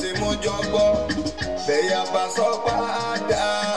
tí mo jọ gbọ́ bẹ̀yà bá sọ́pá dáa.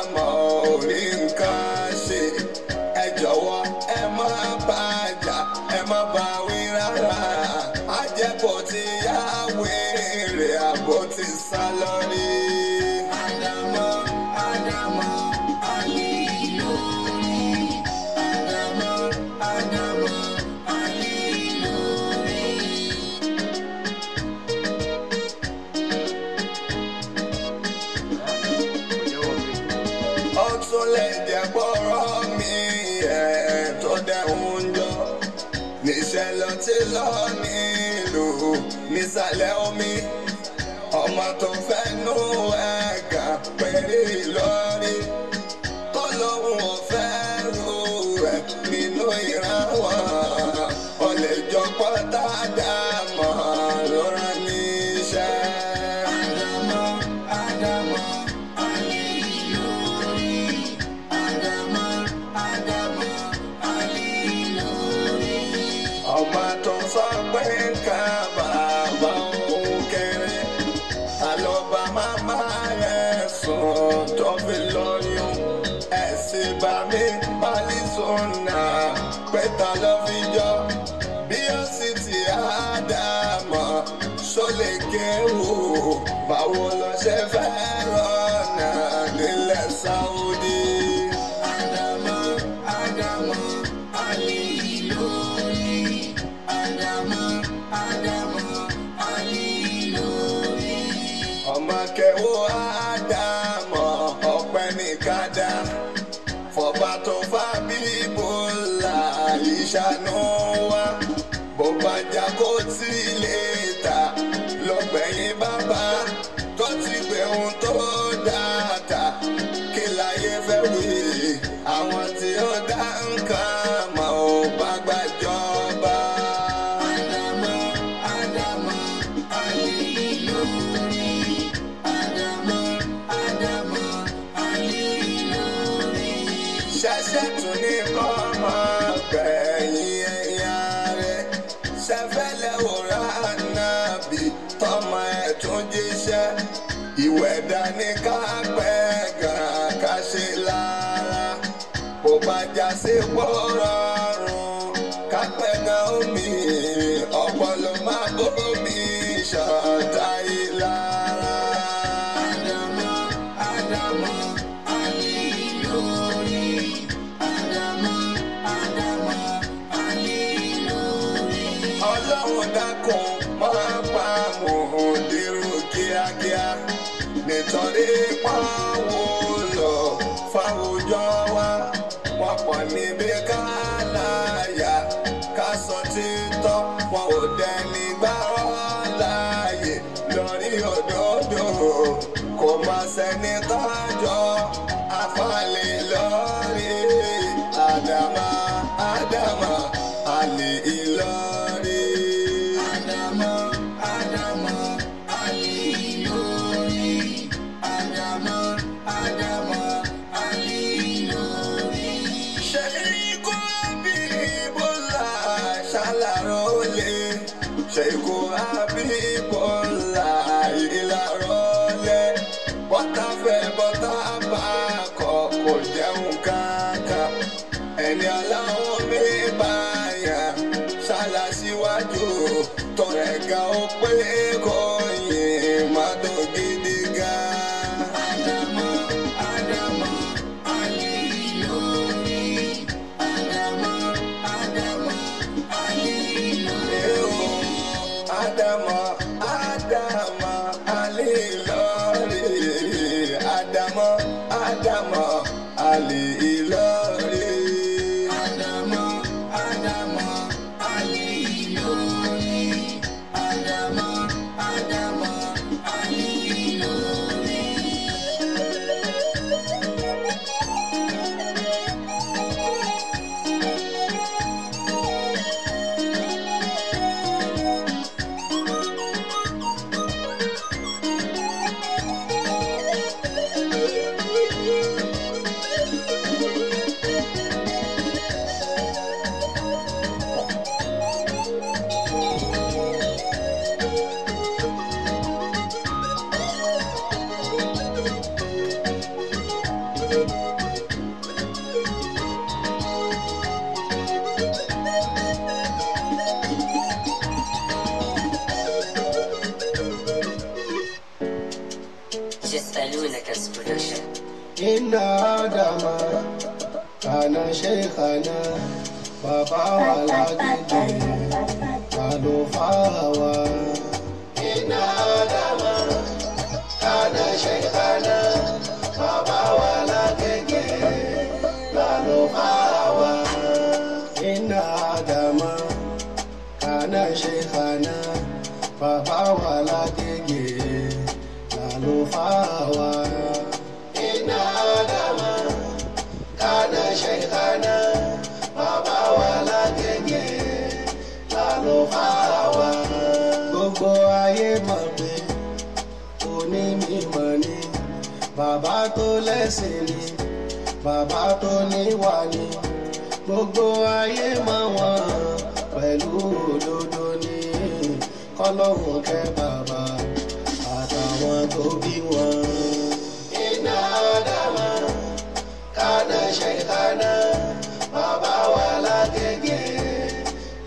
ìsàlẹ̀ omi ọmọ tó fẹ́ nú ẹ̀ka péré lọ́ọ́. bá mi pálísọ̀nà pẹ́ta lọ́fíjọ́ bí ó sì ti àádámọ̀ ṣó wo. Ba wo lọ ṣe shot no one. Uh, ṣe pọ̀ rọrùn kápẹ́ kan omi ọpọlọ máa bómi ṣọ̀tá ìlara. Àdàmọ́ Àdàmọ́ Àlè lórí. Àdàmọ́ Àdàmọ́ Àlè lórí. Ọlọ́run dákun máa pa àwọn òǹdirú kíákíá nítorí pọ́n. a maker. Wait. 啦啦啦啦。bàbá tó lẹ́sìn ni bàbá tó níwà ni gbogbo ayé mọ̀ wọ́n pẹ̀lú òdodo ni kọ́lọ́hún kẹ́ bàbá àtàwọn tó bí wọn. iná dàmà kánà ṣe kánà bàbá wa lágége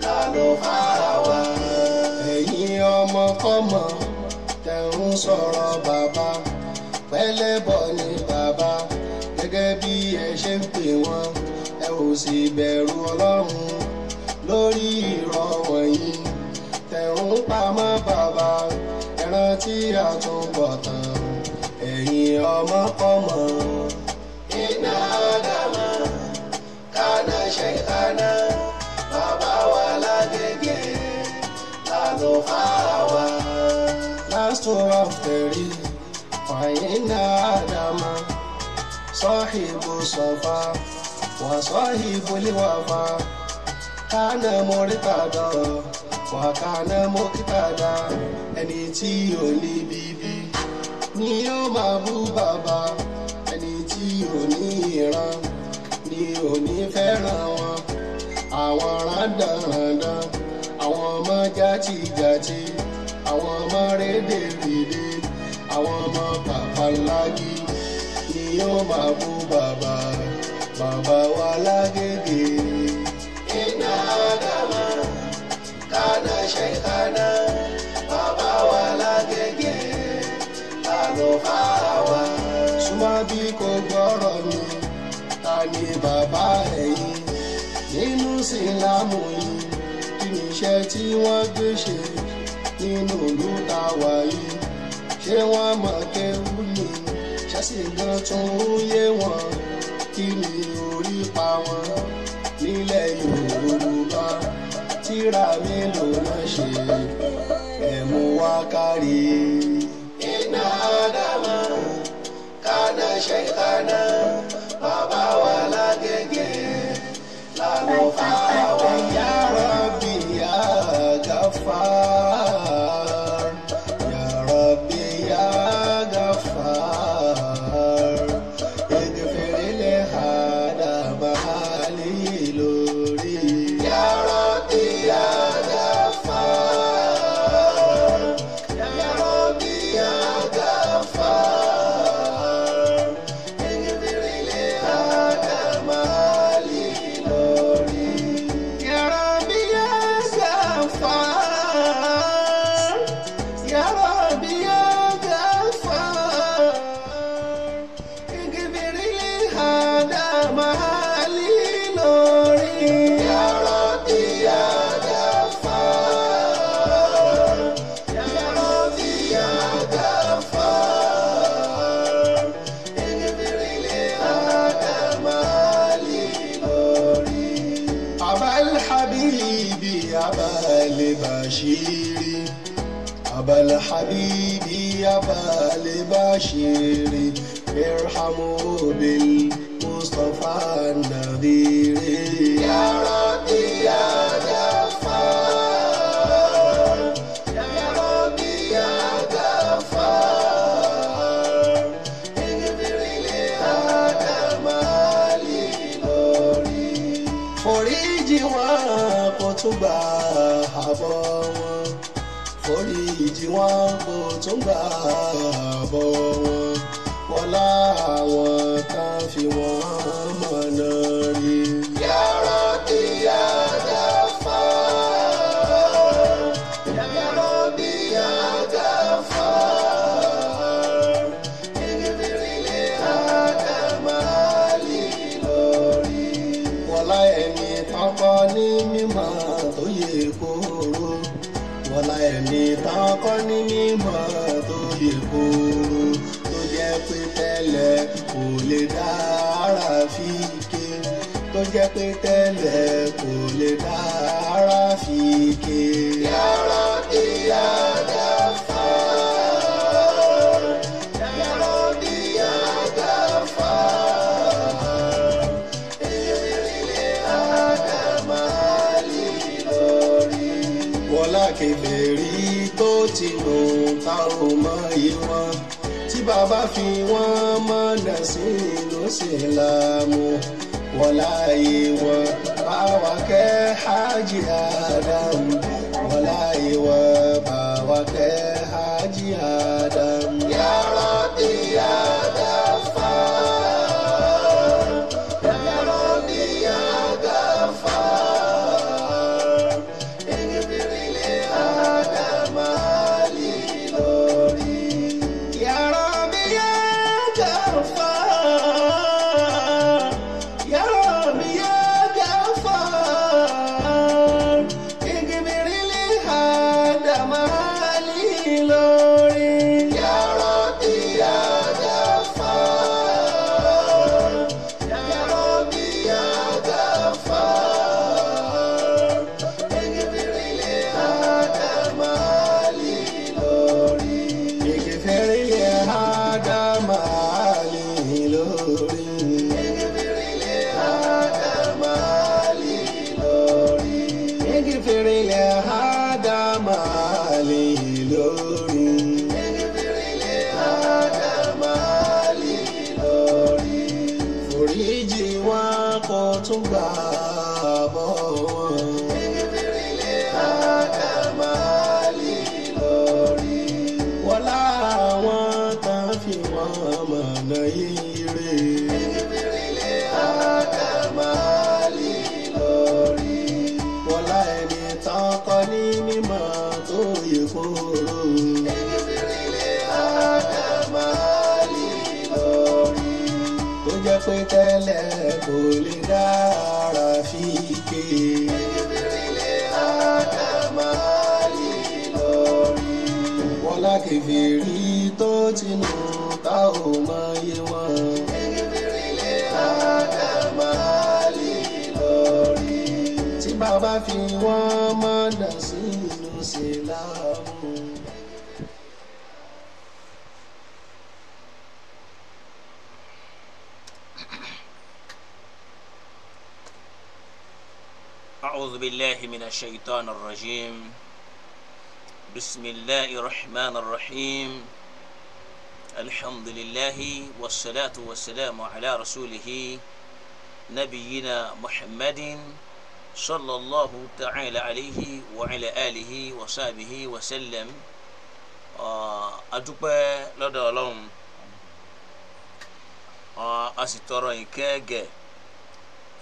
lálùfáà wa. ẹ̀yin ọmọkọ́mọ tẹ̀ ń sọ̀rọ̀ bàbá pẹ́lẹ́bọ̀ ṣe wọ́n ẹ ò sì bẹ̀rù ọlọ́run lórí irọ́ wọ̀nyí tẹ̀ ń pamọ́ bàbá ẹ rántí àtúbọ̀tán ẹ̀yin ọmọkọ́mọ. iná dàmà kánà ṣe kánà bàbá wa lágége lálùfáà wa. last of the real fàyínà dàmà. صاحب الصفا وصاحب الوفا كان مرتضى وكان مقتدى ẹni tí ò ní bíbí ni yóò máa bú bàbá ẹni tí ò ní ìran ni ò ní fẹ́ràn wọn àwọn rándànràndàn àwọn ọmọ játijàti àwọn ọmọ rédèrèdè àwọn ọmọ pàpàlágì yóò máa mú bàbá bàbá wa lágége. iná dàmà kánà ṣe kánà bàbá wa lágége ta ló fà wá. súnmọ́ kò gbọ́rọ̀ mi ta ni bàbá ẹ̀yin nínú sílámù yìí kí ni iṣẹ́ tí wọ́n gbé ṣe nínú ìlú yìí ṣé wọ́n mọ̀ sì gan tún yé wọn kí ni orí pa wọn nílẹ̀ Yorùbá tíra mi ló wọ́n ṣe ẹ̀ mú wá kárí. iná dáná kaná ṣe kaná bàbá wa lágége lálọ́ lugar. tí wọ́n mọ̀ dà sí nínú sílámù wọláyé wọn bá wa kẹ́ hajj adam wọláyé wọn bá wa kẹ́ hajj adam. kèfèrí tó ti nù tá ò mọ iye wọn. kèfèrí lè rákà máa lè lórí. tí bàbá fi wọ́n máa dà sí inú ṣe láàmú. أعوذ بالله الرحمن الرحيم الحمد لله والصلاة والسلام على رسوله نبينا محمد صلى الله تعالى عليه وعلى آله وصحبه وسلم adúpẹ́ آه، لدى ọlọ́run أسطر sì فو جشيري gẹ̀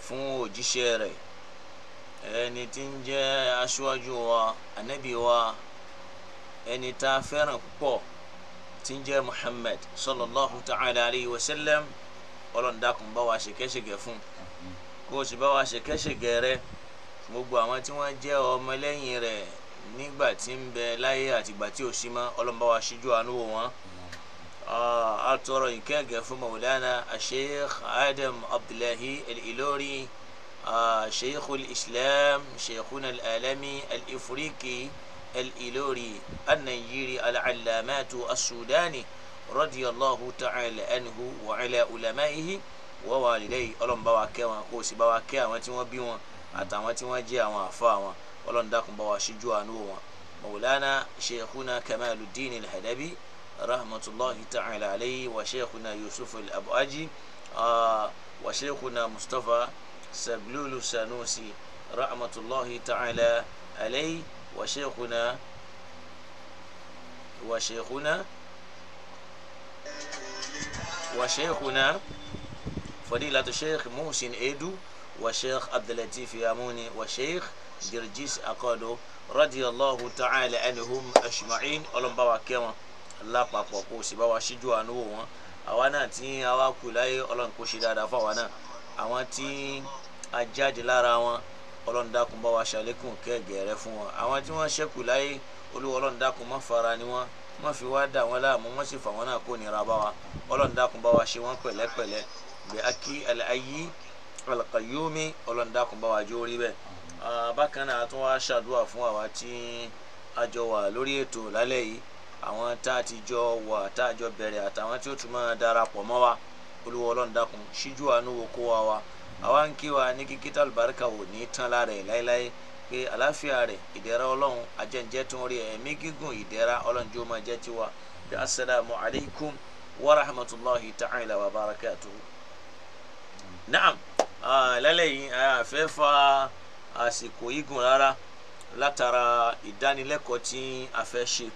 fún òjíṣẹ́ rẹ̀ ẹni ẹni tá a fẹ́ràn púpọ̀ tí ń jẹ́ Muhammad sallallahu ta'ala alayhi wa sallam ọlọ́ndàkùn bá wa ṣe kẹ́ṣẹ̀gẹ̀ fún kó o sì bá wa ṣe kẹ́ṣẹ̀gẹ̀ rẹ gbogbo àwọn tí wọ́n jẹ́ ọmọlẹ́yìn rẹ̀ nígbà tí ń bẹ láyé àtìgbà tí ò sí mọ́ ọlọ́mbà wa ṣíjú àánú wò wọ́n a tọrọ ìkẹ́gẹ́ fún Maulana Sheikh Adam Abdullahi ilori Sheikhul Islam Sheikhuna Al-Alami Al-Ifriqi. Al الإلوري النيجيري العلامات السوداني رضي الله تعالى عنه وعلى علمائه ووالديه ọlọ́run bá wa kẹ́ wọn kó o sì bá wa kẹ́ àwọn tí wọ́n bí wọn àtàwọn tí wọ́n jẹ́ àwọn àfa wọn ọlọ́run dákun bá wa ṣíjú àánú wọn mọ̀wùlánà sheikhuna kamaluddin alhadabi rahmatulahi ta'ala alayhi wa sheikhuna yusuf alabuaji wa sheikhuna mustapha sablulu sanusi rahmatulahi ta'ala alayhi. وشيخنا وشيخنا وشيخنا فضيلة الشيخ محسن إيدو وشيخ عبد اللطيف ياموني وشيخ جرجيس أقادو رضي الله تعالى عنهم أجمعين ألم بابا كيما الله بابا كوسي بابا شجوا نوو àwa náà tí àwa kù láyé ọlọ́run kò ṣe dáadáa fún àwa ọlọ́run dákun bá wa ṣàlékún kẹ́ẹ̀gẹ́ rẹ fún wọn àwọn tí wọ́n ṣẹ́kù láyé olúwa ọlọ́run dákun má fara ni wọ́n má fi wá dà wọ́n láàmú má sì fà wọ́n náà kó nira bá wa ọlọ́run dákun bá wa ṣe wọ́n pẹ̀lẹ́pẹ̀lẹ́ bí akí alayi alqayyumi ọlọ́run dákun bá wa jó rí bẹ́ẹ̀ bákan náà a tún wá ṣàdúrà fún àwa tí a jọ wà lórí ètò lálẹ́ yìí àwọn tá a ti jọ wà tá a jọ bẹ̀rẹ̀ àtàwọn tí ó tún máa darapọ̀ mọ́ wa olúwa ọlọ́run ṣíjú àánú wo kó wa wa àwa ń kí wa ní kíkí tá àlùbáríkà ò ní tán lára ẹ̀ láéláé pé àláfíà rẹ̀ ìdẹ̀ra ọlọ́run ajẹ́njẹ́ tó ń rí ẹ̀mí gígùn ìdẹ̀ra ọlọ́run jó máa wa rahmatulahi ta'ala wa barakatuhu. naam lálẹ́ yìí a fẹ́ fa àsìkò igun rárá látara ìdánilẹ́kọ̀ọ́ tí a fẹ́ ṣe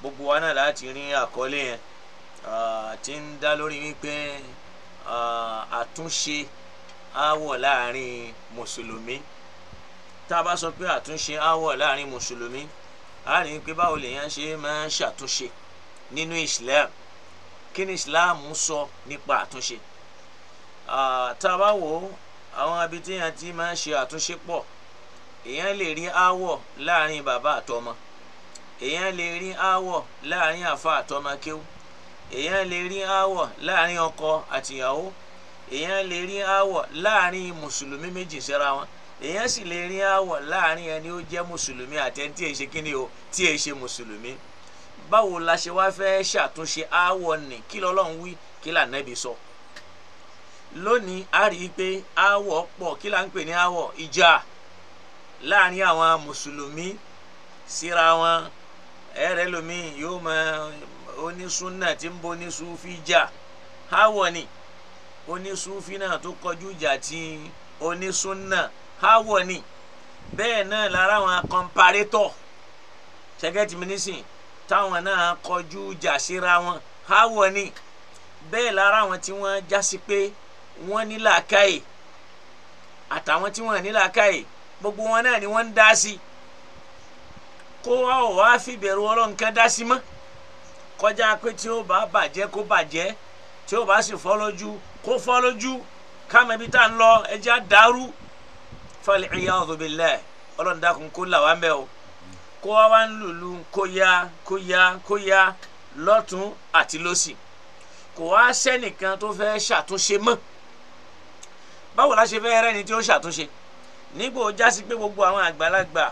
gbogbo wa náà láti rí àkọlé yẹn tí ń dá lórí wípé àtúnṣe. Uh, aáwọ̀ láàrin mùsùlùmí tá a bá sọ pé àtúnṣe aáwọ̀ láàrin mùsùlùmí a rí i pé báwo lèèyàn ṣe máa ń ṣàtúnṣe nínú Islam kí ni Islam sọ nípa àtúnṣe tá a bá wò ó àwọn ibi tí èèyàn ti máa ń ṣe àtúnṣe pọ̀ èèyàn lè rí aáwọ̀ láàrin bàbá àtọmọ èèyàn lè rí aáwọ̀ láàrin àfa àtọmọ kéwú èèyàn lè rí aáwọ̀ láàrin ọkọ àtìyàwó èèyàn lè rí aáwọ̀ láàrin mùsùlùmí méjì síra wọn èèyàn sì lè rí aáwọ̀ láàrin ẹni ó jẹ́ mùsùlùmí àti ẹni kíni o tí èè ṣe mùsùlùmí báwo la ṣe wá fẹ́ ṣàtúnṣe aáwọ̀ nì kí lọ́lọ́run wí kí lànàbì sọ lónìí a rí i pé aáwọ̀ pọ̀ kí là ń pè ní aáwọ̀ ìjà láàrin àwọn mùsùlùmí síra wọn ẹ̀rẹ́ lomi yóò mọ onísúnà tí ń bo onísúfí jà aáwọ̀ ni onísúfì náà to kọjú ìjà tí onísúnà háwọ̀ ni bẹ́ẹ̀ náà lára àwọn kọmparétọ̀ ṣẹ́gẹ́tì mínísìn táwọn náà kọjú ìjà síra wọn háwọ̀ ni bẹ́ẹ̀ lára àwọn tí wọ́n jásí pé wọ́n ní làákàyè àtàwọn tí wọ́n ní làákàyè gbogbo wọn náà ni wọ́n ń dá kó wa ò wá fìbẹ̀rù ọlọ́run kan dá sí mọ́ kọjá pé tí ó bá bàjẹ́ kó bàjẹ́ tí ó bá sì fọ́ lójú kó fọ́ lójú káàmì ibi tá à ń lọ ẹjẹ́ àdárú fọlẹ̀ iyadhu billah ọlọ́run dákun kó là wá mẹ́ o kó wá wá ń lùlù kóyá kóyá kóyá lọ́tún àti lọ́sì kò wá sẹ́nìkan tó fẹ́ ṣàtúnṣe mọ́ báwo la ṣe fẹ́ rẹ́ni tí ó ṣàtúnṣe nígbò jásí pé gbogbo àwọn àgbàlagbà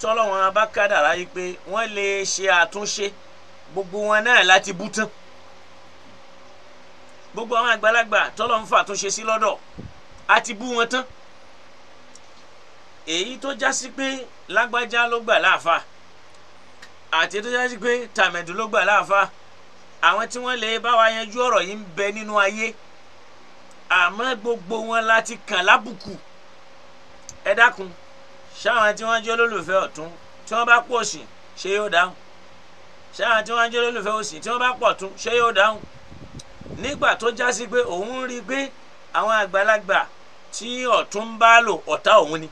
tọ́lọ́wọ́n abákádàrá yìí pé wọ́n lè ṣe àtúnṣe gbogbo wọn náà láti bú tán gbogbo àwọn àgbàlagbà tọ́lọ́ ń fà tó ṣe sí lọ́dọ̀ a ti bú wọn tán èyí tó jásí pé lágbájá ló gbà láàfa àti tó jásí pé tàmẹ̀dù ló gbà láàfa àwọn tí wọ́n lè bá wa yanjú ọ̀rọ̀ yìí ń bẹ nínú ayé àmọ́ gbogbo wọn láti kàn lábùkù ẹ dákun ṣáwọn tí wọ́n jẹ́ olólùfẹ́ ọ̀tún tí wọ́n bá pọ̀ sí ṣé yóò dáhùn ṣáwọn tí wọ́n jẹ́ olólùfẹ́ òsì tí wọ́n bá pọ̀ tún ṣé yóò dáhùn nígbà tó já sí pé òun rí gbé àwọn àgbàlagbà tí ọ̀tún ń bá lò ọ̀tá òun ni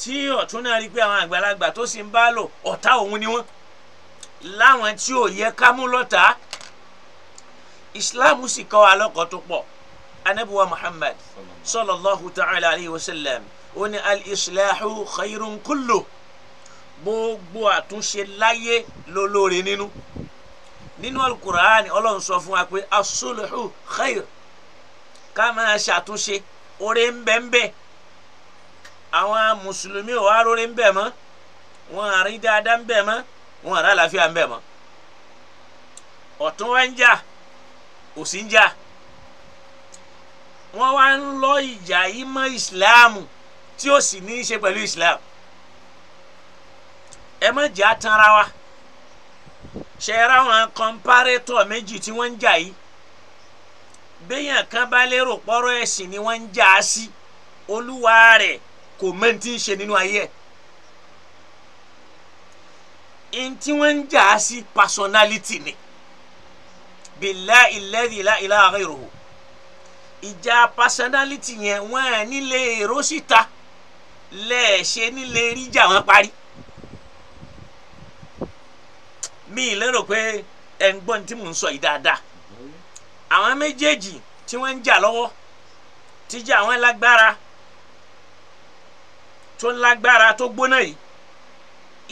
tí ọ̀tún náà rí pé àwọn àgbàlagbà tó sì ń bá lò ọ̀tá òun ni wọ́n láwọn tí ò yẹ ká mú lọ́tà Islam sì kọ́ wa lọ́kọ̀ tó pọ̀ anabiwa Muhammad sallallahu ta'ala alayhi wa sallam ó al-islahu khayrun kullu gbogbo àtúnṣe láyé lólórí nínú nínú alukur'ani ọlọ́run sọ fún wa pé asuluhu khair ká máa ṣàtúnṣe oore ń bẹ ń bẹ àwọn mùsùlùmí ò wá róore ń bẹ mọ́ wọn àrí dáadáa ń bẹ mọ́ wọn àrí àlàáfíà ń bẹ mọ́ ọ̀tún wa ń jà òsì ń jà wọ́n wá ń lọ ìjà yìí mọ́ ìsìláàmù tí ó sì ní í ṣe pẹ̀lú ìsìláàmù ẹ má jà tanra wa ṣẹ́ra wọn kọ́ńpárétọ̀ méjì tí wọ́n ń jà yìí béèyàn kan bá lérò pọ́rọ́ ẹ̀sìn ni wọ́n ń jà á sí olúwa rẹ̀ kò mẹ́ntì ń ṣe nínú ayé ẹ̀ ntí wọ́n ń jà á sí personality ni bìlá ìlẹ́dì ìlà ìlà àrẹ̀rò ìjà personality yẹn wọ́n à nílé èrò síta lẹ́ẹ̀ ṣe nílé ríjà wọn parí. mi lérò pé ẹ ń gbọ́ ní tí mò ń sọ yìí dáadáa àwọn méjèèjì tí wọ́n ń jà lọ́wọ́ tíjà àwọn lágbára tó lágbára tó gbóná yìí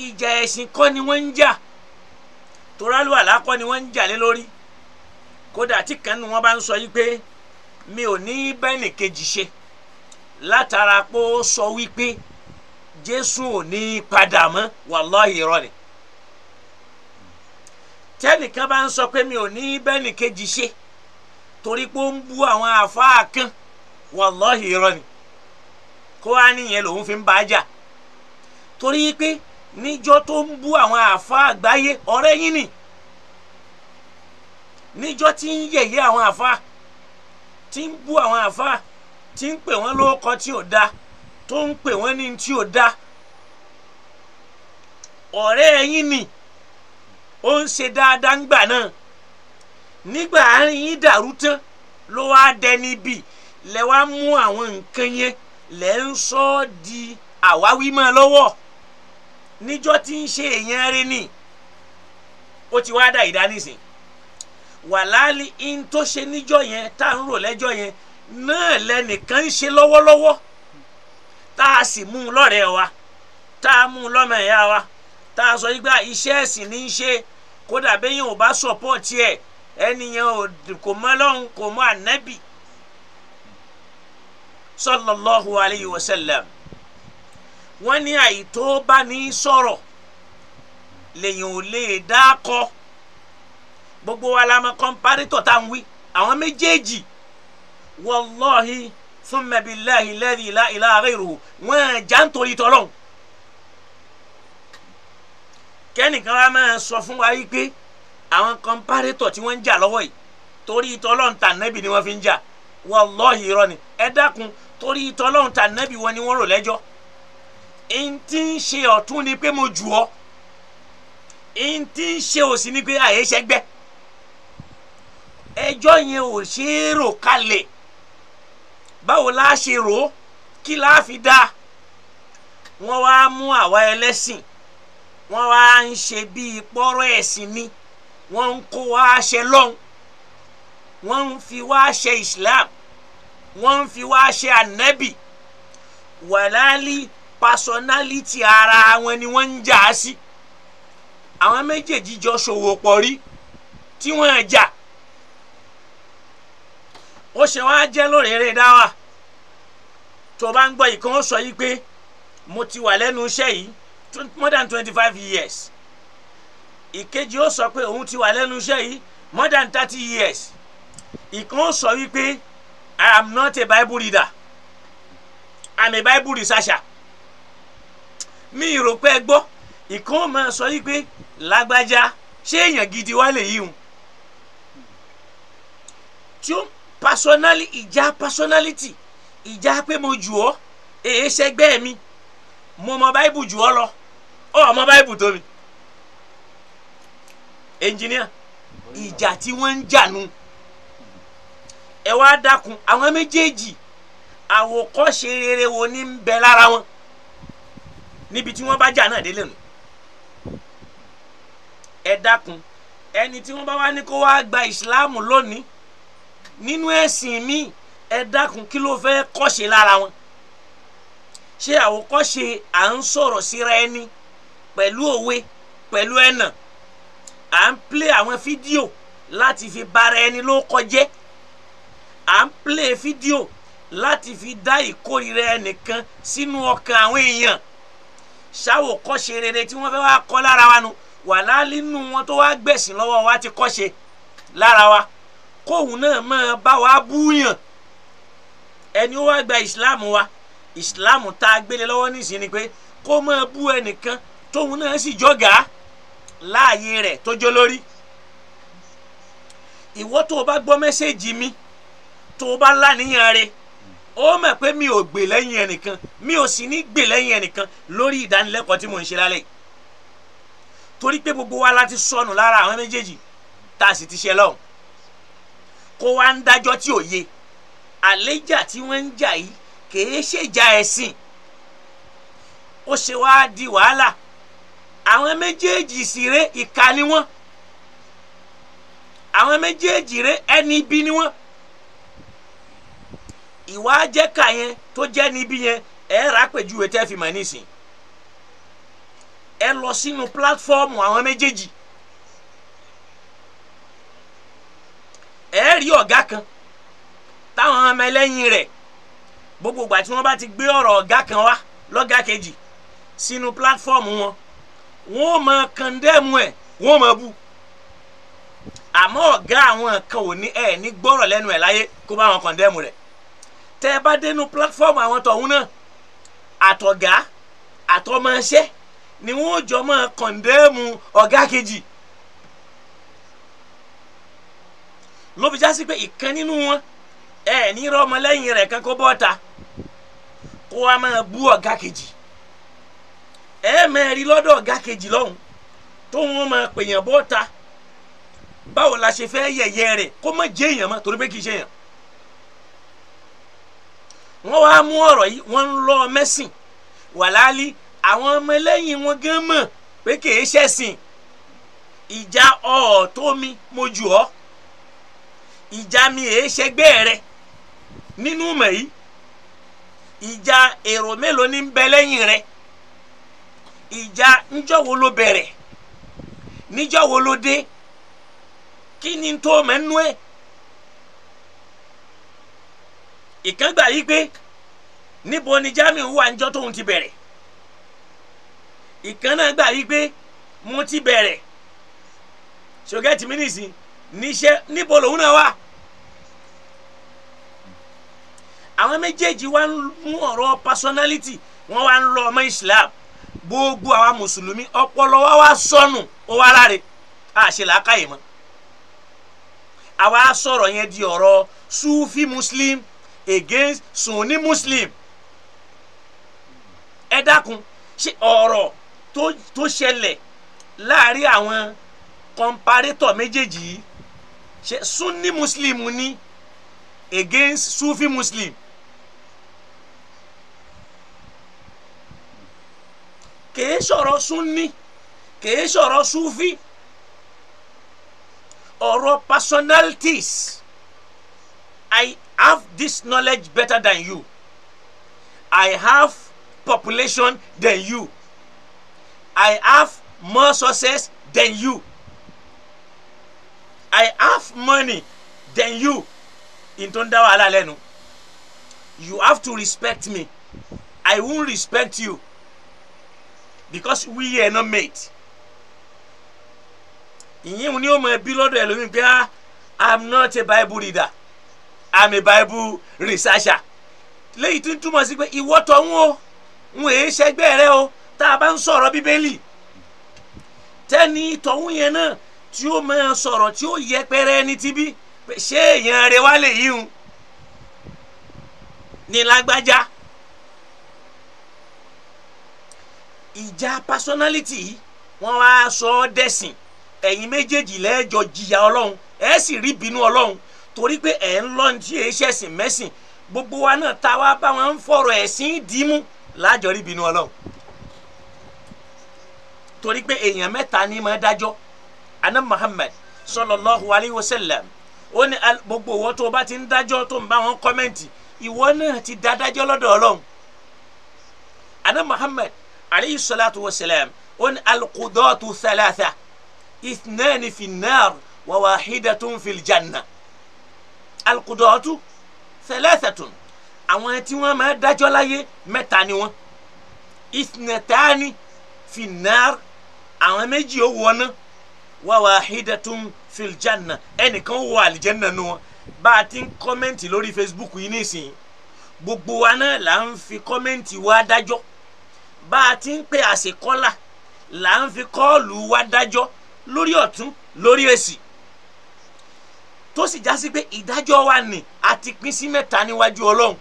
ìjà ẹ̀sìn kọ́ ni wọ́n ń jà torálù àlákọ́ ni wọ́n ń jà lé lórí kódà tí kan nu wọn bá ń sọ yìí pé mi ò ní bẹ́ẹ̀nì kejì ṣe látara pé ó sọ wípé Jésù ò ní padà mọ́ wàláhì irọ́ tẹ́nìkan bá ń sọ pé mi ò ní bẹ́ẹ̀nì kejì ṣe torí pé ó ń bú àwọn àfáà kan wàlọ́hì irọ́ ni kó wá nìyẹn lòun fi ń bá a jà torí pé níjọ́ tó ń bú àwọn àfáà àgbáyé ọ̀rẹ́ yín ni níjọ́ tí ń yẹ̀yẹ́ àwọn àfáà tí ń bú àwọn àfáà tí ń pè wọ́n lóko tí ò da tó ń pè wọ́n ní tí ò da ọ̀rẹ́ yín ni. ó ń ṣe dáadáa ńgbà náà nígbà àárín yín dàrú tán ló wá dẹni bì lẹ wá mú àwọn nǹkan yẹn lẹ ń sọ ọ́ di àwáwí mọ́ lọ́wọ́ níjọ́ tí ń ṣe èèyàn rẹ ni ó ti wá dà ìdánisìn wàláàlì ń tó ṣe níjọ́ yẹn tá à ń rò lẹ́jọ́ yẹn náà lẹ́nìkan ń ṣe lọ́wọ́lọ́wọ́ tá a sì mú un lọ́rẹ̀ẹ́ wa tá a mú un lọ́mọ ẹ̀yà wa tá a sọ yí gbà iṣẹ́ ẹ̀sìn ní í ṣe kódà bẹ́yìn ò bá sọ̀pọ̀tì ẹ̀ ẹnìyẹn kò mọ Ọlọ́run kò mọ ànábì sallallahu alayhi wa sallam wọ́n ní àìtó bá ní sọ̀rọ̀ lèyìn ò lè dá kọ́ gbogbo wa la mọ kọ́ńpárítọ̀ tá à ń wí àwọn méjèèjì wallahi thumma billahi alladhi la ilaha ghayruhu wọ́n jà ń torí tọ́lọ́hùn kẹ́nìkan wa máa sọ fún wa yìí pé àwọn kọ́mpárétọ̀ tí wọ́n ń jà lọ́wọ́ yìí torí ìtọ́lọ́run tà nẹ́bì ni wọ́n fi ń jà wàlọ́ọ̀hì irọ́ ni ẹ dákun torí ìtọ́lọ́run tà nẹ́bì wọn ni wọ́n rò lẹ́jọ́ n ti ń ṣe ọ̀tún ni pé mo jù ọ́ n ti ń ṣe òsì ni pé àyè ṣẹgbẹ́ ẹjọ́ yẹn ò ṣe é rò kalẹ̀ báwo la ṣe rò ó kí la dá wọ́n wá mú àwa ẹlẹ́sìn wọ́n wá ń ṣe bíi pọ́rọ́ ẹ̀sìn ni wọ́n ń kó wá ṣe lọ́hùn wọ́n ń fi wá ṣe Islam wọ́n ń fi wá ṣe ànábì wàlálí pásọ̀nálítì ara wọn ni wọ́n ń jà á sí àwọn méjèèjì jọ ṣòwò pọ̀ rí tí wọ́n jà ó ṣe wá jẹ́ lórí eré dáwà tó bá ń gbọ́ ìkan ó sọ yìí pé mo ti wà lẹ́nu iṣẹ́ yìí more than twenty five years ìkejì ó sọ pé òun ti wà lẹ́nu iṣẹ́ yìí more than thirty years ìkan ó sọ wípé I am not a Bible reader I am a Bible researcher mi rò pé ẹ gbọ́ ìkan ó máa sọ wípé lágbájá ṣé èèyàn gidi wá lè yí hun tí ó personally ìjà personality ìjà pé mo jù ọ́ èé ṣẹgbẹ́ mi mo mọ Bible jù ọ́ lọ ọ ọmọ báyìbù tómi ẹnjìníà ìjà tí wọ́n ń jà nu ẹ wá dákun àwọn méjèèjì àwòkọ́ṣe rere wo ní ń bẹ lára wọn níbi tí wọ́n bá jà náà délé nu ẹ dákun ẹni tí wọ́n bá wá ní kó wá gba ìsìláàmù lónìí nínú ẹ̀sìn mi ẹ dákun kí ló fẹ́ kọ́ṣe lára wọn ṣé àwòkọ́ṣe à ń sọ̀rọ̀ síra ẹni pẹ̀lú òwe pẹ̀lú ẹ̀nà à ń play àwọn fídíò láti fi bára ẹni ló kọjẹ́ à ń play fídíò láti fi dá ìkórìíra ẹnìkan sínú ọkàn àwọn èèyàn ṣàwòkọ́ṣe rere tí wọ́n fẹ́ wá kọ́ lára wa nu wàhálà nínú wọn tó wá gbẹ̀sìn lọ́wọ́ wa ti kọ́ṣe lára wa kóun náà máa bá wa búyàn ẹni ó wá gba ìsìláàmù wa ìsìláàmù tá a gbélé lọ́wọ́ nísìnyí ni pé kó máa bú ẹnìkan tóun náà sì jọ̀gá láàyè rẹ̀ tó jó lórí ìwọ tó o bá gbọ́ mẹ́sẹ́ẹ̀jì mi tó o bá láníyàn rẹ̀ ó mọ̀ pé mi ò gbè lẹ́yìn ẹnìkan mi ò sì ní gbè lẹ́yìn ẹnìkan lórí ìdánilẹ́kọ̀ọ́ tí mò ń ṣe lálẹ́ torí pé gbogbo wa láti sọnù lára àwọn méjèèjì tá a sì ti ṣe lọ́hùn kó wa ń dájọ́ tí ò yé àléjà tí wọ́n ń jà yìí kèé ṣèjà ẹ̀sìn ó ṣe wá di wàhálà àwọn méjèèjì sì ré ìka ni wọ́n àwọn méjèèjì ré ẹni ibi ni wọ́n ìwà ajẹ́ka yẹn tó jẹ́ níbi yẹn ẹ rà pèjúwe tẹ́ fi mọ̀ nísìn ẹ lọ sínú pílátífọ́ọ̀mù àwọn méjèèjì ẹ rí ọ̀gá kan táwọn ọmọ ẹlẹ́yìn rẹ̀ gbogbo ìgbà tí wọ́n bá ti gbé ọ̀rọ̀ ọ̀gá kan wá lọ́gá kejì sínú pílátífọ́ọ̀mù wọn wọ́n máa kàndẹ́mù ẹ̀ wọ́n máa bu? àmọ́ ọ̀gá àwọn kan ò ní ẹ̀ ní gbọ́rọ̀ lẹ́nu ẹ̀ láyé kó bá wọn kàndẹ́mù rẹ̀ tẹ́ ẹ bá dénú pílátífọ́ọ̀mù àwọn tọ̀hún náà àtọ̀gá àtọmọṣẹ́ ni wọ́n jọ máa kàndẹ́mù ọ̀gá kejì ló fi já sí pé ìkan nínú wọn ẹ̀ ní rọ́ọ̀mọlẹ́yìn rẹ̀ kan kó bọ́ta kó wá máa bú ọ̀gá kejì ẹ mẹ́rin lọ́dọ̀ ọ̀gá kejì lọ́hùn tó wọ́n máa pèèyàn bọ́ ta báwo la ṣe fẹ́ yẹ̀yẹ́ rẹ̀ kó má jẹ́ èèyàn mọ́ torí pé kì í ṣe èèyàn wọ́n wá mú ọ̀rọ̀ yìí wọ́n ń lọ mẹ́sìn wàláálí àwọn ọmọlẹ́yìn wọn gan mọ̀ pé kì í ṣẹ̀sìn ìjà ọ̀ọ́ tó mi mo jù ọ́ ìjà mi èé ṣẹgbẹ́ rẹ nínú mọ̀ yìí ìjà èrò mélòó ní ń bẹ lẹ́yìn rẹ̀ ìjà ńjọ́ wo ló bẹ̀rẹ̀ níjọ́ wo ló dé kí ni tó mẹ́nu ẹ̀ ìkángbà yí pé níbo ni Jamiu wà níjọ́ tóun ti bẹ̀rẹ̀ ìkànnà gbà yí pé mo ti bẹ̀rẹ̀ ṣògẹ́tì mínísì níṣẹ́ níbo lòun náà wà àwọn méjèèjì wá ń mú ọ̀rọ̀ personality wọ́n wá ń lọ ọmọ Islam gbogbo àwa mùsùlùmí ọpọlọ wa wá sọnù ó wá láre àṣẹ làákàyè mọ́ àwa sọ̀rọ̀ yẹn di ọ̀rọ̀ sufi muslim against sunni muslim ẹ dákun ṣe ọ̀rọ̀ tó ṣẹlẹ̀ láàrin àwọn kọmparétọ̀ méjèèjì yìí ṣe sunni muslim ni against sufi muslim kèé sọ̀rọ̀ súnni kèé sọ̀rọ̀ súfì ọ̀rọ̀ personalities I have this knowledge better than you I have population than you I have more success than you I have money than you ntọ́ ń dá wàhálà lẹ́nu you have to respect me I won't respect you because we are not made. ìyẹn ni ó mọ ẹbí lọ́dọ̀ ẹlòmíì pé ah i'm not a bible reader i'm a bible researcher léyìí tí ń túmọ̀ sí pé ìwọ tọ̀hún o ń wèé ṣẹgbẹ́ rẹ o tá a bá ń sọ̀rọ̀ bíbélì tẹ́ni tọ̀hún yẹn náà tí ó máa sọ̀rọ̀ tí ó yẹ pẹ́rẹ́ ní tibí ṣé èèyàn rẹ wá lè yí un ní lágbájá. ìjà personality yìí wọ́n wá sọ ọ́ dẹ̀sìn ẹ̀yin méjèèjì lẹ́ẹ̀jọ jìyà ọlọ́run ẹ̀ sì rí bínú ọlọ́run torí pé ẹ̀ ń lọ́n tí èyí ṣẹ̀sìn mẹ́sìn gbogbo wa náà ta wá bá wọn ń fọ̀rọ̀ ẹ̀sìn dìímú láàjọ rí bínú ọlọ́run torí pé èèyàn mẹ́ta ni máa dájọ́ ana Muhammad sallallahu alayhi wa sallam ó ní gbogbo owó tó o bá ti ń dájọ́ tó ń bá wọn kọ́mẹ́ǹtì ìwọ náà ti dá dájọ́ lọ́dọ̀ ọlọ́run ana Muhammad alayhi salatu wa salam on alqudatu thalatha ithnani fi nnar wa wahidatun fi ljanna alqudatu thalathatun àwọn tí wọ́n máa dájọ́ láyé mẹ́ta ni wọ́n ithnatani fi nnar àwọn méjì ó wọná wa wahidatun fi ljanna ẹnìkan wọ àlìjẹ́nà nu wọn bá a ti ń kọ́mẹ́ǹtì lórí Facebook yìí nísìnyí gbogbo wa náà là ń fi kọ́mẹ́ǹtì wa dájọ́ bá a ti ń pe àṣekọ́là là ń fi kọ́ọ̀lù wa dájọ́ lórí ọ̀tún lórí èsì tó sì já sí pé ìdájọ́ wa ni a ti pín sí mẹ́ta níwájú ọlọ́run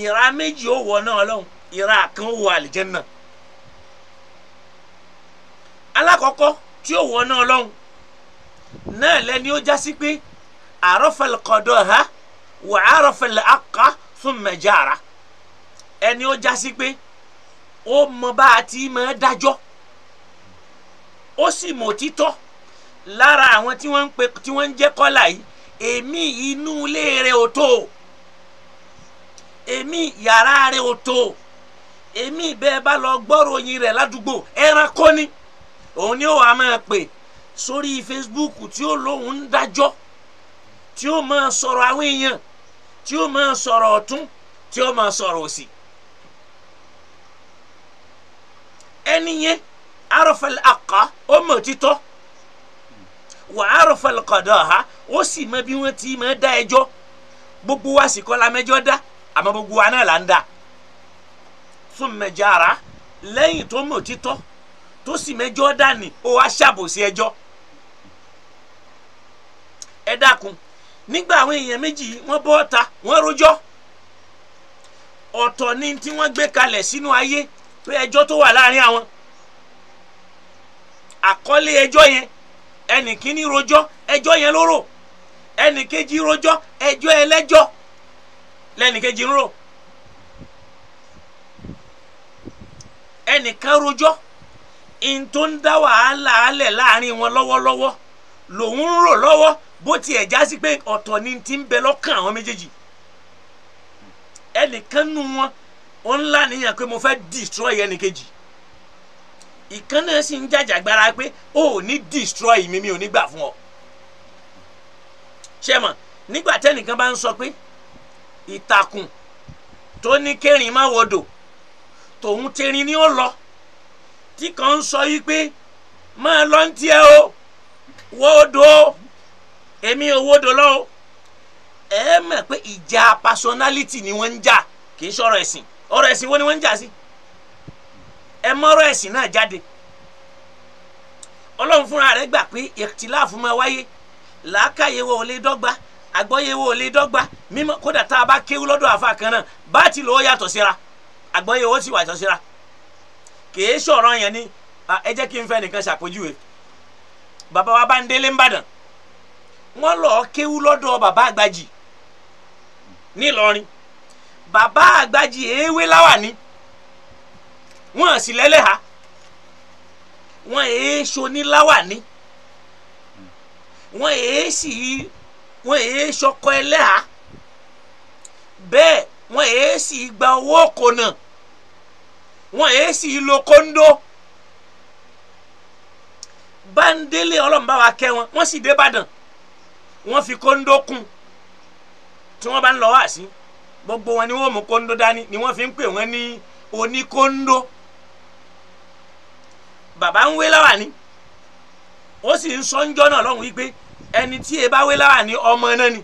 ìra méjì ó wọ náà ọlọ́run ìra kan ó wọ àlìjẹ́nnà alákọ̀ọ́kọ́ tí ó wọ náà ọlọ́run náà lẹ́ni ó já sí pé àròfẹ̀lẹ̀ kọ̀dọ̀ ha wà àròfẹ̀lẹ̀ àkà fún mẹ̀jára ẹni ó já sí pé ó mọ bá a ti máa dájọ́ ó sì mọ̀ títọ́ lára àwọn tí wọ́n ń pe tí wọ́n ń jẹ́ kọ́là yìí èmi inú ilé rẹ̀ ò tó èmi yàrá rẹ̀ ò tó èmi bẹ́ẹ̀ bá lọ gbọ́rọ̀ yín rẹ̀ ládùúgbò ẹranko ni òun ni ó wàá máa pè sórí Facebook tí ó lóun ń dájọ́ tí ó máa sọ̀rọ̀ àwọn èèyàn tí ó máa sọ̀rọ̀ ọ̀tún tí ó máa sọ̀rọ̀ òsì ẹni yẹn arọfẹlẹ àká ó mọ títọ́ wà arọfẹlẹ kọdọ ha o si mọ bi wọn ti da dá ẹjọ́ gbogbo wa si kọ́ la da dá àmọ́ gbogbo wa náà là ń dá fún mẹjára lẹ́yìn tó mọ títọ́ tó sì mẹ́jọ dá ni ó wá ṣàbòsí ẹjọ́ ẹ dákun nígbà àwọn èèyàn méjì wọ́n bọ́ ta wọ́n rojọ́ ọ̀tọ̀ ni tí wọ́n gbé kalẹ̀ sínú ayé pé ẹjọ́ tó wà láàrin àwọn àkọlé ẹjọ́ yẹn ẹnì rojọ́ ẹjọ́ yẹn ló rò rojọ́ ẹjọ́ ẹlẹ́jọ́ lẹ́nì ń rò ẹnìkan rojọ́ in dá wàhálà alẹ̀ láàrin wọn lọ́wọ́lọ́wọ́ lòun ń rò lọ́wọ́ bó ni ti ń bẹ lọ́kàn àwọn méjèèjì ẹnìkan nu wọn ó ń lánìyàn pé mo fẹ́ destroy ẹnìkejì ìkan náà sì ń jàjàgbara pé ó ò ní destroy mi mi ò ní gbà fún ọ ṣé mọ̀ nígbà tẹ́nìkan bá ń sọ pé ìtàkùn tó ní kẹrin má wọdò tòun tẹrin ni ó lọ tí kan ń sọ yìí pé máa lọ ń tiẹ o wọ́ọ̀dọ̀ èmi ò wọ́ọ̀dọ̀ lọ́wọ́ ẹ mọ̀ pé ìjà personality ni wọ́n ń jà kì í sọ̀rọ̀ ẹ̀sìn ọ̀rọ̀ ẹ̀sìn wo ni wọ́n ń jà ẹ mọ́rọ̀ ẹ̀sìn náà jáde ọlọ́run fúnra rẹ̀ gbà pé ìtìláàfù máa wáyé làákàyè wo ò lè dọ́gba àgbọ́yé wo ò lè dọgba mímọ́ kódà tá a bá kéwú lọ́dọ̀ àfa kan náà bá ti lò síra wo sì wà síra yẹn ni ẹ kí n nìkan ṣàpèjúwe bàbá wa bá ń délé ń bàdàn bàbá àgbájì èèwé láwà ni wọ́n sì lẹ́lẹ́ha wọ́n èé ṣoní láwà ni wọ́n èé sì wọ́n èé ṣọkọ ẹlẹ́ha bẹ́ẹ̀ wọ́n èé sì gba owó kònà wọ́n èé sì lo kóńdó bandele ọlọ́mùbá wa kẹ́ wọn wọ́n sì dé Ìbàdàn wọ́n fi kóńdó kún tí wọ́n bá ń lọ wá sí i gbogbo wọn ni wọ́n mú kóńdó dání ni wọ́n fi ń pè wọ́n ní oníkóńdó bàbá ń wé láwà ní ó sì ń sọ ńjọ́ náà lọ́hùn wípé ẹni tí e bá wé láwà ní ọmọ náà ni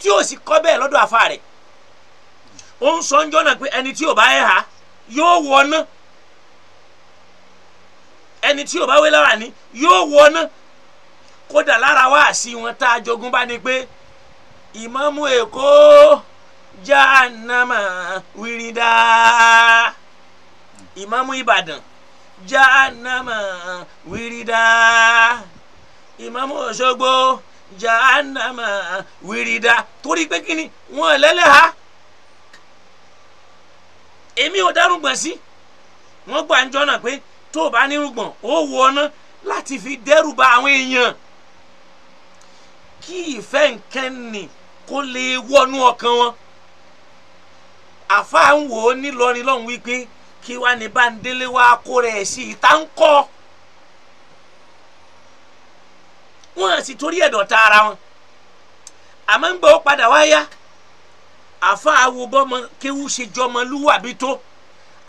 tí ó sì kọ́ bẹ́ẹ̀ lọ́dọ̀ àfa rẹ̀ ó ń sọ ńjọ́ náà pé ẹni tí ò bá ẹ̀ yóò wọ ná ẹni tí ò bá wé láwà ní yóò wọ ná kódà lára wá sí wọn tá a jogún bá ní pé ìmáàmù Èkó. jahannama wirida imamu ibadan jahannama wirida imamu osogbo jahannama wirida torí pé kíni wọn ha èmi ò dárúgbọ̀n sí wọ́n gbà ń jọ́nà pé tó o bá nírúgbọ̀n ó wọ ọ́nà láti fi dẹ́rù ba àwọn èèyàn kí ìfẹ́ nǹkan nì kó lè wọnú ọkàn wọn. àfáà ń wò ó nílọrin lọ́hùn wípé kí wá ní Bándélé wá kó rẹ̀ sí ìta ń kọ́ wọ́n sì torí ẹ̀dọ̀ ta ara wọn àmọ́ ń gbọ́ ó padà wáyá àfáà wo bọ́mọ kéwú ṣe jọmọ lúwàbí tó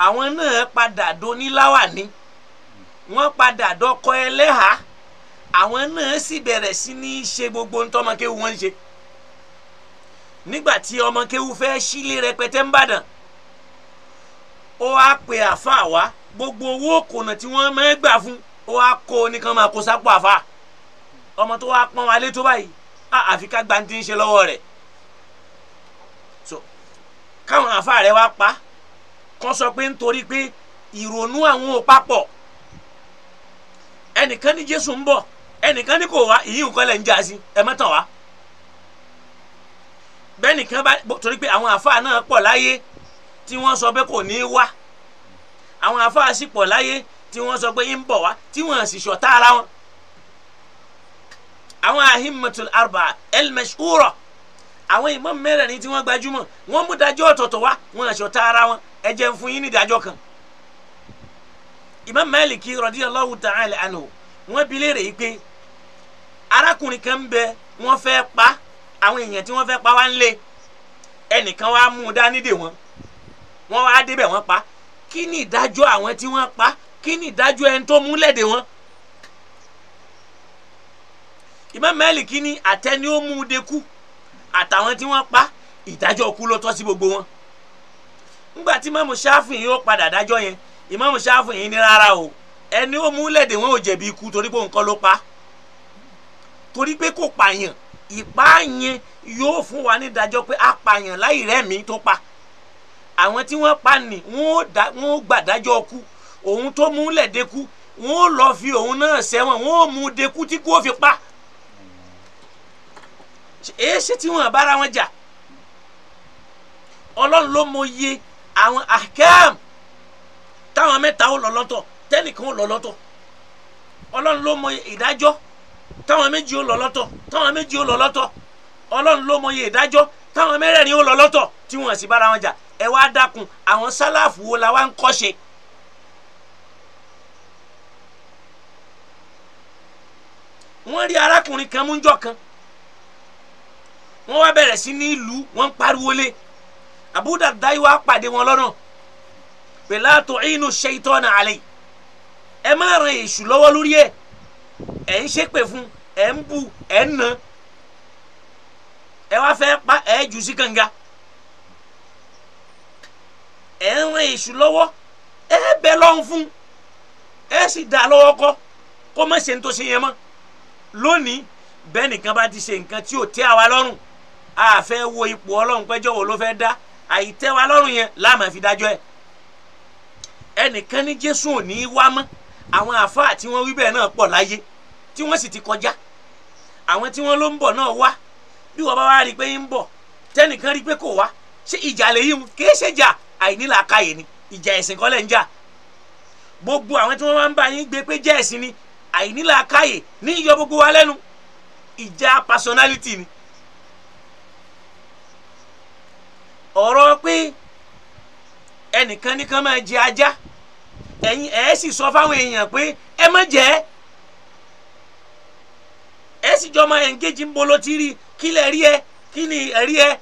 àwọn náà padà doníláwàní wọ́n padà dọ́kọ ẹlẹ́hàá àwọn náà sì bẹ̀rẹ̀ sí ní ṣe gbogbo ntọ́mọ wọn ṣe nígbà tí ọmọ kéwu fẹ́ sílé rẹpẹtẹ ń bàdàn ó wá pe àfa wá gbogbo owó òkùnà tí wọ́n máa ń gbà fún ó wá kó nìkan máa kó sápò àfa ọmọ tó wá pọ́n wálé tó báyìí àfi ká gbanti ń ṣe lọ́wọ́ rẹ̀ so káwọn àfa rẹ̀ wá pa kán sọ pé nítorí pé ìrònú àwọn ò papọ̀ ẹnìkan ní Jésù ń bọ̀ ẹnìkan ní kò wá ìyí nǹkan lẹ̀ ń jà sí ẹ mọ́tàn wá. bẹ́ẹ̀ nìkan bá torí pé àwọn àfáà náà pọ̀ láyé tí wọ́n sọ pé kò ní í wá àwọn àfáà sì pọ̀ láyé tí wọ́n sọ pé ń bọ̀ wá tí wọ́n sì ṣọ̀tá ara wọn. àwọn ahimmatul arba'a elmeshura àwọn imam mẹ́rẹ̀ẹ̀rin tí wọ́n gbajúmọ̀ wọ́n mú dájọ́ ọ̀tọ̀ọ̀tọ̀ wá wọ́n ṣọ̀tá ara wọn ẹ jẹ́ fún yín ní ìdájọ́ kan. imam maliki radiyallahu ta'ala anhu wọ́n bi léèrè yìí pé arákùnrin kan bẹ wọ́n fẹ́ pa àwọn èèyàn tí wọ́n fẹ́ pa wá ń lé ẹnìkan wá mú un dání dè wọ́n wọ́n wá débẹ̀ wọ́n pa kí ni ìdájọ́ àwọn tí wọ́n pa kí ni ìdájọ́ ẹni tó múlẹ̀ dè wọ́n. Imam Malik ní àtẹni ó mú un de kú àtàwọn tí wọ́n pa ìdájọ́ kú ló tọ́ sí gbogbo wọn. ńgbà tí Imam Shafi'i ó padà dájọ́ yẹn Imam Shafi'i ní rárá o ẹni ó múlẹ̀ dè wọ́n ò jẹ̀bi ikú torí pé òun kọ́ ló pa torí pé kò pààyàn ìpáàyàn yóò fún wa nídàjọ́ pé apààyàn láì rẹ́mìí tó pa àwọn tí wọ́n pa ni wọ́n ó gbàdájọ́ ku òun tó múlẹ̀ dẹ́ku wọ́n ó lọ fi òun náà sẹ́wọ̀n wọ́n ó mú dẹ́ku tí kò fi pa èéṣe tí wọ́n bára wọn jà ọlọ́run ló mọ iye àwọn akẹ́m táwọn mẹ́ta ó lọ lọ́tọ̀ tẹ́nìkan ó lọ lọ́tọ̀ ọlọ́run ló mọ ìdájọ́ táwọn méjì ó lọ lọ́tọ̀ táwọn méjì ó lọ lọ́tọ̀ ọlọ́run ló mọye ìdájọ́ táwọn mẹ́rẹ̀ẹ̀rin ó lọ lọ́tọ̀ tí wọ́n sì bára wọn jà ẹ wá dákun àwọn sálàfù wo la wá ń kọ́ ṣe. wọ́n rí arákùnrin kan mú jọ kan wọ́n wá bẹ̀rẹ̀ sí ní ìlú wọ́n ń pariwo lé Abu Darda wá pàdé wọn lọ́nà pẹ̀lú àtọ̀ ìnú ṣe ìtọ́nà àlẹ́ ẹ má ran èṣù lọ́wọ́ lórí ẹ̀ ẹ̀ ń ṣépè fún ẹ̀ ń bu ẹ̀ ń na ẹ wá fẹ́ pa ẹ̀ jù sí kànga ẹ̀ ń ran èṣù lọ́wọ́ ẹ̀ bẹ lọ́hùn fún ẹ̀ sì dá lọ́wọ́ kọ́ kó má ṣe ń tó ṣe yẹn mọ́ lónìí bẹ́ẹ̀ nìkan bá ti ṣe nǹkan tí ò tẹ́ àwa lọ́rùn a fẹ́ wo ipò ọlọ́run pẹ́jọ́ wo ló fẹ́ dá àìtẹ́ wa lọ́rùn yẹn láàmà fi dájọ́ ẹ̀ ẹnìkan ní jésù ò ní í wá mọ́ àwọn àfáà tí wọ́n wí bẹ́ẹ̀ náà pọ̀ láyé tí wọ́n sì ti kọjá àwọn tí wọ́n ló ń bọ̀ náà wá bí wọ́n bá wá rí i pé ń bọ̀ tẹ́nìkan rí i pé kò wá ṣé ìjà lèyí mu kìí ṣe jà àìnílàákàyè ni ìjà ẹ̀sìn kọ́lẹ̀ ń jà gbogbo àwọn tí wọ́n máa ń bá yín gbé pé jẹ́ ẹ̀sìn ni àìnílàákàyè ní yọ gbogbo wa lẹ́nu ìjà personality ni ọ̀rọ̀ pé ẹnìkan nìkan máa jẹ ajá ẹ̀yin ẹ̀ sì sọ fáwọn èèyàn pé ẹ má jẹ ẹ́ ẹ sì máa engage ń bolo ti rí kí lẹ rí ẹ kí ni ẹ̀rí ẹ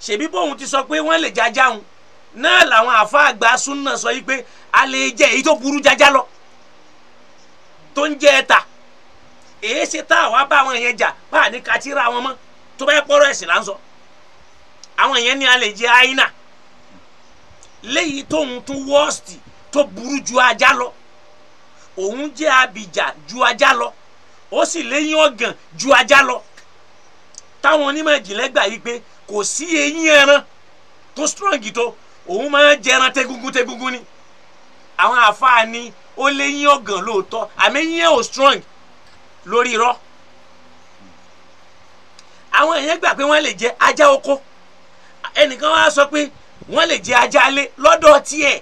ṣèbí bóun ti sọ pé wọ́n lè jájá òun náà làwọn àáfàá àgbà súnà sọ yìí pé a lè jẹ èyí tó burú jájá lọ tó ń jẹ ẹ̀ta èyí ṣe tá àwa bá àwọn yẹn jà bá a ní katira wọn mọ́ tó bá yẹ pọ́rọ́ ẹ̀sìn là ń sọ àwọn yẹn ni a lè jẹ àyínà léyìí tóun tún wọ́ọ̀sì tó burú ju ajá lọ òun jẹ́ abìjà ju ajá lọ ó sì léyín ọ̀gàn ju ajá lọ táwọn onímọ̀ ìjìnlẹ̀ gbà yí pé kò sí eyín ẹran tó strong tó òun máa ń jẹran tẹgungun tẹgungun ni àwọn àfáà ni ó léyín ọ̀gàn lóòótọ́ àmì eyín ẹ̀ ò strong lórí irọ́ àwọn èèyàn gbà pé wọ́n lè jẹ ajá oko ẹnìkan wá sọ pé wọ́n lè jẹ ajá alé lọ́dọ̀ tiẹ̀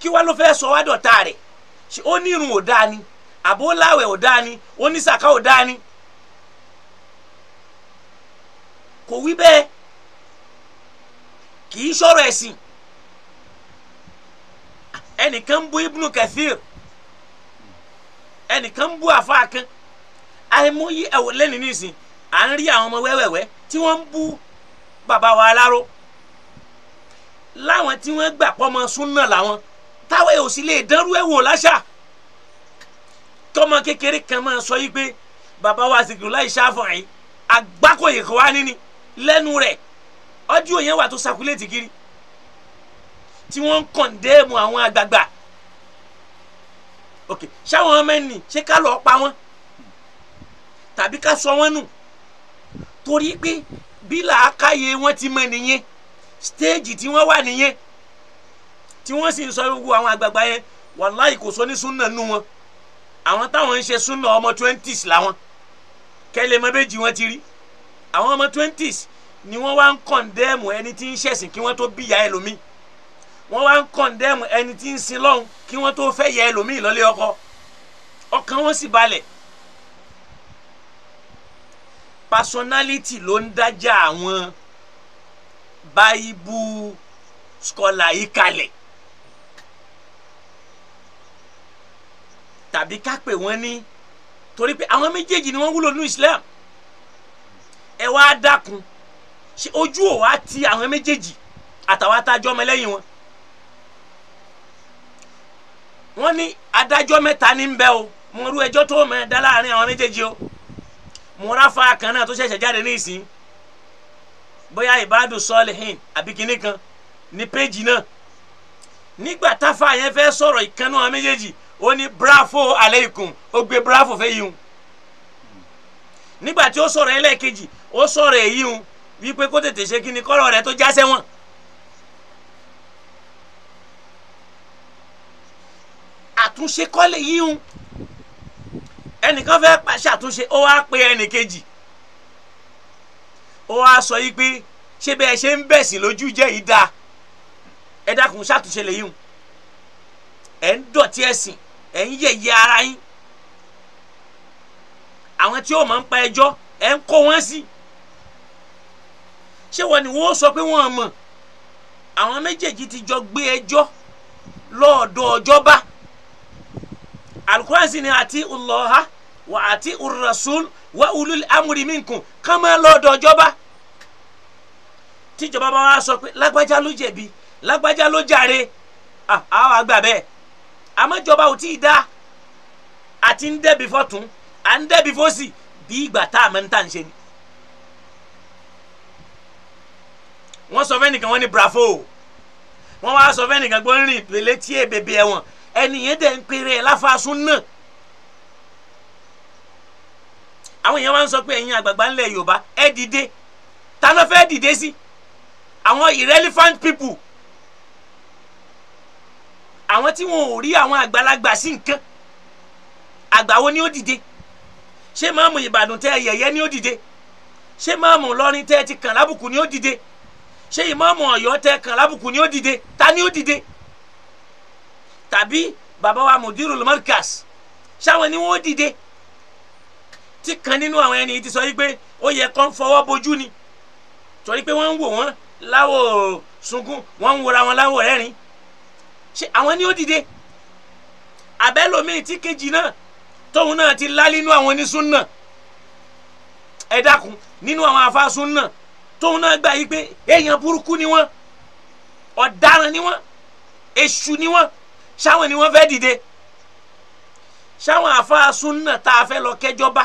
kí wá ló fẹ́ sọ wá rẹ̀ ó ní irun ò dáa ni abóláwẹ̀ ò dáa ni onísàká ò dáa ni kò wí bẹ́ẹ̀ kì í sọ̀rọ̀ ẹ̀sìn ẹnìkan ń bu Ibnu Kathir ẹnìkan ń bu àfáàkán àìmọye ẹ̀wọ̀ lẹ́nu nísìn à ń rí àwọn ọmọ wẹ́wẹ́wẹ́ tí wọ́n ń bu bàbá wa aláró láwọn tí wọ́n gbà pọ́ ọmọ súnà làwọn táwọn èèyàn ò sì lè dánrú ẹ̀wò láṣà tọmọ kékeré kan máa sọ yìí pé bàbá wa Zikrullahi Ṣáfi'í agbákòyè kò wá níní lẹ́nu rẹ̀ ọdún yẹn wà tó sakuléètì kiri tí wọ́n ń kọ̀ǹdẹ́ẹ̀mù àwọn àgbààgbà ok ṣáwọn ọmọ ẹni ṣé ká lọ́ọ́ pa wọ́n tàbí ká sọ wọ́n nù torí pé bí làákàyè wọn ti mọ nìyẹn stéèjì tí wọ́n wà nìyẹn tí wọ́n sì ń sọ gbogbo àwọn àgbààgbà yẹn wàláì kò sọ ní súnà nù wọn àwọn táwọn ń ṣe súnà ọmọ twenties làwọn kẹlẹ mọ bẹjì wọn ti rí àwọn ọmọ twenties ni wọ́n wá ń kọ̀ndẹ́ẹ̀mù ẹni tí ń ṣẹ̀sìn kí wọ́n tó bí ya ẹlòmíì wọ́n wá ń kọ̀ndẹ́ẹ̀mù ẹni tí ń sin lọ́hùn kí wọ́n tó fẹ́ ya ẹlòmíì lọ́lé ọkọ ọkàn wọn sì balẹ̀ personality ló ń dájà àwọn báyìí bú skọlà yìí kalẹ̀ tàbí ká pè wọ́n ní torí pé àwọn méjèèjì ni wọ́n wúlò nínú Islam ẹ wá dákun ṣe ojú ò wá ti àwọn méjèèjì àtàwọn adájọ́ ọmọlẹ́yìn wọn wọ́n ní adájọ́ mẹ́ta ní bẹ́ẹ̀ o mo rú ẹjọ́ tó mọ̀ dá láàrin àwọn méjèèjì o mo ráfa kan náà tó ṣẹ̀ṣẹ̀ jáde ní ìsín bóyá ìbádù sọ́ọ̀lìhìn àbí kinní kan ní péjì náà nígbà táfà yẹn fẹ́ sọ̀rọ̀ ìkan náà méjèèjì ó ní bravo aleikum ó gbé bravo fẹ́ yìí nígbà tí ó sọ̀rọ̀ ẹlẹ́ẹ̀kejì ó sọ̀rọ̀ èyí ń wípé kó tètè ṣe kí ni kọ́rọ̀ rẹ̀ tó já sẹ́wọ̀n. àtúnṣe kọ́lé yìí ń ẹnìkan fẹ́ pàṣẹ àtúnṣe ó wá pe ẹnìkejì ó wá sọ yìí pé ṣé bẹ́ẹ̀ ṣe ń bẹ̀sì lójú jẹ́ yìí dáa ẹ dákun ṣàtúnṣe lè yìí ẹ̀ ń dọ̀tí ẹ̀sìn ẹ̀ ń yẹ̀yẹ́ ara yín àwọn tí ó máa ń pa ẹjọ́ ẹ̀ ń kó wọn sí ṣé wọn ni wọ́n sọ pé wọ́n mọ̀ àwọn méjèèjì ti jọ gbé ẹjọ́ lọ́ọ̀dọ̀ ọjọ́ba alukóran sì ni àti Allah wà àti ur-rasul wà ulul amri minkum kán máa lọ́ọ̀dọ̀ ọjọ́ba tíjọba bá wá sọ pé lágbájá ló jẹ̀bi lágbájá ló jàre àwọn àgbà bẹ́ẹ̀ àmọ́jọba ò tí ì dá àti ń dẹ́bi fọ́tún à ń dẹ́bi fọ́sì bí ìgbà tá a máa ń tà ń ṣe ni. wọ́n sọ fẹ́nìkan wọ́n ní bravo wọ́n wá sọ fẹ́nìkan gbọ́n rìn ìpele tí è bèbè ẹ̀wọ̀n ẹnìyẹn dẹ̀ ń pèrè ẹ̀ láfàásùn náà. àwọn èèyàn wá ń sọ pé ẹ̀yin àgbààgbà ńlẹ̀ Yorùbá ẹ dìde ta ló fẹ́ dìde sí àwọn irrelevant people àwọn tí wọn ò rí àwọn àgbàlagbà sí nǹkan àgbà wo ni ó dìde ṣé máàmù ìbàdàn tẹ yẹ̀yẹ́ ni ó dìde ṣé máàmù ìlọrin tẹ ti kàn lábùkù ni ó dìde ṣé ìmáàmù ọ̀yọ́ tẹ kàn lábùkù ni ó dìde ta ni ó dìde tàbí bàbá wa mudirul markas ṣáwọn ni wọn ó dìde tí kan nínú àwọn ẹni tí sọ yìí pé ó yẹ kán fọwọ́ bojú ni torí pé wọ́n ń wò wọ́n láwọ̀ sunkún wọ́n ń wòra wọn láwọ̀ rẹ́rìn-ín ṣe àwọn ni ó dìde àbẹ́lòmíì tí kejì náà tóun náà ti lálínú àwọn onísúnnà ẹ dákun nínú àwọn afásúnnà tóun náà gbà yí pé èèyàn burúkú ni wọ́n ọ̀daràn ni wọ́n èṣù ni wọ́n ṣáwọn ni wọ́n fẹ́ dìde ṣáwọn afásúnnà tá a fẹ́ lọ kẹjọba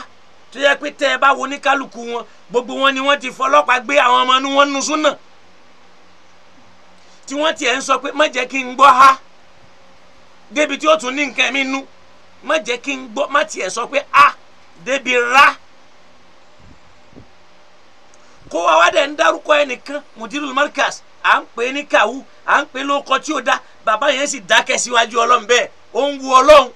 tó yẹ pé tẹ́ ẹ bá wo ní kálukú wọn gbogbo wọn ni wọ́n ti fọlọ́pàá gbé àwọn ọmọ inú wọn nù súnnà tí wọ́n tiẹ̀ ń sọ pé má jẹ́ kí n gbọ́ ha débi tí ó tún ní nǹkan mi nú má jẹ́ kí n gbọ́ má tiẹ̀ sọ pé a ah, débi ra kó wa wá dẹ̀ ń dárúkọ ẹnìkan mudirul markas à ń pè é ní kàwú à ń pè é lóko tí ó dá bàbá yẹn sì dákẹ́ síwájú ọlọ́run bẹ́ẹ̀ ó ń wu ọlọ́run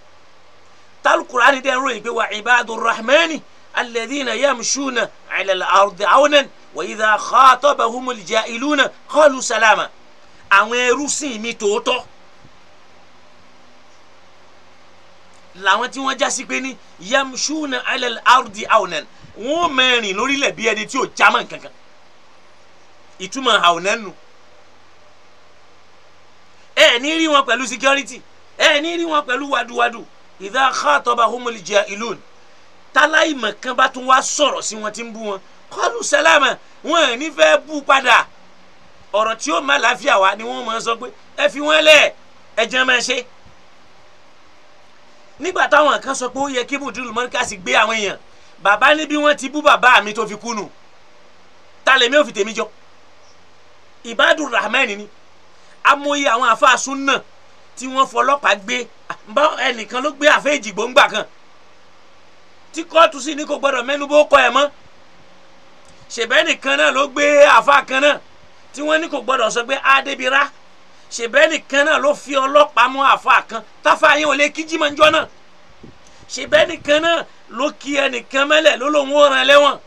talukurani dẹ̀ ń ròyìn pé wà ibadur rahmani alladhina yamshuna ala al-ardi awnan wa idha khatabahumul ja'iluna qalu salama àwọn ẹrúsìn mi tòótọ́ làwọn tí wọ́n já sí pé ní yamshuna alal ardi awnan wọ́n mẹ́rin lórílẹ̀ bí ẹni tí ò jámọ́ nkankan ìtumọ̀ awnan nu ẹ ní rí wọn pẹ̀lú security ẹ ní rí wọn pẹ̀lú wàdùwàdù idha khatabahumul jahilun táláìmọ̀ kan bá tún wá sọ̀rọ̀ sí wọn tí ń bú wọn qalu salama wọn ò ní fẹ́ bú padà ọ̀rọ̀ tí ó má láfíà wá ni wọ́n máa sọ pé ẹ fi wọ́n lẹ̀ ẹ jẹ́ máa ṣe. nígbà táwọn kan sọ pé ó yẹ kí mùdúrú mọ́ríkàsì gbé àwọn èèyàn bàbá ní bí wọ́n ti bú bàbá mi tó fi kú nù ta lèmi ò fi tèmi jọ Ibadur Rahman ni amóye àwọn àfa sunna tí wọ́n fọlọ́pàá gbé bá ẹnìkan ló gbé àfẹ́jì gbòǹgbà kan tí kóòtù sì ní kò gbọ́dọ̀ mẹ́nubó kọ ẹ̀ mọ́ ṣèbẹ́ nìkan náà ló gbé àfa kan náà tí wọ́n ní kò gbọ́dọ̀ sọ pé adébírá ṣèbẹ́ nìkan náà ló fi ọlọ́pàá mú àfa kan táfa yẹn ò lè kí jimá njọ́ náà ṣèbẹ́ nìkan náà ló kí ẹnìkan mẹ́lẹ̀ ló lòun ó ràn lẹ́wọ̀n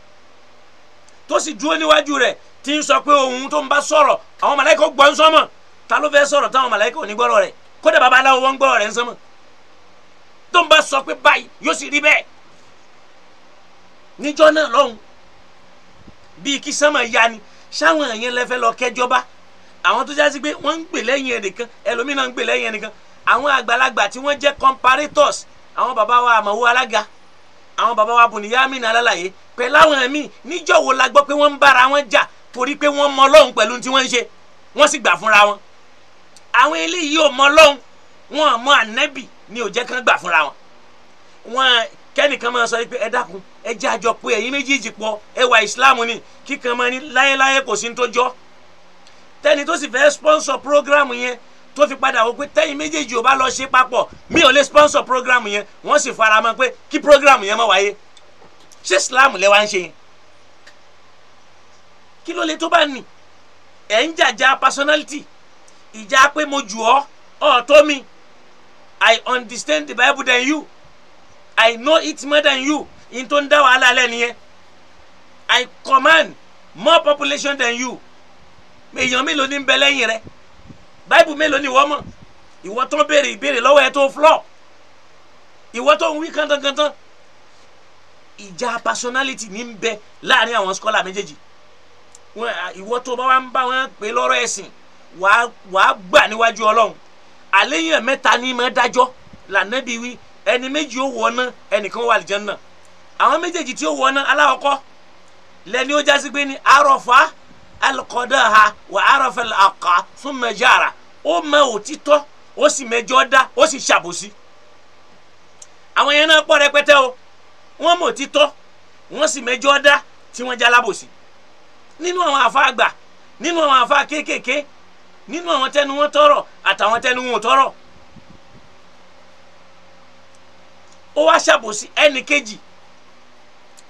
tó sì dúró níwájú rẹ̀ tí ń sọ pé òun tó ń bá sọ̀rọ̀ àwọn màláíkà gbọ́ ń sọ́mọ̀ ta ló fẹ́ sọ̀rọ̀ táwọn màláíkà ò ní gbọ́rọ̀ rẹ̀ kódà babaláwo wọn gbọ́rọ̀ rẹ̀ ń sọ́mọ̀ tó ń bá sọ pé báyìí yóò sì rí bẹ́ẹ̀ níjọ́ náà lọ́hùn bíi kí sánmà ya ni ṣáwọn èèyàn lẹ́fẹ́ lọ kẹjọba àwọn tó jásí pé wọ́n ń gbè lẹ́yìn ẹnìkan ẹlòmíràn ń gbè lẹ́yìn ẹnìkan àwọn àgbàlagbà tí wọ́n jẹ́ comparators àwọn bàbá wa àmọ̀wó alága àwọn bàbá wa bùnìyàmínà alálàyé pẹ̀lú àwọn míì níjọ́ wo la gbọ́ pé wọ́n ń bára wọn jà torí pé wọ́n mọ Ọlọ́run pẹ̀lú tí wọ́n ń ṣe wọ́n sì gbà fúnra wọn àwọn eléyìí ò mọ Ọlọ́run wọn mọ ànẹ́bì ni ò jẹ́ kán gbà fúnra wọn wọn kẹ́nìkan máa sọ pé ẹ dákun ẹ jẹ́ àjọ pé ẹ̀yin méjèèjì pọ̀ ẹ wà ìsìláàmù ni kíkan máa ní láyéláyé kò sí ní tó jọ́ tẹ́ni tó sì fẹ́ sponsor program. yẹn tó fi padà wọ pé tẹ́yin méjèèjì ò bá lọ ṣe papọ̀ mi ò lè sponsor program. yẹn wọ́n sì fara mọ́ pé kí program? yẹn má wáyé ṣé islam lẹ́wà ń ṣe yẹn kí ló lè tó bá nì ẹ̀ ń jàjà personality ìjà pé mo jù ọ́ ọ̀ tó mi I understand the Bible than you. I know it more than you in tó ń dá wàhálà lẹ́nu yẹn I command more population than you èèyàn mélòó ní bẹ lẹ́yìn rẹ báìbù mélòó ni ìwọ mọ̀ ìwọ tó ń béèrè ìbéèrè lọ́wọ́ ẹ tó flọ́ ìwọ tó ń wí kántankantan ìjà personality ní bẹ láàrin àwọn scholar méjèèjì ìwọ tó bá wà ń bá wọn pè lọ́rọ̀ ẹ̀sìn wàá gbà níwájú ọlọ́run àléyàn mẹ́ta ní mọ́ dájọ́ lànà bí wí ẹni méjì ó wọ ná ẹnìkan wà àlìjánná àwọn méjèèjì tí ó wọ ná aláwọ̀kọ́ lẹ́ni ó jásí pé ní arọ̀fà alqadaha wà arọ̀fà àkà thumma jara ó mọ òtítọ́ ó sì mẹjọ dá ó sì ṣàbòsí àwọn yẹn náà pọ̀ rẹpẹtẹ o wọ́n mọ òtítọ́ wọ́n sì mẹjọ dá tí wọ́n jálábòsí nínú àwọn àfa àgbà nínú àwọn àfa kéékèèké nínú àwọn tẹnu wọn tọrọ àtàwọn tẹnu wọn tọrọ ó wá ṣàbòsí ẹnì kejì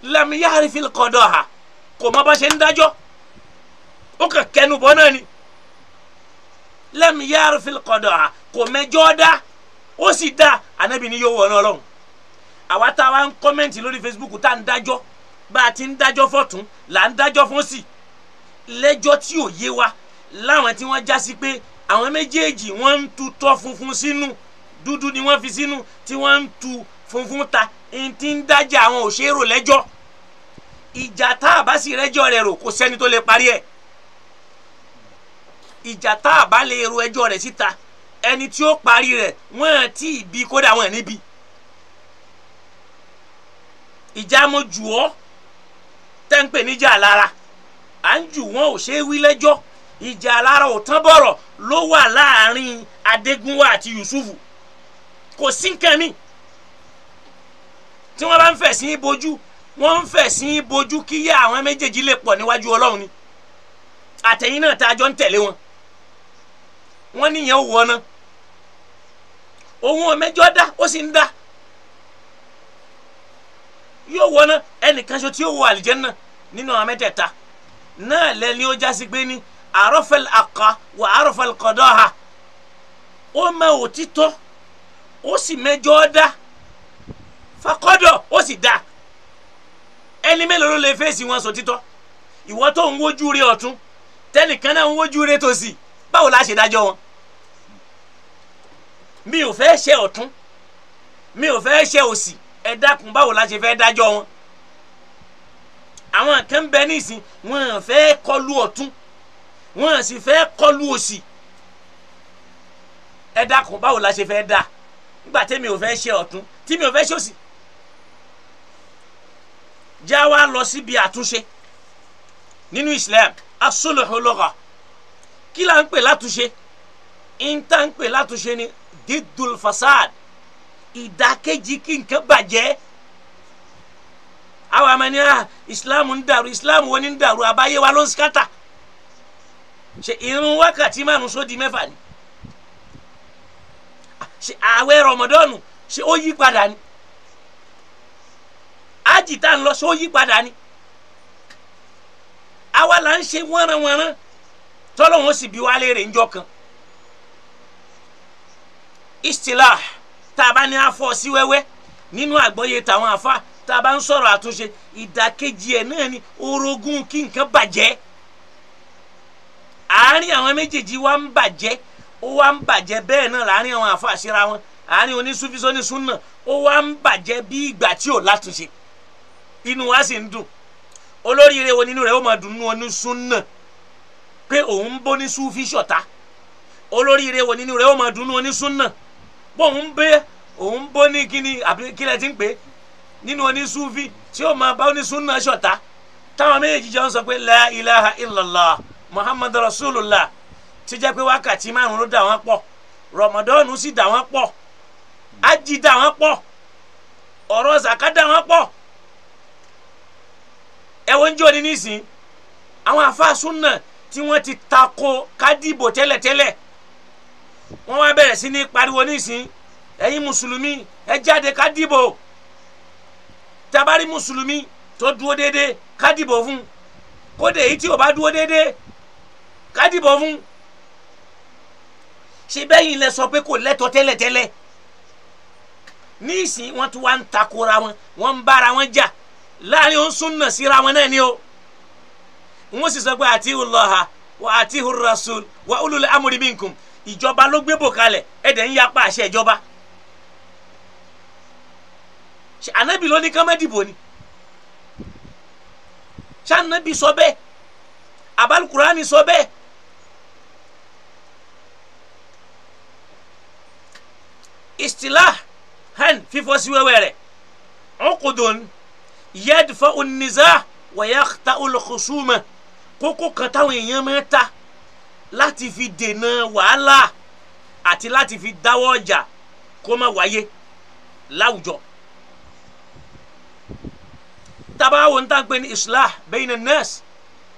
lam yahrifil qadaha kò má bá ṣe ń dájọ́ ó kàn kẹnu bọ́ náà ni lam yahrifil qadaha kò mẹjọ́ dá ó sì dá ànábì ni yóò wọ̀ ọ́nà àwa tá a wá ń kọ́mẹ́ǹtì lórí Facebook tá à ń dájọ́ bá a ti ń dájọ́ fọ̀tún là ń dájọ́ fún sí lẹ́jọ́ tí ò yé wa láwọn tí wọ́n já sí pé àwọn méjèèjì wọ́n ń tutọ́ funfun sínú dúdú ni wọ́n fi sínú tí wọ́n ń tu funfun ta ntí ń dájà àwọn òṣèrò lẹ́jọ́ ìjà tá a bá sì rẹ́jọ́ rẹ̀ rò kò sẹ́ni tó lè parí ẹ̀ ìjà tá a bá lè ro ẹjọ́ rẹ̀ síta ẹni tí ó parí rẹ̀ wọ́n ti bí kódà wọ́n níbi ìjà mo jù ọ́ tẹ́ níjà lára à ń jù wọ́n ò lẹ́jọ́ ìjà lára ò tán bọ̀rọ̀ ló wà láàrin adégúnwá àti yusufu kò sí nǹkan tí wọ́n bá ń fẹ̀sìn bojú wọ́n ń fẹ̀sìn bojú kí yá àwọn méjèèjì lè pọ̀ níwájú ọlọ́run ni àtẹ̀yìn náà tá a jọ ń tẹ̀lé wọn wọ́n níyẹn ò wọ́n náà òun ọ̀mẹ́jọ dá ó sì ń dá yóò wọ́n náà ẹnìkan ṣo tí yóò wọ àlìjẹ́nnà nínú àwọn mẹ́tẹ̀ẹ̀ta náà lẹ́ni ó jásí pé ní àròfẹ́lì àkà wà àròfẹ́lì kọ̀dọ́ ha ó mọ òtítọ́ ó sì mẹ́jọ dá fakọ́dọ̀ ó sì da? ẹni mélòó ló lè fèsì wọn sọ títọ́ ìwọ tó ń wojú rẹ ọ̀tún tẹnìkan náà ń wojú rẹ tòsì báwo la ṣe dájọ́ wọn. mi ò fẹ́ ṣe ọ̀tún mi ò fẹ́ ṣe òsì ẹ dákun báwo la ṣe fẹ́ dájọ́ wọn. àwọn kan bẹ nísìn wọn fẹ́ kọlu ọ̀tún wọn sì fẹ́ kọlu òsì ẹ dákun báwo la ṣe fẹ́ dá nígbà tí mi ò fẹ́ ṣe ọ̀tún tí ò fẹ́ ṣe òsì já wa lọ bi àtúnṣe nínú Islam asuluhu lugha kí la ń pè látúnṣe ìta ń pè látúnṣe ni dídùl fasad ìdákejì kí nǹkan bàjẹ́ àwọn àmàlí à Islam ń dàrú Islam wo ni ń dàrú àbáyé wa ló ń sikátà ṣe irun wákàtí márùn sódi mẹ́fà ni ṣe ààwẹ̀ rọmọdọ́nù ṣe ó yí padà ni ájì tá à ń lọ sọ yí padà ni àwa là ń ṣe wọ́nranwọ́nran tọ́lọ́wọ́n sì bí wa léèrè ńjọ kan istilah tá a bá ní afọ sí wẹ́wẹ́ nínú àgbọ́yé tàwọn afa tá a bá ń sọ̀rọ̀ àtúnṣe ìdàkejì ẹ̀ náà ni orogún kí nǹkan bàjẹ́ àárín àwọn méjèèjì wa ń bàjẹ́ ó wa ń bàjẹ́ bẹ́ẹ̀ náà láàárín àwọn afa síra wọn àárín onísúfisọ́nísún náà ó wa ń bàjẹ́ bí ìgbà tí ò látúnṣe. inú wa sì ń dùn olóríire wo nínú rẹ̀ ó máa dùn nínú oní súnà pé òun ń bó ní súfì ṣọ̀tá olóríire wo nínú rẹ̀ ó máa dùn nínú pé òun òun bó ní kíni àbí kílẹ̀ ti ń pè nínú oní súfì tí ó máa bá sọ pé la ilaha illallah muhammadu rasulullah ti jẹ́ pé wákàtí márùn ló dà wọ́n pọ̀ rọmọdọ́ọ̀nù sì dà wọ́n pọ̀ ẹ wo ń jọ ní nísìn àwọn àfáà súnà tí wọ́n ti tako kádìbò tẹ́lẹ̀tẹ́lẹ̀ wọ́n wá bẹ̀rẹ̀ sí ní pariwo nísìn ẹ̀yin mùsùlùmí ẹ jáde kádìbò tabari mùsùlùmí tó dúró déédéé kádìbò fún kódé èyí tí ò bá dúró déédéé kádìbò fún ṣe bẹ́yìn lẹ sọ pé kò lẹ́tọ̀ tẹ́lẹ̀tẹ́lẹ̀ nísìn wọ́n tún wá ń takora wọn wọ́n ń bára wọn jà. Ja láàrin òun súnà síra wọn náà ni o wọn sì sọ pé àtihu Allaha wa àtihu rasul wa ulul amri minkum ìjọba ló gbé bò kalẹ̀ ẹ̀dẹ̀ ń yapa àṣẹ ìjọba ànábì ló ní ká ni sànábì sọ bẹ́ẹ̀ abalukurani sọ bẹ́ẹ̀ istilah han fífọ́ sí wẹ́wẹ́ rẹ̀ ọkùdùn yadfa'u an-nizah wa yakhta'u al-khusuma kókó kan táwọn èèyàn máa ta láti fi dènà wàhálà àti láti fi dáwọ́ ọjà kó má wáyé láwùjọ tabawo n ta pe ni islah bayna an-nas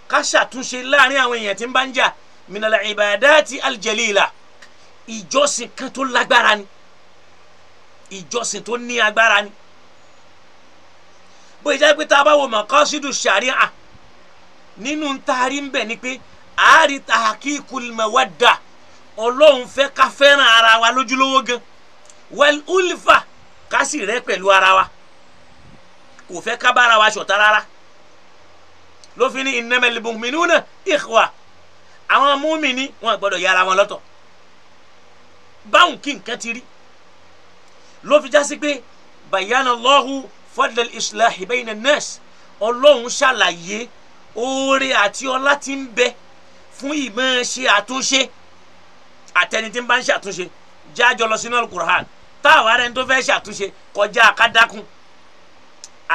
ká ṣàtúnṣe láàrin àwọn èèyàn tí ń bá ń jà minal ibadati aljalila ìjọsìn kan tó lágbára ni ìjọsìn tó ní agbára ni bó ṣe jẹ́ pé tá a bá wo maqasidu sharia nínú ntaari ń bẹ̀ ni pé àárí tahqiqul mawadda ọlọ́run fẹ́ ká fẹ́ràn ara wa lójúlówó gan wal ulfa ká sì rẹ́ pẹ̀lú ara wa kò fẹ́ ká bára wa ṣọ̀tá rárá ló fi ní innamal mu'minuna ikhwa àwọn múmini wọn gbọ́dọ̀ yára wọn lọ́tọ̀ báwọn kí nǹkan ti rí ló já sí pé bayanallahu fadlal islahi bayna nas ọlọ́run ṣàlàyé oore àti ọlá tí ń bẹ fún ìmọ̀ ṣe àtúnṣe àtẹni tí ń bá ń ṣàtúnṣe jájọ lọ sínú alukur'an táwa rẹ̀ ń tó fẹ́ ṣàtúnṣe kọjá kádákùn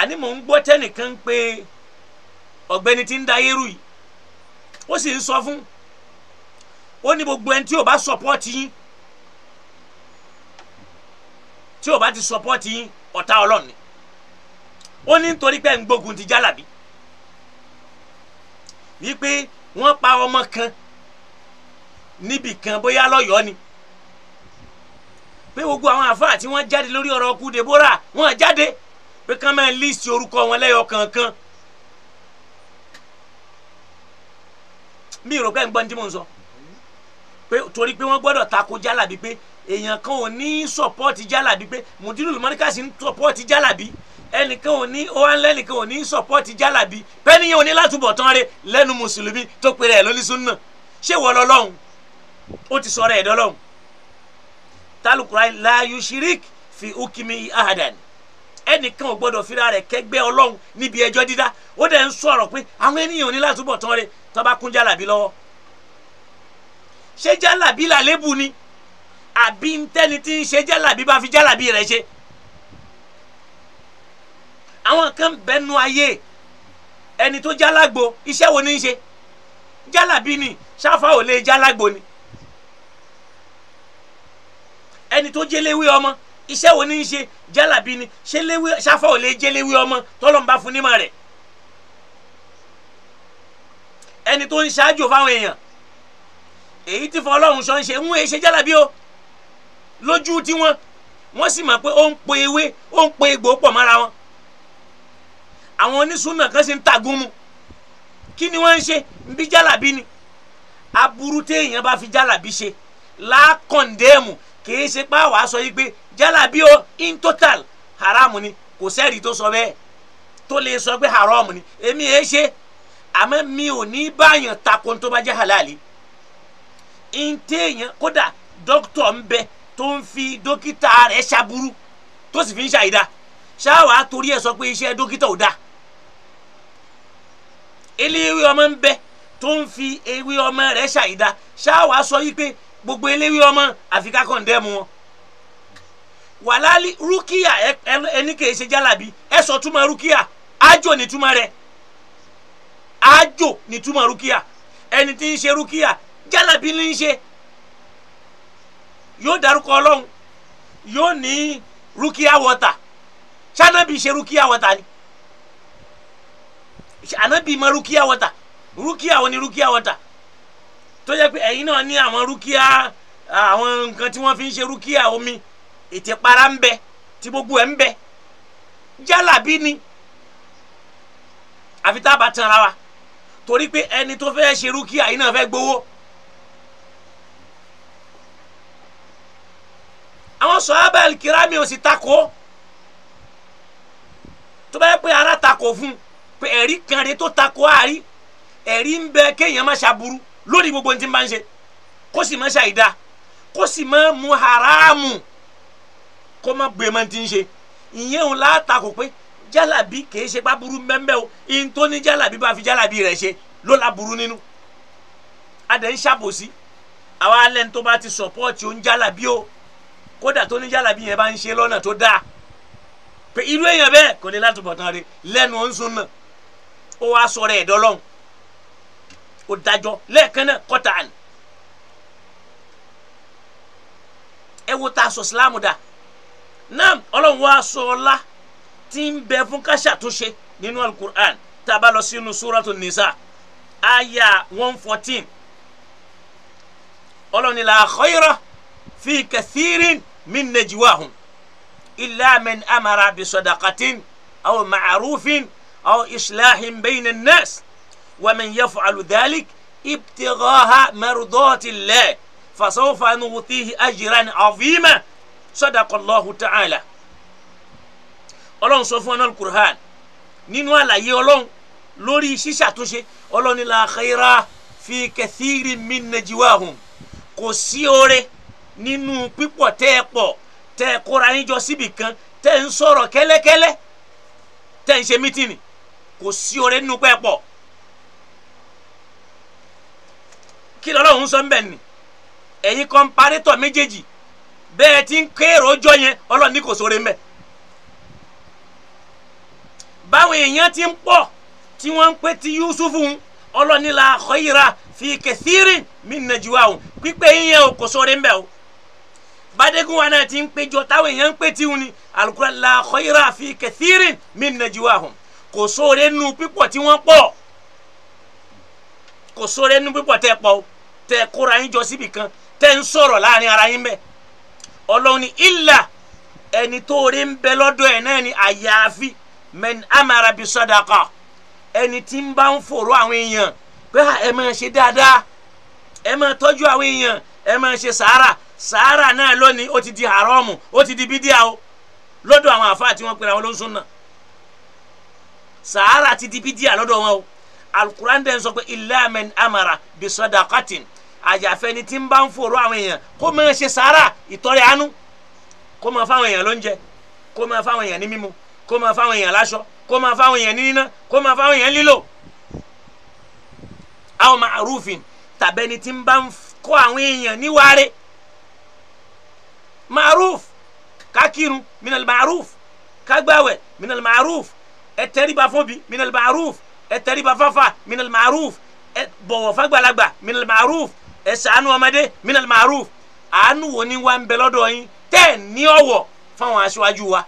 àní mò ń gbọ́ tẹ́nìkan pé ọ̀gbẹ́ni tí ń da eérú yìí ó sì ń sọ fún ó ní gbogbo ẹni tí ò bá sọpọ́ọ̀tì yín tí ò bá ti sọpọ́ọ̀tì yín ọ̀tá ọlọ́ọ̀ni ó ní nítorí pé ń gbógun ti jálàbí wípé wọ́n pa ọmọ kan níbì kan bóyá lọ́yọ̀ọ́ ni pé gbogbo àwọn àfáà tí wọ́n jáde lórí ọ̀rọ̀ ọkú Deborah wọ́n jáde pé kán máa líìsì orúkọ wọn lẹ́yọ kankan mi ò rò pé ń gbọ́n tí mò ń sọ pé torí pé wọ́n gbọ́dọ̀ tako Jalabi pé èèyàn kan ò ní sọ̀pọ́ọ̀tì Jalabi pé Mudirul Markaz ń sọ̀pọ́ọ̀tì Jalabi ẹnìkan ò ní ó wá ń lẹ́nìkan ò ní sọ̀pọ́ọ̀tì jálàbí pẹ́niyàn ò ní látúbọ̀ tán rẹ lẹ́nu mùsùlùmí tó pèrè ẹ̀ lóní súnà ṣé wọ́n lọ lọ́hùn ó ti sọ̀rọ̀ ẹ̀dọ́ lọ́hùn tálùkùrá la yushirik fi ukimi ahadan ẹnìkan ò gbọdọ̀ fira rẹ̀ kẹgbẹ́ ọlọ́hun níbi ẹjọ́ dídá ó dẹ̀ ń sọ̀rọ̀ pé àwọn ènìyàn ò ní látúbọ̀ tán rẹ tó bá kún jálàbí lọ́wọ́ ṣé jálàbí làlébù ni àbí ntẹ́ni tí ń ṣe jálàbí bá fi jálàbí rẹ̀ ṣe àwọn kan bẹnu ayé ẹni tó jálàgbo iṣẹ́ wo ni ń ṣe jálàbí ni ṣáfà ò lè jálàgbo ni ẹni tó jẹ́ léwé ọmọ iṣẹ́ wo ni ń ṣe jálàbí ni ṣé léwé ṣáfà ò lè jẹ́ léwé ọmọ tọ́lọ́mùbá fún nímọ̀ rẹ̀ ẹni tó ń ṣáájú fáwọn èèyàn èyí tí fọlọ́run sọ ń ṣe ń ṣe jálàbí o lójú tiwọn wọ́n sì mọ̀ pé ó ń po ewé ó ń po egbò pọ̀ mọ́ra wọn àwọn onísùnà kan ṣe ń tagún mu kí ni wọ́n ń ṣe bí jálàbí ni aburú téèyàn bá fi jálàbí ṣe lákọ̀ndẹ́ẹ̀mù kìí ṣe pé àwa sọ yìí pé jálàbí o in total haram ni kò sẹ́ẹ̀rì tó sọ bẹ́ẹ̀ tó lè sọ pé haram ni èmi èé ṣe àmọ́ mi ò ní báyàn takò tó bá jẹ́ halali in téèyàn kódà dókítà ń bẹ tó ń fi dókítà rẹ̀ ṣaburú tó sì fi ń ṣàyídá ṣáà wàá torí ẹ̀ sọ pé iṣẹ́ dókítà ò dáa eléwé ọmọ ń bẹ tó ń fi ewé ọmọ rẹ̀ ṣàyídá ṣáà wàá sọ yí pé gbogbo eléwé ọmọ àfi ká kọ̀ǹdẹ́mu wọn wàláàlì rúkìá ẹni kìí ṣe jálàbí ẹ sọ túmọ̀ rúkìá ájò ní túmọ̀ rẹ̀ ájò ní túmọ̀ rúkìá ẹni tí ń ṣe rúkìá jálàbí ní í ṣe yóò dárúkọ ọlọ́run yóò ní rúkìá wọ́tà ṣáná bí ṣe rúkìá wọ́tà ni ànábì mọ rúkìá wọ́tà rúkìá wọn ni rúkìá wọ́tà tó jẹ́ pé ẹ̀yin náà ní àwọn rúkìá àwọn nǹkan tí wọ́n fi ń ṣe rúkìá omi ìtìpara ń bẹ tí gbogbo ẹ̀ ń bẹ jálàbí ni àfi tá a bá tanra wa torí pé ẹni tó fẹ́ ṣe rúkìá yìí náà fẹ́ gbowó àwọn sọ̀hábà kìrámì ò sì takò tó bá yẹ pé ara takò fún un pé ẹ̀rí kan rẹ tó takò àárí ẹ̀rí ń bẹ kéèyàn má ṣàbùrú lórí gbogbo ní ti máa ń ṣe kó sì má ṣàìdá kó sì má mu haramu kó má gbé e má ti ń ṣe ìyẹn òun látakò pé jálàbí kìí ṣe bá burú mbẹ́mbẹ́ o ihun ní jálàbí bá fi jálàbí rẹ̀ ṣe ló la burú nínú adẹ̀ ń ṣàbòsí àwa alẹ́ ní tó bá ti sọ̀pọ́ọ̀tì ó jálàbí o kódà tó ní jálàbí yẹn bá ń ṣe lọ́nà tó dáa pé irú èèyàn bẹ́ẹ̀ kò ní látúbọ̀tán rẹ̀ lẹ́nu ó ń sún náà ó wá sọ̀rọ̀ ẹ̀ dọ́lọ́hún ó dájọ́ lẹ́ẹ̀kan náà kọ́ta àná ẹ wo ta sọ sílámù dà náà ọlọ́run wá sọ ọlá tí ń bẹ fún ká ṣàtúnṣe nínú alukur'an tá a bá lọ sínú suratu nisa aya one fourteen ọlọ́run ni la khayra fi kathirin min najwahum illa man amara bi sadaqatin aw أو إصلاح بين الناس ومن يفعل ذلك ابتغاء مرضات الله فسوف نؤتيه أجرا عظيما صدق الله تعالى ọlọ́run sọ fún ọ́nàl kurhan nínú àlàyé ọlọ́run lórí ṣíṣàtúnṣe ọlọ́run ní la khaira fi kathiri min najwahum kò sí oore nínú pípọ̀ tẹ́ ẹ pọ̀ tẹ́ ẹ kóra yín jọ síbì kan tẹ́ ẹ ń sọ̀rọ̀ kẹ́lẹ́kẹ́lẹ́ tẹ́ ẹ ń ṣe mítìnì kò sí oore nínú pẹ́ pọ̀ kí lọ́lọ́run sọ ń bẹ̀ ni ẹ̀yin kọ́ńpárétọ̀ méjèèjì bẹ́ẹ̀ ti ń kérò ọjọ́ yẹn ọlọ́run ní kò sóore ń bẹ̀ báwọn èèyàn ti ń pọ̀ tí wọ́n ń pè ti Yusufu ọlọ́run ní la khayra fi kathirin min najwahum pípé yíyan o kò sóore ń bẹ̀ o badegun wa náà ti ń péjọ táwọn èèyàn ń pè tiwọn ni alukura la khayra fi kathirin min najwahum kò sóore nu pípọ̀ tí wọ́n pọ̀ kò sóore nu pípọ̀ tẹ́ pọ̀ tẹ́ kóra yín jọ síbi kan tẹ́ ń sọ̀rọ̀ láàrin ara yín bẹ́ẹ̀ ọlọ́run ni ìlà ẹni tó rí ń bẹ lọ́dọ̀ ẹ̀ náà ni àyàfi mẹ́ni amara bi sọ́dàkà ẹni tí ń bá ń fòrò àwọn èèyàn pé ẹ máa ṣe dáadáa ẹ máa tọ́jú àwọn èèyàn ẹ máa ṣe sàárà sàárà náà lónìí ó ti di haramu ó ti di bídíà o lọ́dọ̀ àwọn àfáà tí wọ́n pera wọn ló náà sàárà ti di bídíà lọ́dọ̀ wọn o alukuran dẹ̀ ń sọ pé illa man amara bi sadaqatin àyàfẹ́ ni tí ń bá ń fòrò àwọn èèyàn kó máa ṣe sàárà ìtọrẹ àánú kó máa fáwọn èèyàn lóúnjẹ kó máa fáwọn èèyàn ní mímu kó máa fáwọn èèyàn láṣọ kó máa fáwọn èèyàn ní níná kó máa fáwọn èèyàn lílò aw ma'rufin tàbẹ́ni tí ń bá ń kó àwọn èèyàn níwáre ma'ruf kakirun minal ma'ruf kagbawẹ minal ma'ruf ẹ tẹríba fóbi minal ma'ruf ẹ tẹríba fáfá minal ma'ruf ẹ bọ̀wọ̀ fágbàlagbà minal ma'ruf ẹ ṣàánú ọmọdé minal ma'ruf àánú wo ni wà ń bẹ lọ́dọ̀ yín tẹ́ ní ọ̀wọ̀ fáwọn aṣáájú wa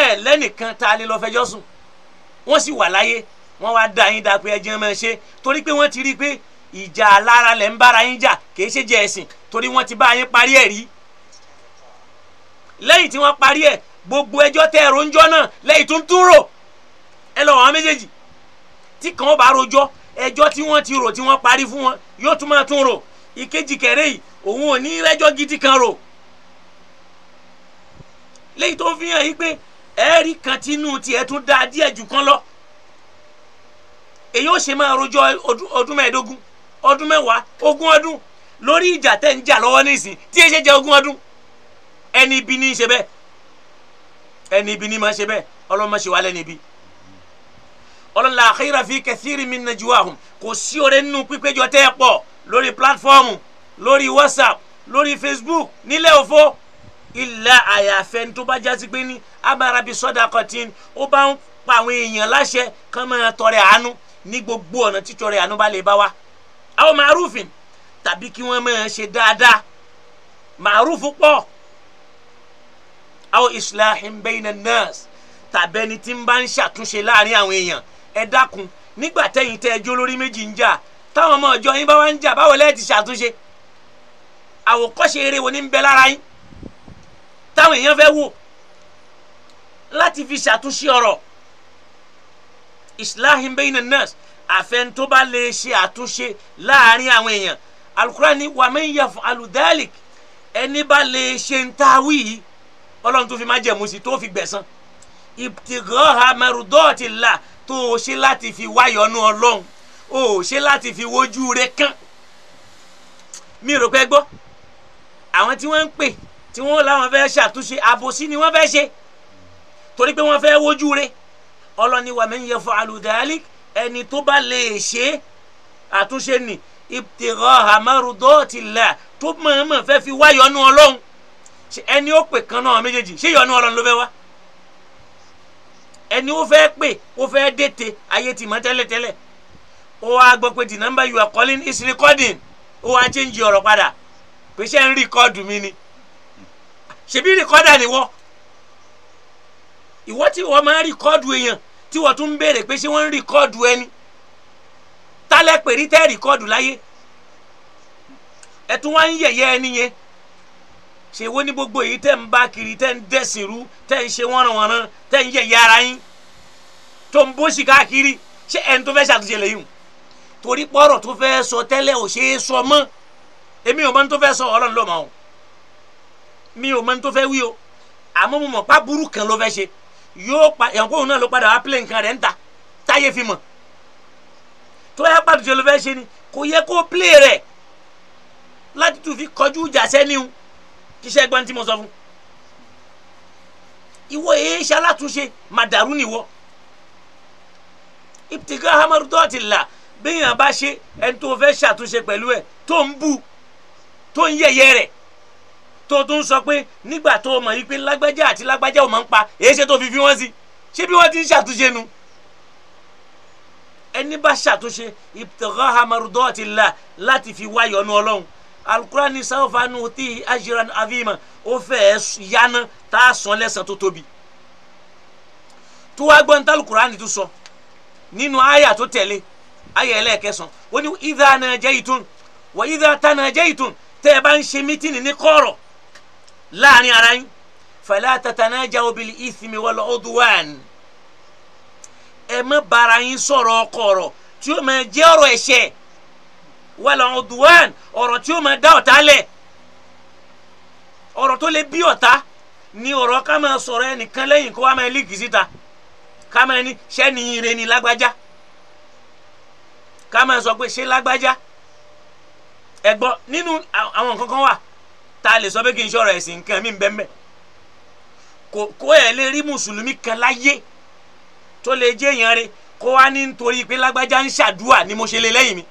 ẹ lẹ́nìkan tá a lè lọ fẹjọ́ sùn wọ́n sì wà láyé wọ́n wá dá yín dáa pé ẹ jẹ́ máa ṣe ti rí i ìjà alára lẹ̀ ń bára yín jà kìí ṣe jẹ́ ẹ̀sìn torí wọ́n ti bá yín parí ẹ̀ rí lẹ́yìn tí wọ́n parí ẹ̀ gbogbo ẹjọ́ tẹ ẹ̀rọ ńjọ́ náà lẹ́yìn tó ń tún rò ẹ lọ àwọn méjèèjì tí kàn bá rojọ́ ẹjọ́ tí wọ́n ti rò tí wọ́n parí fún wọn yóò tún máa tún rò ìkejì kẹrẹ yìí òun ò ní rẹ́jọ́ gidi kan rò lẹ́yìn tó fi hàn yí pé ẹ̀rí kan tínú tiẹ̀ tún dáa díẹ̀ jù kan lọ èyí ó ṣe máa rojọ́ ọdún mẹ́ẹ̀ẹ́dógún ọdún mẹ́wàá ogún ọdún lórí ìjà tẹ̀ ń jà lọ́wọ́ nísìn tí ẹ ṣe jẹ́ ogún ọdún ẹni ibi ní í ṣe bẹ́ẹ̀ ẹni ibi ní ma ṣe bẹ́ẹ̀ ọlọ́run ma ṣe wà lẹ́ni ibi ọlọ́run la khayra fi kathiri min najwahum kò sí ọ̀rẹ́ nínú pípéjọ tẹ́ ẹ pọ̀ lórí platform lórí whatsapp lórí facebook nílẹ̀ òfo illa àyàfẹ́ tó bá jásí pé ní abara bíi sadaqatin ó bá ń pa àwọn èèyàn láṣẹ kán máa tọrẹ àánú ní gbogbo ọ̀nà títọrẹ àánú bá lè bá wa àwọn màrúfin tàbí kí wọ́n máa ṣe dáadáa màrúfin pọ̀ aw islahin bayna nas tàbẹ́ni tí ń bá ń ṣàtúnṣe láàrin àwọn èèyàn ẹ dákun nígbà tẹ́yìn tẹ́ ẹjọ́ lórí méjì ń jà táwọn ọmọ ìjọ yín bá wá ń jà báwo lẹ́ẹ̀ ti ṣàtúnṣe àwòkọ́ṣe eré wo ní ń bẹ lára yín táwọn èèyàn fẹ́ wò láti fi ṣàtúnṣe ọ̀rọ̀ islahin bayna nas àfẹn tó bá lè ṣe àtúnṣe láàrin àwọn èèyàn alukurani wàmẹ́yẹ̀fọ́ aludalik ẹni bá lè ṣe ń tawí yìí ọlọ́run tó fi má jẹ̀mú sí tó fi gbẹ̀san ìtìgọ́ha mẹ́rùdọ́ọ̀tì la tó o ṣe láti fi wáyọ̀nù ọlọ́run o ò ṣe láti fi wojú rẹ kán mi rò pé gbọ́ àwọn tí wọ́n ń pè tí wọ́n láwọn fẹ́ ṣàtúnṣe àbòsí ni wọ́n fẹ́ ṣe torí pé wọ́n fẹ́ wojú rẹ ọlọ́ni wà mí ń yẹ fún alùdáálí ẹni tó bá lè ṣe àtúnṣe ni ìtìgọ́ha mẹ́rùdọ́ọ̀tì là tó mọ̀ọ́mọ̀ fẹ́ fi wáyọ̀nù ọlọ́run ẹni ó pè kan náà méjèèjì ṣé ìyọnu Ọlọ́run ló fẹ́ wá ẹni ó fẹ́ pè ó fẹ́ dètè ayé ti mọ́ tẹ́lẹ̀tẹ́lẹ̀ ó wá gbọ́ pé the number you are calling is recording ó wá change ọrọ padà pé ṣé ń rìkọ́dù mi ni ṣebí rìkọ́dà ni wọ́n ìwọ tí wọ́n máa ń èèyàn tí wọ́n tún ń béèrè pé ṣé wọ́n ń rìkọ́dù ẹni tálẹ̀ pèrí tẹ́ rìkọ́dù láyé ẹ̀ wá ń ṣe wo ní gbogbo yìí tẹ́ ń bá kiri tẹ́ ń dẹ́sìn rú tẹ́ ń ṣe wọ́nranwọ́nran tẹ́ ń yẹ̀yẹ́ ara yín tó ń bóṣì káàkiri ṣé ẹni tó fẹ́ ṣàtúnṣe lẹ́yìn torí pọ́rọ̀ tó fẹ́ sọ tẹ́lẹ̀ ò ṣe é sọ mọ́ èmi ò mọ ní tó fẹ́ sọ ọlọ́run ló o mi ò mọ ní tó fẹ́ wí o àmọ́ mo mọ̀ pa burú kan ló fẹ́ ṣe yóò pa ìyànkóhùn náà ló padà wá pílẹ̀ nǹkan rẹ̀ ń ta táyé fi mọ̀ tó yẹ pàtúnṣe ló fẹ́ ṣe ni kò yẹ kó pílẹ̀ rẹ̀ láti tún fi kọjú ìjà sẹ́ni kíṣẹ́ gbọ́n tí mo sọ fún ìwọ èyí ṣe alátúnṣe màdàrú nìwọ ìpìtìkà hamarudọ́ọ̀tì là bẹ́yìn àbá ṣe ẹni tó fẹ́ ṣàtúnṣe pẹ̀lú ẹ̀ tó ń bú tó ń yẹ̀yẹ́ rẹ̀ tó tún sọ pé nígbà tó mọ̀ yìí pé lágbájá àti lágbájá ò máa ń pa èyí ṣe tó fi fi wọ́n sí ṣé bí wọ́n ti ń ṣàtúnṣe nu ẹni bá ṣàtúnṣe ìpìtìkà hamarudọ́ọ̀tì là láti fi wáyọ̀ nu ọlọ́run alukurani sáfà nù tí ajiran avima ó fẹ́ yánà tá a sọ lẹ́sàn tó tóbi tó wá gbọ́n tá alukurani tó sọ nínú àyà tó tẹ̀lé àyà ẹlẹ́ẹ̀kẹsàn ó ní ìdá náà jẹ́ ìtún wà ìdá tá náà jẹ́ ìtún tẹ́ ẹ bá ń ṣe mítìnì ní kọ́rọ̀ láàrin ara yín fala tatanajaw bil ithmi wal udwan ẹ má bára yín sọ̀rọ̀ kọ̀rọ̀ tí ó máa jẹ́ ọ̀rọ̀ ẹ̀ṣẹ̀ Wala ọ̀dùwàn ọ̀rọ̀ tí ó máa dá ọ̀tá lẹ̀ ọ̀rọ̀ tó lè bí ọ̀tá ni ọ̀rọ̀ ká máa sọ̀rọ̀ ẹnìkan lẹ́yìn kó wá máa líkì síta ká máa ní sẹ́ni ire ni lágbájá ká máa sọ pé ṣé lágbájá ẹ̀gbọ́n nínú àwọn nǹkan kan wà tá a lè sọ pé kí n ṣọ̀rọ̀ ẹ̀sìn nǹkan mi bẹ́ẹ̀ mẹ́ kò kó ẹ̀ lè rí mùsùlùmí kan láyé tó lè jẹ́ èèyàn rẹ̀ kó wá ní nítorí pé lágbájá ń ṣàdúà ni mo ṣe lè lẹ́yìn mi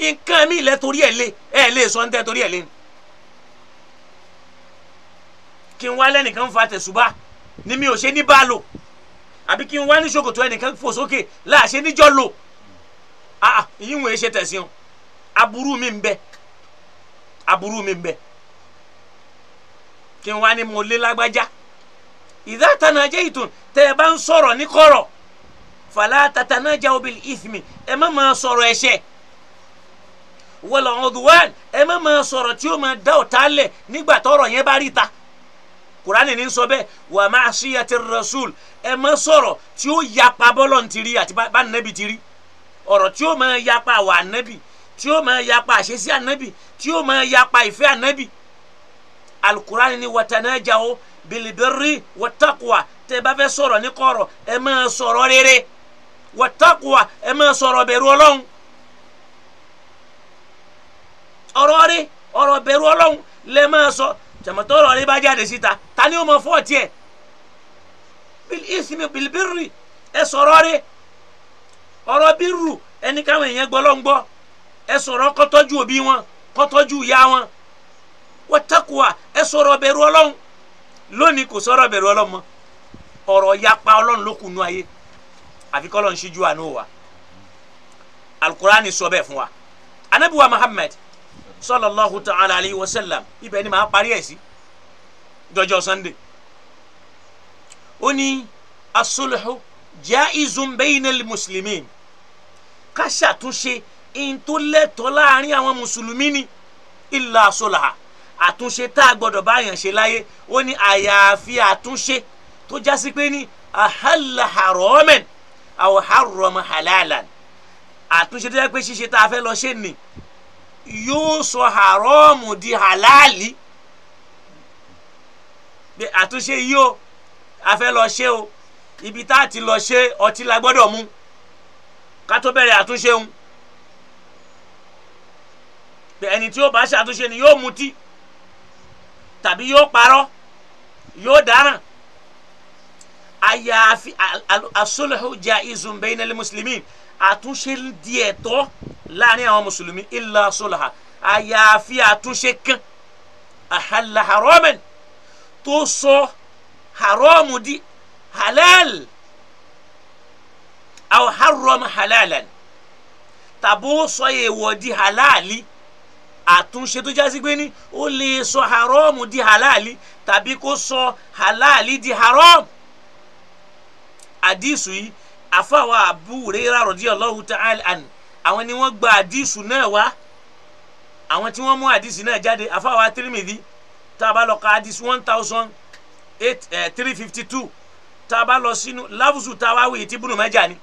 nǹkan mi lẹ torí ẹ lé ẹ lé sọ ń tẹ torí ẹ lé ni kí n wá lẹ́nìkan fa tẹ̀sùbá ni mi ò ṣe ní bá lò àbí kí n wá ní ṣòkòtò ẹnìkan fò sókè láàṣẹ níjọ́ lò àà ìyín wòye ṣe tẹ̀síọ́n aburú mi ń bẹ aburú mi ń bẹ kí n wá ní mo lé lágbájá idha tanajaytum tẹ́ ẹ bá ń sọ̀rọ̀ ní kọ̀rọ̀ fala tatanajaw bil ithmi ẹ má máa sọ̀rọ̀ ẹ̀ṣẹ̀ wọlọ ọdúnwán ẹ má máa sọ̀rọ̀ tí ó máa dá ọ̀tá lẹ̀ nígbà tọ́rọ̀ yẹn bá rí ta kurani ní sọ bẹ́ẹ̀ wà máa ṣíyà ti rasul ẹ má sọ̀rọ̀ tí ó yapa bọ́lọ̀ ń tiri àti bá nẹ́bi tiri ọ̀rọ̀ tí ó máa yapa wà nẹ́bi tí ó máa yapa àṣesí ànẹ́bi tí ó máa yapa ìfẹ́ ànẹ́bi alukurani ni watanaja o bilibiri watakuwa tẹ́ bá fẹ́ sọ̀rọ̀ ní kọ̀rọ̀ ẹ máa sọ̀rọ̀ rere watakuwa ẹ máa sọ̀rọ̀ bẹ̀rù Ọlọ́run ọ̀rọ̀ rẹ ọ̀rọ̀ bẹ̀rù ọlọ́run lẹ máa sọ jàmọ̀tọ́ ọ̀rọ̀ rẹ bá jáde síta ta ni ó mọ fọ́ tiẹ̀ bil ismi bil birri ẹ sọ̀rọ̀ rẹ ọ̀rọ̀ bírù ẹni káwọn èèyàn gbọ́ ló ń gbọ́ ẹ sọ̀rọ̀ kó tọ́jú òbí wọn kó ìyá wọn wọ́tẹ́kùwà ẹ sọ̀rọ̀ bẹ̀rù ọlọ́run lónìí kò sọ̀rọ̀ bẹ̀rù ọlọ́run mọ́ ọ̀rọ̀ yapa ọlọ́run ló kùnú ayé àfi kọ́ ṣíjú àánú wa alukurani sọ bẹ́ẹ̀ fún wa anabiwa muhammed sallallahu ta'ala alayhi wa sallam ibẹ̀ ni màá parí ẹ̀ sí jọjọ sannde ó ní asulhu jaizun bainal muslimin ká ṣàtúnṣe ìntòlẹ́tọ̀ láàrin àwọn mùsùlùmí ni illa sulaha àtúnṣe tá a gbọ́dọ̀ báyàn ṣe láyé ó ní àyàfi àtúnṣe tó jásí pé ní ahalla haraman aw harrama halalan àtúnṣe tó jẹ́ pé ṣíṣe tá a fẹ́ lọ ṣe ni yóò sọ haramu di halali pé àtúnṣe yìí o a fẹ́ lọ ṣe o ibi tá a ti lọ ṣe ọtí la gbọ́dọ̀ mu ká tó bẹ̀rẹ̀ àtúnṣe ń pé ẹni tí yóò bá ṣàtúnṣe ni yóò mutí tàbí yóò parọ́ yóò dáràn àyàfi asuluhu jaizun bayna muslimin àtúnṣe di ẹ̀tọ́ láàrin àwọn mùsùlùmí illa sọlá àyàfi àtúnṣe kan àhàlà haramen tó sọ haramu di halal aw haram halalan tàbó sọ èèwọ̀ di halali àtúnṣe tó jásí pé ní ó lè sọ haramu di halali tàbí kó sọ halali di haram àdìsù yìí àfàwà Abu Hurairah radiyallahu ta'ala an àwọn ni wọ́n gba àdìsù náà wá àwọn tí wọ́n mú àdìsù náà jáde àfàwà Tirmidhi tá lọ ka àdìsù one thousand eight eh, three fifty two tá a bá lọ sínú láfùsù tá a wá wòye tí ni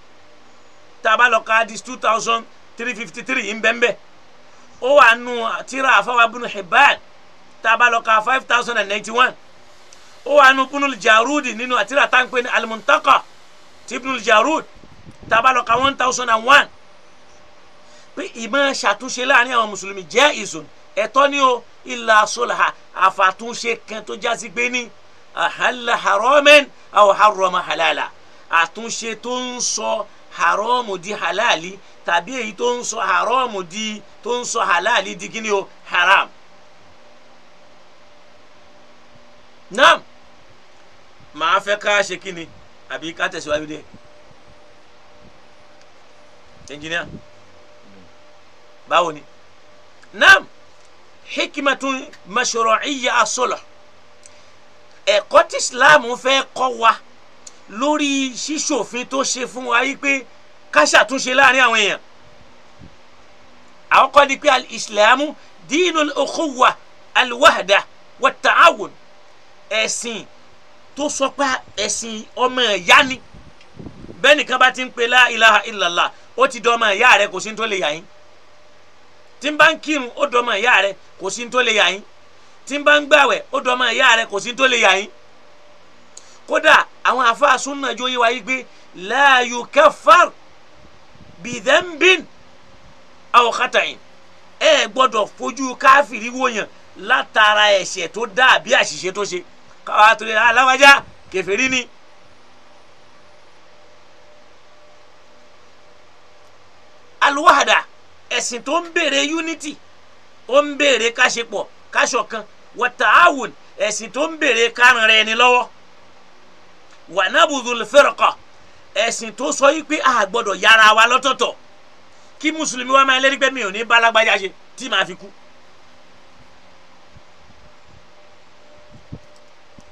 tá lọ ka àdìsù two thousand three fifty three nbẹ́nbẹ́ ó wà nù tíra àfàwà bunu Hibban tá lọ ka five thousand and ninety one ó wà nù Ibn al-Jarudi nínú àtìrà táǹpẹ́ ní al ti Ibnul Jarud tabalọ ka one thousand and one pé ìmọ̀ ṣàtúnṣe láàrin àwọn mùsùlùmí jẹ́ ìzùn ẹ̀tọ́ ni o ìlà sọlá àfàtúnṣe kan tó jásí gbé ní àhàlà haramen àwọn haroma halala àtúnṣe tó ń sọ haramu di halali tàbí èyí tó ń sọ haramu di tó ń sọ halali di kí o haram. naam màá fẹ́ ká ṣe kí ni àbí ká tẹ̀síwájú dé ẹnjìnìá báwo ni naam hikimatun mashru'iyya as-sulh ẹ̀kọ́ tí islam fẹ́ kọ́ wa lórí ṣíṣòfin tó ṣe fún wa yìí pé ká ṣàtúnṣe láàrin àwọn èèyàn àwọn kọ́ ni pé islamu dínú al-ukhuwwa al-wahda wat ẹ̀sìn. E tó sọ pé ẹ̀sìn ọmọ ẹ̀yá ni bẹ́ẹ̀ nìkan bá ti ń pe la ilaha illallah ó ti dọ́mọ ẹ̀yá rẹ kò sí ní tó lè yà yín tí n bá ń kírun ó dọ́mọ ẹ̀yá rẹ kò sí ní tó lè yà yín tí n bá ń gbàwẹ̀ ó dọ́mọ ẹ̀yá rẹ kò sí ní tó lè yà yín kódà àwọn àfáà súnà jó yé wa yí pé la yukaffar bidhanbin aw khata'in ẹ gbọ́dọ̀ fojú káfìrí wòyàn látara ẹ̀ṣẹ̀ tó dá àbí àṣìṣe tó ṣe káwá torí aláwájá kèfèrí ni. aluwahada ẹ̀sìn tó ń béèrè unity ó ń béèrè káṣepọ̀ káṣọ̀kan wàtàáwùn ẹ̀sìn tó ń béèrè kárùn rẹ̀ ni lọ́wọ́ wànábùdùn fẹ́rọ̀kọ̀ ẹ̀sìn tó sọ yìí pé a gbọ́dọ̀ yára wa lọ́tọ̀ọ̀tọ̀ kí mùsùlùmí wa máa lẹ́rìí pé mi ò ní bá ṣe tí màá fi kú.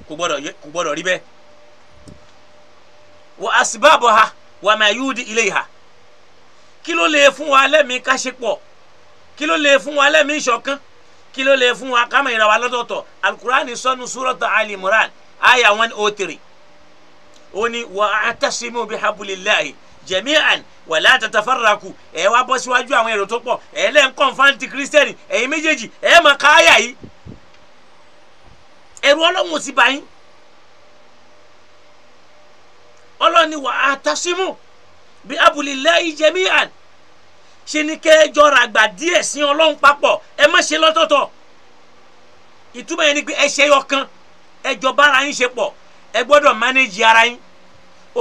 kò gbọ́dọ̀ rí bẹ́ẹ̀ wọ asibabo ha wà máa yúdi ilé ha kí ló lè fún wa lẹ́mìí káṣepọ̀ kí ló lè fún wa lẹ́mìí ìṣọ̀kan kí ló lè fún wa kámẹ́ ìrànwọ́ alọ́tọ̀ọ̀tọ̀ alukurani sọnù sùrọ̀tà alimuran aya one oh three ó ní wà á tẹ̀símù bí habulilayi jẹ̀míàn wà láti tafarraku wá bọ́ síwájú àwọn èrò tó pọ̀ ẹ̀ lẹ́ńkọ̀ǹfàǹtì kírísítẹ́nì ẹ̀yin méjèèjì ẹ̀ máa káyà yìí ẹ̀rù ọlọ́run ò sì bá yín ọlọ́run ni wà á tásímù bí abulillahi jami'an ṣe ni kẹ́ ẹ jọra àgbà díẹ̀ sí ọlọ́run papọ̀ ẹ má ṣe lọ́tọ̀ọ̀tọ̀ ìtumọ̀ yẹn ni pé ẹ ṣe yọkan ẹ jọ bára yín ṣe pọ̀ ẹ gbọ́dọ̀ mánéjì ara yín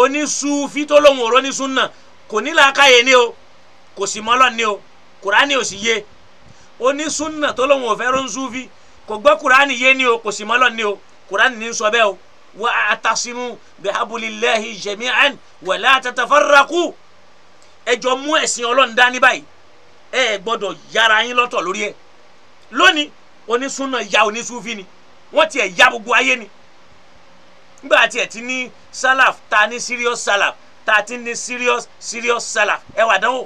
onísùúfí tó lóun ọ̀rọ̀ ní súnà kò ní làákàyè ni o kò sì mọ́lọ́ ni o kùránì ò sì yé onísùnà tó lóun ò fẹ́ràn súfí kò gbọ́ kuraani yé ni o kò sì mọ́lọ́ ni o kuraani ni sọ bẹ́ẹ̀ o wa atasimu bihabulilahi jami'an wala tatafarraku ẹ jọ mú ẹ̀sìn ọlọ́run dání báyìí ẹ gbọ́dọ̀ yára yín lọ́tọ̀ lórí ẹ lónìí onísúnà ya onísúfì ni wọ́n tiẹ̀ ya gbogbo ayé ni nígbà tí ẹ ti ní salaf ta ní serious salaf ta ti ní serious serious salaf ẹ wà dánwò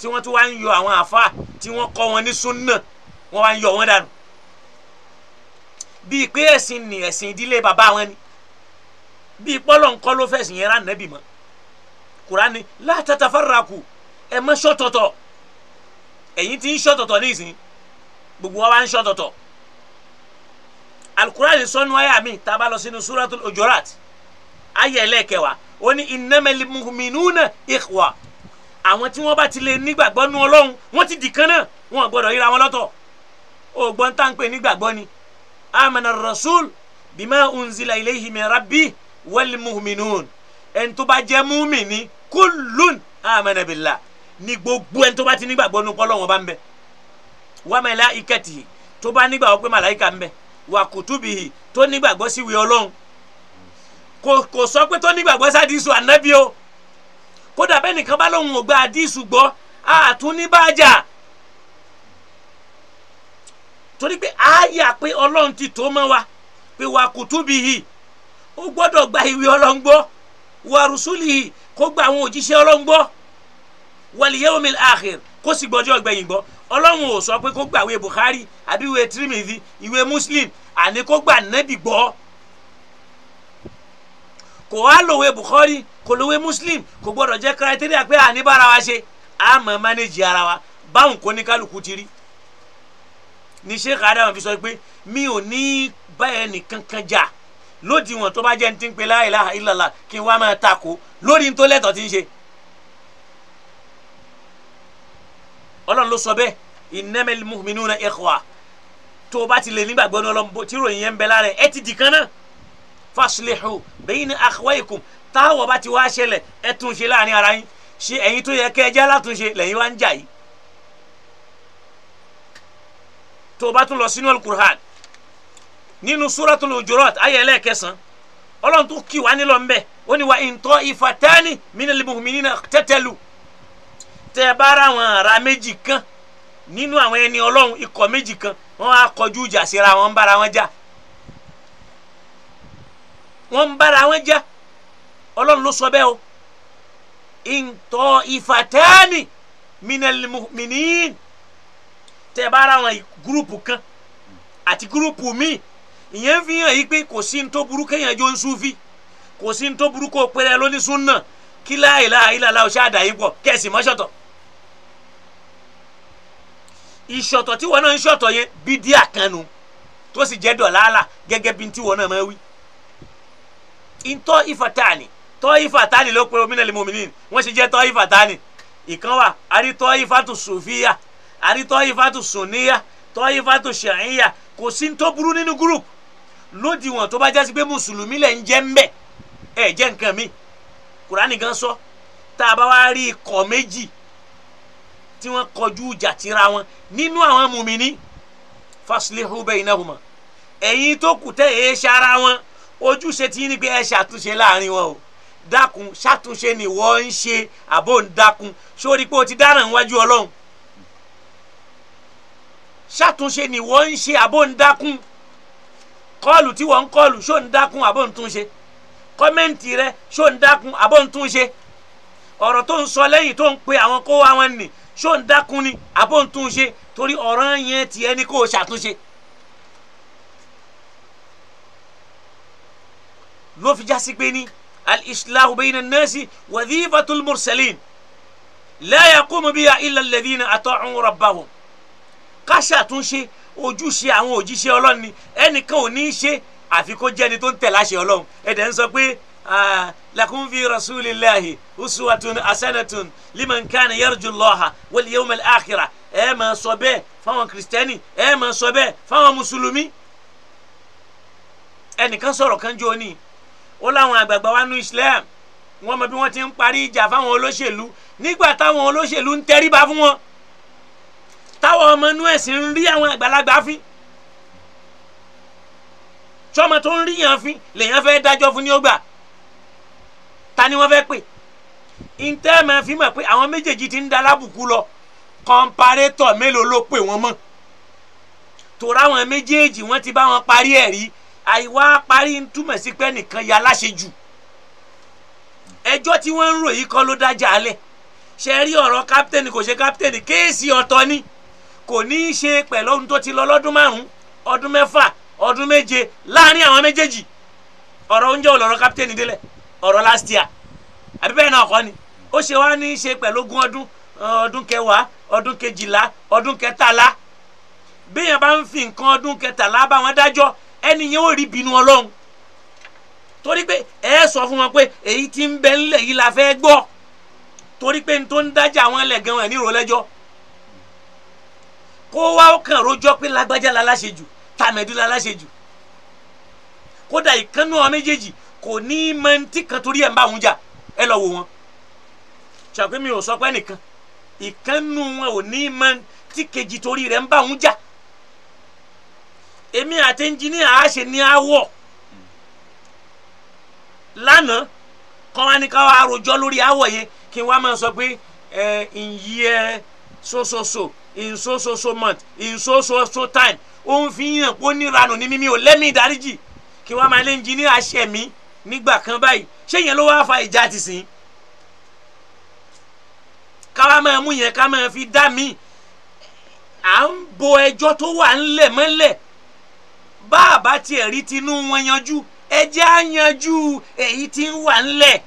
tí wọ́n ti wá ń yọ àwọn àfa tí wọ́n kọ́ wọn ní súnà wọ́n wá ń yọ wọn dànù bíi pé ẹ̀sìn ni ẹ̀sìn ìdílé bàbá wọn ni bíi pọ́lọ̀ ńkọ́ ló fẹ̀sìn yẹn rán mọ́ kùránì la tatafarraqu ẹ má ṣọ̀tọ̀tọ̀ ẹ̀yin tí ń ṣọ̀tọ̀tọ̀ ní ìsìn gbogbo wa wá ń ṣọ̀tọ̀tọ̀ alukurani sọnù ayé mi tá a lọ sínú suratul Hujurat ayé ẹlẹ́kẹwàá ó ní innamal mu'minuna ikhwa àwọn tí wọ́n bá ti lè nígbàgbọ́ nu ọlọ́run wọ́n ti dìkan náà wọn gbọ́dọ̀ yíra wọn lọ́tọ̀ ògbọ́n tá nígbàgbọ́ ni amana rasul bima unzila ilayhi min rabbi wal mu'minun ẹni tó bá jẹ́ mu'mini kullun amana billah ní gbogbo ẹni tó bá ti nígbàgbọ́ nu pọ́lọ́ wọn bá ń bẹ wa malaikatihi tó bá nígbàgbọ́ pé màláìka ń bẹ wa kutubihi tó nígbàgbọ́ sí ìwé ọlọ́run kò kò sọ pé tó nígbàgbọ́ sí àdìsù ànábì o kódà bẹ́ẹ̀ nìkan bá lóun ò gba àdìsù gbọ́ àtúní bá torí pé àáyà pé ọlọ́run ti tó mọ́ wa pé wà kùtùbì yìí ó gbọ́dọ̀ gba ìwé ọlọ́run gbọ́ wà rùsùlì yìí kó gba àwọn òjíṣẹ́ ọlọ́run gbọ́ wal yawmil akhir kó sì gbọ́jọ́ gbẹ̀yìn gbọ́ ọlọ́run ò sọ pé kó gba ìwé Bukhari àbí ìwé Tirmidhi ìwé Muslim àní kó gba nẹ́bì gbọ́ kò wá lòwe Bukhari kò lòwe Muslim kò gbọ́dọ̀ jẹ́ kírátíríà pé àní bára wa ṣe àmọ́ mánéjì ara wa báwọn kò ní kálukú ti rí ni sheikh adam fi sọ pé mi ò ní báyẹn nìkan kan jà lódì wọn tó bá jẹ́ ní ti ń pe la ilaha illallah kí n wá máa takò lórí tó lẹ́tọ̀ọ́ ti ń ṣe. ọlọ́run ló sọ bẹ́ẹ̀ innamal mu'minuna ikhwa tó o bá ti lè nígbàgbọ́ ní ọlọ́run tí ròyìn yẹn ń bẹ lára ẹ ti dì kan náà faslihu bayna akhwaykum táwọ̀ bá ti wá ṣẹlẹ̀ ẹ túnṣe láàrin ara yín ṣe ẹ̀yin tó yẹ kẹ́ ẹ jẹ́ alátúnṣe lẹ́yìn wá ń jà yìí tó o bá tún lọ sínú alukur'an nínú suratul hujurat ayẹlẹ kẹsàn Ọlọ́run tún kì wá nílọ ńbẹ ó ní wa in ta'ifatani minal mu'minina iqtatalu tẹ ẹ bá ra àwọn ará méjì kan nínú àwọn ẹni Ọlọ́run ikọ̀ méjì kan wọ́n á kọjú ìjà síra wọn ń wọn jà wọn jà Ọlọ́run ló sọ o in ta'ifatani minal tẹ bá ara wọn gúrùpù kan àti gúrùpù míì ìyẹn fi hàn yí pé kò sí ní tó burú kéèyàn jó ń súnfì kò sí ní tó burú kó pẹ́rẹ́ lóníṣún náà kí láì láì láì láì ṣáà dàí pọ̀ kẹ́sì mọ́ ṣọ̀tọ̀ ìṣọ̀tọ̀ tí wọn náà ń ṣọ̀tọ̀ yẹn bí díà kan nu tó sì jẹ́ dọ̀làálà gẹ́gẹ́ bí tí wọn náà máa wí ntọ́ ìfàtàní tọ́ ìfàtàní ló pe omi náà lè mọ̀ wọ́n ṣe jẹ́ tọ́ ìfàtàní ìkan wà àrí tọ́ àrí tọ́yìfàtù sùnìyà tọ́yìfàtù ṣàìyà kò sí tó burú nínú gúrùpù lódiwọ̀n tó bá jásí pé mùsùlùmí lẹ̀ ń jẹ́ ń bẹ̀ ẹ̀ jẹ́ nǹkan mi kùránì gan sọ tá a bá wá rí ikọ̀ méjì tí wọ́n kọjú ìjà tira wọn nínú àwọn mùmíní faslihu baynahuma ẹ̀yin tó kù tẹ́ ẹ̀ ṣe ara wọn ojúṣe tí ní pé ẹ ṣàtúnṣe láàrin wọn o dákun ṣàtúnṣe ni wọ́n ń ṣe àbò ń dákun sórí pé o ti dáràn wájú ọlọ́run ṣàtúnṣe ni wọ́n ń ṣe àbò ń dákún kọ́ọ̀lù tí wọ́n ń kọ́ọ̀lù ṣó ń dákún àbò ń túnṣe kọ́mẹ́ǹtì rẹ ṣó ń dákún àbò ń túnṣe ọ̀rọ̀ tó ń sọ lẹ́yìn tó ń pe àwọn kó wá wọn nì ṣó ń dákún ni àbò ń túnṣe torí ọ̀rọ̀ yẹn tiẹ̀ ni kó o ṣàtúnṣe. ló fi jásí pé ní al-islahu bayna an-nasi wadhifatul mursalin la yaqumu biha illa alladhina ata'u rabbahum ká ṣàtúnṣe ojúṣe àwọn òjíṣẹ́ ọlọ́run ni ẹnìkan ò ní í ṣe àfi kó jẹ́ni tó ń tẹ̀ láṣẹ ọlọ́run ẹ̀dẹ̀ ń sọ pé lakum fi rasulillahi uswatun hasanatun liman kana yarjullaha wal yawmal akhirah ẹ máa sọ bẹ́ẹ̀ fáwọn kìrìsìtẹ́nì ẹ máa sọ bẹ́ẹ̀ fáwọn mùsùlùmí ẹnìkan sọ̀rọ̀ kan jó ní ó láwọn àgbààgbà wa nu Islam wọ́n mọ bí wọ́n ti ń parí ìjà fáwọn olóṣèlú nígbà táwọn olóṣèlú ń tẹríba fún wọn táwọn ọmọ inú ẹ̀sìn ń rí àwọn àgbàlagbà fín sọmọ tó ń rí yàn fín lèyàn fẹ́ dájọ́ fún ní ó ta ni wọ́n fẹ́ pè ntẹ́ máa fi mọ̀ pé àwọn méjèèjì ti ń da lábùkù lọ kọ́ńparétọ̀ mélòó ló pè wọ́n mọ́ tòrá àwọn méjèèjì wọ́n ti bá wọn parí ẹ̀ rí àìwá parí ń túmọ̀ sí pé nìkan ya láṣẹ jù ẹjọ́ tí wọ́n ń rò yìí kọ́ ló dájà alẹ̀ ṣe rí ọ̀rọ̀ kápítẹ́nì kò ṣe kápítẹ́nì kéèsì ọ̀tọ̀ ni kò ní í ṣe pẹ̀lú ohun tó ti lọ lọ́dún márùn-ún ọdún mẹ́fà ọdún méje láàrin àwọn méjèèjì ọ̀rọ̀ oúnjẹ ọ̀lọ́rọ̀ kápítẹ́nì délẹ̀ ọ̀rọ̀ last year àbí náà kọ́ ni ó ṣe wá ní í ṣe pẹ̀lú ogún ọdún ọdún kẹwàá ọdún kejìlá ọdún kẹtàlá béèyàn bá ń fi nǹkan ọdún kẹtàlá bá wọn dájọ́ ẹni yẹn ó rí bínú ọlọ́run torí pé ẹ sọ fún wọn pé èyí tí ń bẹ ńlẹ̀ yìí la fẹ́ gbọ́ torí pé n tó ń dájà wọn lẹ̀ wọn ní ìrọ̀lẹ́jọ́ kó wá ó kàn rojọ́ pé lágbájá la láṣejù tàmẹ̀dù la láṣejù kódà ìkànnú ọ méjèèjì kò ní í mọ ní tí kan torí ẹ̀ ń bá wọn jà ẹ lọ wò wọn ṣàpé mi ò sọ pé nìkan ìkànnú wọn ò ní í mọ tí kejì torí rẹ̀ ń bá wọn jà èmi àti ẹnjìníà á ṣe ní àwọ̀ lánàá kọ́ wá ní ká wá rojọ́ lórí àwọ̀ yẹn kí n wá máa sọ pé ẹ sósòsò. So, so, so in so so so month in so so so time ó ń fi hàn pé ó níranù ní mímí o lẹ́mí ìdáríjì kí wọ́n máa lé ẹnjìníà ṣe mí nígbà kan báyìí ṣé yẹn ló wáá fa ìjà ti sìn káwá máa mú yẹn ká máa fi dá mi à ń bo ẹjọ́ tó wà ńlẹ̀ mọ́lẹ̀ bá a bá tiẹ̀ rí tinú wọn yanjú ẹjẹ́ á yanjú èyí tí ń wà ńlẹ̀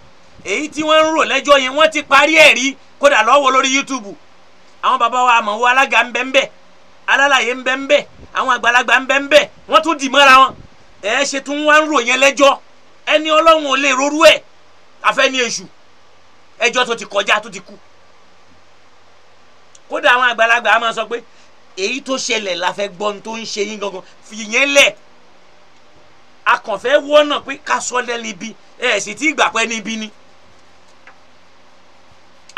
èyí tí wọ́n ń rò lẹ́jọ́ yẹn wọ́n ti parí ẹ̀ rí kódà lọ́wọ́ lórí YouTube àwọn baba wa àmọ́ wo alága ń bẹ ń bẹ alálàyé ń bẹ ń bẹ àwọn àgbàlagbà ń bẹ ń bẹ wọ́n tún dì mọ́ra wọn ẹ ṣe tún wá ń ròyìn ẹlẹ́jọ́ ẹni ọlọ́run ò lè rorú ẹ̀ àfẹ́ni èṣù ẹjọ́ tó ti kọjá tó ti kú kódà àwọn àgbàlagbà á máa sọ pé èyí tó ṣẹlẹ̀ la fẹ́ gbọ́ ní tó ń ṣe yín gangan fìyẹn lẹ̀ akànfẹ́ wọ́nà pé ká sọ lẹ́ni bí ẹ̀ sì ti gbà pẹ́ ni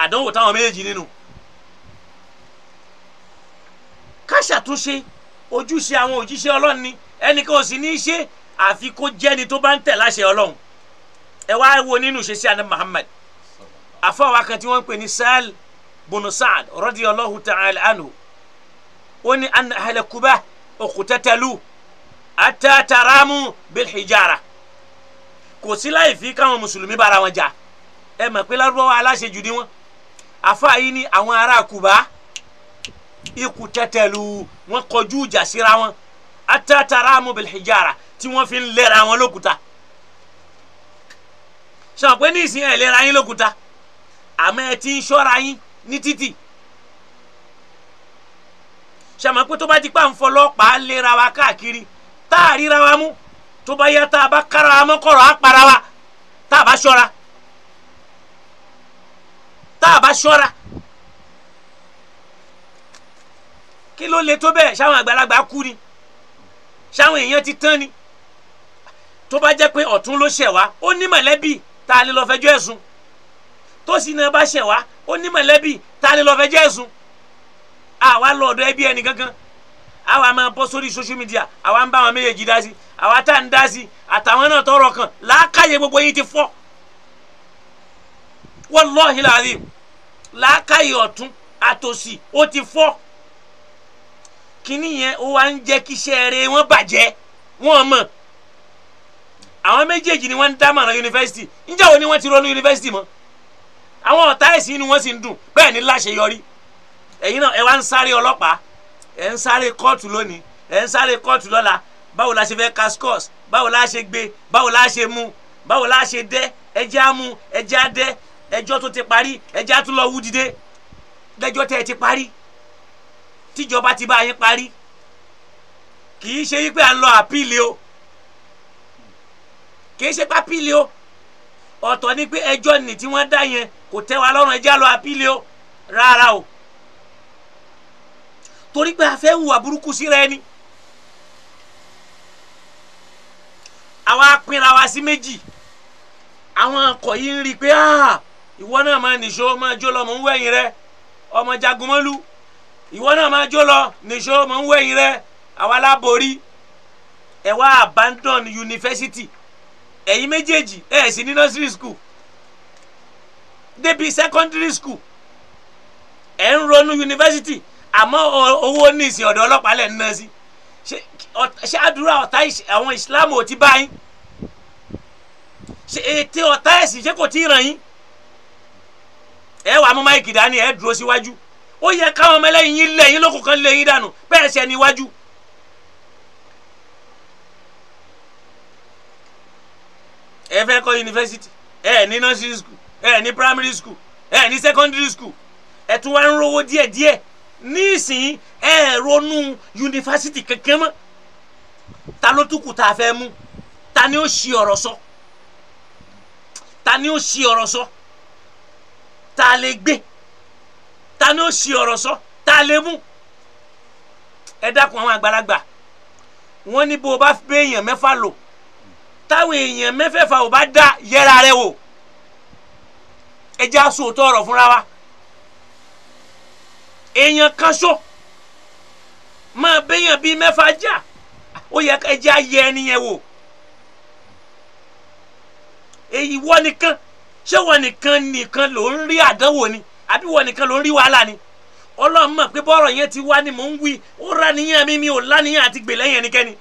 àdánwò táwọn méjèèjì nínú. No ká ṣàtúnṣe ojúṣe àwọn òjíṣẹ́ ọlọ́run ni ẹnìkan ò sì ní í ṣe àfi kó jẹ́ni tó bá ń tẹ̀ láṣẹ ọlọ́run ẹ wá wo nínú ìṣesí àná Muhammad àfọwọ́ kan tí wọ́n ń pè ní Sal bunu Saad radiyallahu ta'ala anhu ó ní anna ahla Kuba uqtatalu hatta taramu bil hijara kò sí láì fi káwọn mùsùlùmí bára wọn jà ẹ mọ̀ pé lárúbáwá aláṣejù ni wọn àfáà yìí ní àwọn ará Kuba ikú tẹtẹlu wọn kọjú ìjà síra wọn atatara mobilhijara tí wọn fi ń lẹ́ra wọn lókùúta sọ pé ní ìsìn ẹ lẹ́ra yín lókùúta àmọ́ ẹ ti ń ṣọ́ra yín ní títì sàmọ pé tó bá ti pa ń fọlọ́pàá lẹ́ra wa káàkiri tá a ríra wa mú tó bá yá tá a bá kára wa mọ́ á para wa tá a bá ṣọ́ra tá a bá ṣọ́ra. kí ló le tó bẹ́ẹ̀ ṣáwọn àgbàlagbà kú ni ṣáwọn èèyàn ti tán ni tó bá jẹ́ pé ọ̀tún ló ṣẹ̀ wá ó ní mọ̀lẹ́bí tá a lè lọ fẹjọ́ ẹ̀sùn tó sì náà bá ṣẹ̀ wá ó ní mọ̀lẹ́bí tá a lè lọ fẹjọ́ ẹ̀sùn àwa lọ ọ̀dọ̀ ẹbí ẹni kankan àwa máa bọ́ sórí social media àwa ń bá àwọn méjèèjì dá sí àwa tá à ń dá sí àtàwọn náà tọrọ kan làákàyè gbogbo yín ti fọ́ wallahi làálì làákàyè ọ̀tún àtòsí ó ti fọ́ kínní yẹn ó wá ń jẹ́ kí iṣẹ́ rẹ wọ́n bàjẹ́ wọ́n mọ̀ àwọn méjèèjì ni wọ́n ń dámọ̀ràn yunifásitì ǹjẹ́ wo ni wọ́n ti ronú yunifásitì mọ́ àwọn ọ̀tá ẹ̀sìn inú wọn sì ń dùn bẹ́ẹ̀ ni láṣeyọrí ẹ̀yin náà ẹ wá ń sáré ọlọ́pàá ẹ̀ ń sáré kóòtù lónìí ẹ̀ ń sáré kóòtù lọ́la báwo la ṣe fẹ́ ka scores báwo la ṣe gbé báwo la ṣe mú báwo la ṣe dẹ́ ẹjẹ́ á mú ẹjẹ́ á dẹ́ ẹjọ́ tó ti parí ẹjẹ́ á wú dìde lẹ́jọ́ tẹ́ ẹ ti parí tíjọba ti bá yín parí kì í ṣe wípé à ń lọ àpílẹ̀ o kì í ṣe pé àpílẹ̀ o ọ̀tọ̀ ni pé ẹjọ́ nì tí wọ́n dá yẹn kò tẹ́ wa lọ́rùn ẹjẹ́ lọ àpílẹ̀ o rárá o torí pé a fẹ́ hùwà burúkú síra ẹni àwa pinra wa sí méjì àwọn akọ̀ yìí ń rí i pé ìwọ náà máa nìṣó máa jó lọ́mọ ń wẹ̀yìn rẹ ọmọ jagunmọ́lú ìwọ náà máa jó lọ nìṣó mọ̀ ń wẹ̀yìn rẹ àwa láborí ẹ abandon university ẹ̀yin méjèèjì ẹ̀ sì ní nursery school débi secondary school ẹ̀ ń ronú university àmọ́ owó ní ìsìn ọ̀dọ̀ ọlọ́pàá lẹ̀ ń ná sí ṣé àdúrà ọ̀tá àwọn Islam ò ti bá yín ṣe ètè ọ̀tá ẹ̀sìn ṣé kò tí ì ràn yín ẹ wàá mú máìkì dání ẹ dúró síwájú. Si ó yẹ káwọn ọmọ ẹlẹ́yin yín lẹ́yìn lóko kan lẹ́yìn dànù bẹ́ẹ̀ ṣe níwájú. ẹ fẹ́ kọ́ yunifásitì ẹ ní nursery school ẹ ní primary school ẹ ní secondary school ẹ tún wá ń rówó díẹ̀díẹ̀ nísìnyí ẹ ronú yunifásitì kankan mọ́ ta ló tún kù tá a fẹ́ mú ta ni ó ṣì ọ̀rọ̀ sọ ta ni ó ṣì ọ̀rọ̀ sọ ta lè gbé ta ni ó ṣe ọ̀rọ̀ sọ ta lè mú ẹ dákun àwọn àgbàlagbà wọn ní bó o bá bẹ èèyàn mẹ́fà lò táwọn èèyàn mẹ́fẹ̀ẹ̀fà ò bá dá yẹra rẹ wò ẹ jẹ́ aṣọ òótọ́ fúnra wa èèyàn kan ṣó máa béèyàn bíi mẹ́fà jà ó yẹ ẹ jẹ́ ayẹ ẹni yẹn wò èyí wọ́n nìkan ṣé wọ́n nìkan nìkan ló ń rí àdánwò ni àbí wọ́n nìkan ló ń rí wàhálà ni ọlọ́run mọ̀ pé bọ́ọ̀rọ̀ yẹn ti wá ni mò ń wí ó rà níyàn mi mi ò láníyàn àti gbè lẹ́yìn ẹnikẹ́ni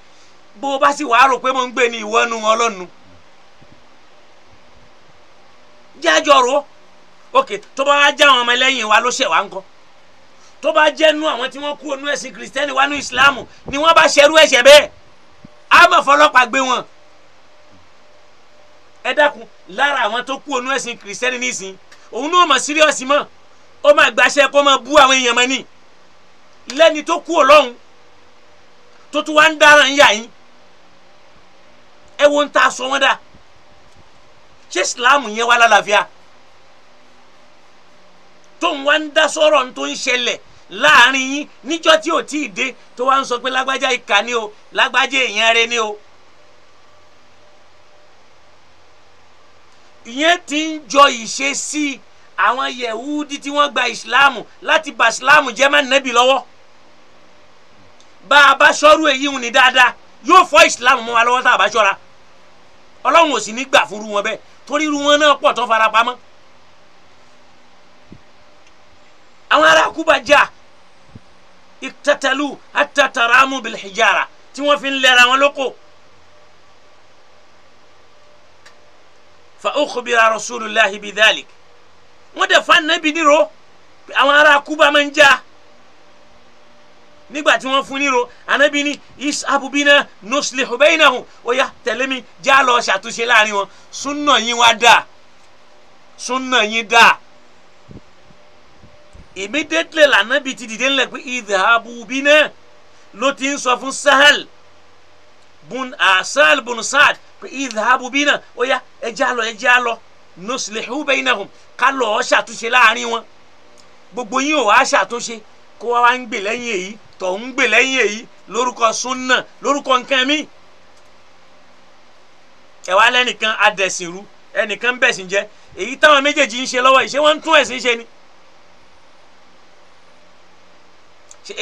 bó o bá sì wàá rò pé mò ń gbé ni ìwọ nu ọlọ́nu jájọ rò ó ok tó bá wá já àwọn ọmọ ẹlẹ́yìn wa ló ṣẹ̀ wá ńkọ́ tó bá jẹ́nu àwọn tí wọ́n kú onú ẹ̀sìn kìrìsìtẹ́nì wánú ìsìláàmù ni wọ́n bá ṣerú ẹ̀ṣẹ̀ bẹ́ẹ̀ á mọ̀ fọlọ́pàá gbé wọn ẹ dákun lára àwọn tó kú onú ẹ̀sìn kìrìsìtẹ́nì nísìn òun náà mọ̀ síríọ̀sì mọ́ ó máa gbaṣẹ́ kó máa bú àwọn èèyàn mọ́ ni lẹ́ni tó kú ọlọ́run tó tún wá ń dára ń yà yín ẹ wo ń ta sọ wọn dà ṣé ìsìláàmù yẹn wà lálàáfíà tó ń wá ń dá sọ̀rọ̀ tó ń ṣẹlẹ̀ láàrin yín níjọ́ tí ò tí dé tó wá ń sọ pé lágbájá ìkà ni o lágbájá èèyàn rẹ ni o. ìyẹn ti ń jọ ìṣesí àwọn yẹ̀wúdí tí wọ́n gba ìsìláàmù láti ba ìsìláàmù jẹ́ má nẹ́bì lọ́wọ́ bá a bá sọ́rú èyí hùn ní dáadáa yóò fọ́ ìsìláàmù mọ́ wa lọ́wọ́ tá a bá ṣọ́ra ọlọ́run ò sì ní gbà fúru wọn bẹ́ẹ̀ torí irú wọn náà pọ̀ tó fara pamọ́ àwọn ará Kúbà jà iktatalu hatta taramu tí wọ́n fi ń lẹ́ra wọn lóko. fa ukhbira rasulullahi bi dhalik wọ́n dẹ̀ fa nàbì níro àwọn ará Kúbà máa ń já nígbà tí wọ́n fún níro ànábì ní ishabu bina nuslihu bainahum ó yá tẹ̀lé mi já lọ ṣàtúnṣe láàrin wọn súnà yín wá dáa súnà yín dáa immediately lànàbì ti dìde ńlẹ̀ pé idhabu bina ló ti ń sọ fún sahel bun asal ah, bun saad pé idhabu bina ó ẹ já lọ ẹ já lọ nuslihu bainahum ká lọ́ọ́ ṣàtúnṣe láàrin wọn gbogbo yín ò wá ṣàtúnṣe kó wá wá ń gbè lẹ́yìn èyí tó ń gbè lẹ́yìn èyí lórúkọ súnà lórúkọ nǹkan mi ẹ wá lẹ́nìkan adẹ̀sìnrú ẹnìkan bẹ̀sìn jẹ́ èyí táwọn méjèèjì ń ṣe lọ́wọ́ ìṣe wọ́n ń tún ẹ̀sìn ṣe ni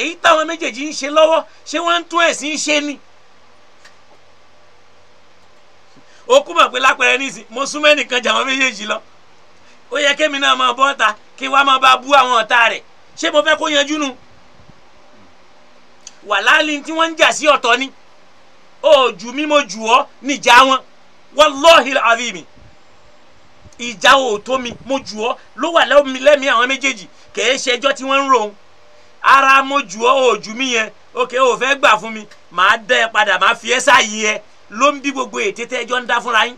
èyí táwọn méjèèjì ń ṣe lọ́wọ́ ṣé wọ́n ń tún ẹ̀sìn ṣe ni. O kú mọ̀ pé lápẹ̀rẹ̀ nísìn mo súnmọ́ ẹnìkan jà wọ́n méjèèjì lọ ó yẹ kémi náà máa bọ́ ta kí wàá máa bá bú àwọn ọ̀tá rẹ̀ ṣé mo fẹ́ kó yanjú nu wàláàlì tí wọ́n ń jà sí ọ̀tọ̀ ni ó jù mí mo jù ọ́ níjà wọn wallahi alazim ìjà ò tó mi mo jù ọ́ ló wà lẹ́mìí àwọn méjèèjì kèé ṣe tí wọ́n ń ròhun ara mo jù ọ́ ò jù mí yẹn òkè ò fẹ́ gbà fún mi màá dẹ́ padà màá fi ẹ́ sáàyè yẹn ló ń bí gbogbo ètè tẹ́ ẹjọ́ ń dá fúnra yín.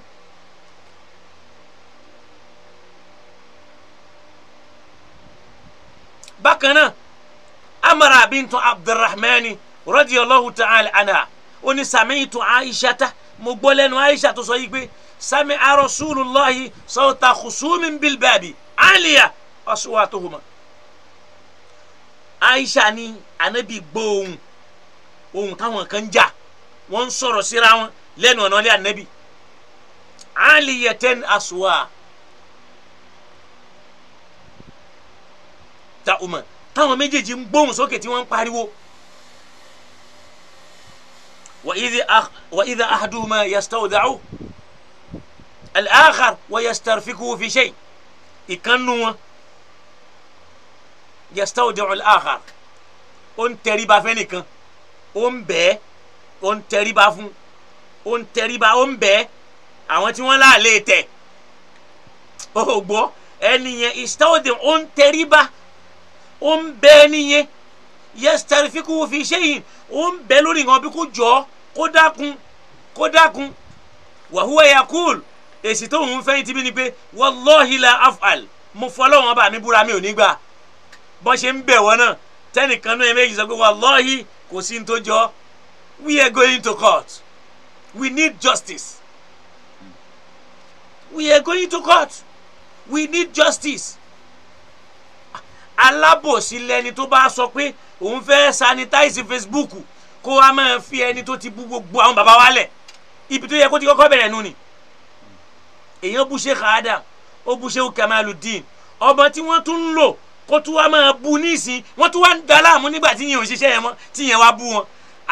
bákan náà amara bintu abdulrahmani radiyallahu ta'ala anha ó ní sami'tu aisha ta mo gbọ́ lẹ́nu aisha tó sọ yìí pé sami arasulullahi sawta khusumin bilbabi aliya aswatuhuma aisha ní anabi gbọ́ ohùn táwọn kan jà. Ja wọ́n ń sọ̀rọ̀ síra wọn lẹ́nu ọ̀nà ilé ànábì aliyatan aswa ta umar táwọn méjèèjì ń gbóhùn sókè tí wọ́n ń pariwo wa idha ahaduhuma yastawda'u al-akhar wa yastarfikuhu fi shay ìkànnù wọn yastawda'u al-akhar ó ń tẹríba fẹ́ nìkan ó ń bẹ́ẹ̀ ó ń tẹríba fún ó ń tẹríba ó ń bẹ̀ àwọn tí wọ́n láàlè tẹ̀ ó gbọ́ ẹni yẹn ìsítọ́ọ̀dì ó ń tẹríba ó ń bẹ̀ ẹni yẹn yẹsitẹrifiku fi ṣẹ́yìn ó ń bẹ̀ lórí nǹkan bí kò jọ kó dákun kó dákun wàhúwẹ̀ yà kúl èsì tó ń fẹ́ ti bí ni pé wàlọ́hì la afal mo fọlọ́wọ́n bá mi búra mi ò ní gbà bọ́n ṣe ń bẹ̀ wọ́n náà tẹ́nìkan náà ẹ méjì sọ pé wàlọ́hì kò sí ní tó jọ We are going to court. We need justice. We are going to court. We need justice. Alábòsí lẹni tó bá sọ pé òun fẹ́ sanitize Facebook kó wa máa fi ẹni tó ti bú gbogbo àwọn bàbá wa lẹ̀ ibi tó yẹ kó ti kọ́kọ́ bẹ̀rẹ̀ nù ni. Èèyàn bú Sheikh Adam ó bú Sheikh Kamaludin ọmọ tí wọ́n tún ń lò kó tún wa máa bú nísìn wọ́n tún wá ń da láàmú nígbà tí yẹn ò ṣiṣẹ́ yẹn mọ́ tí yẹn wá bú wọn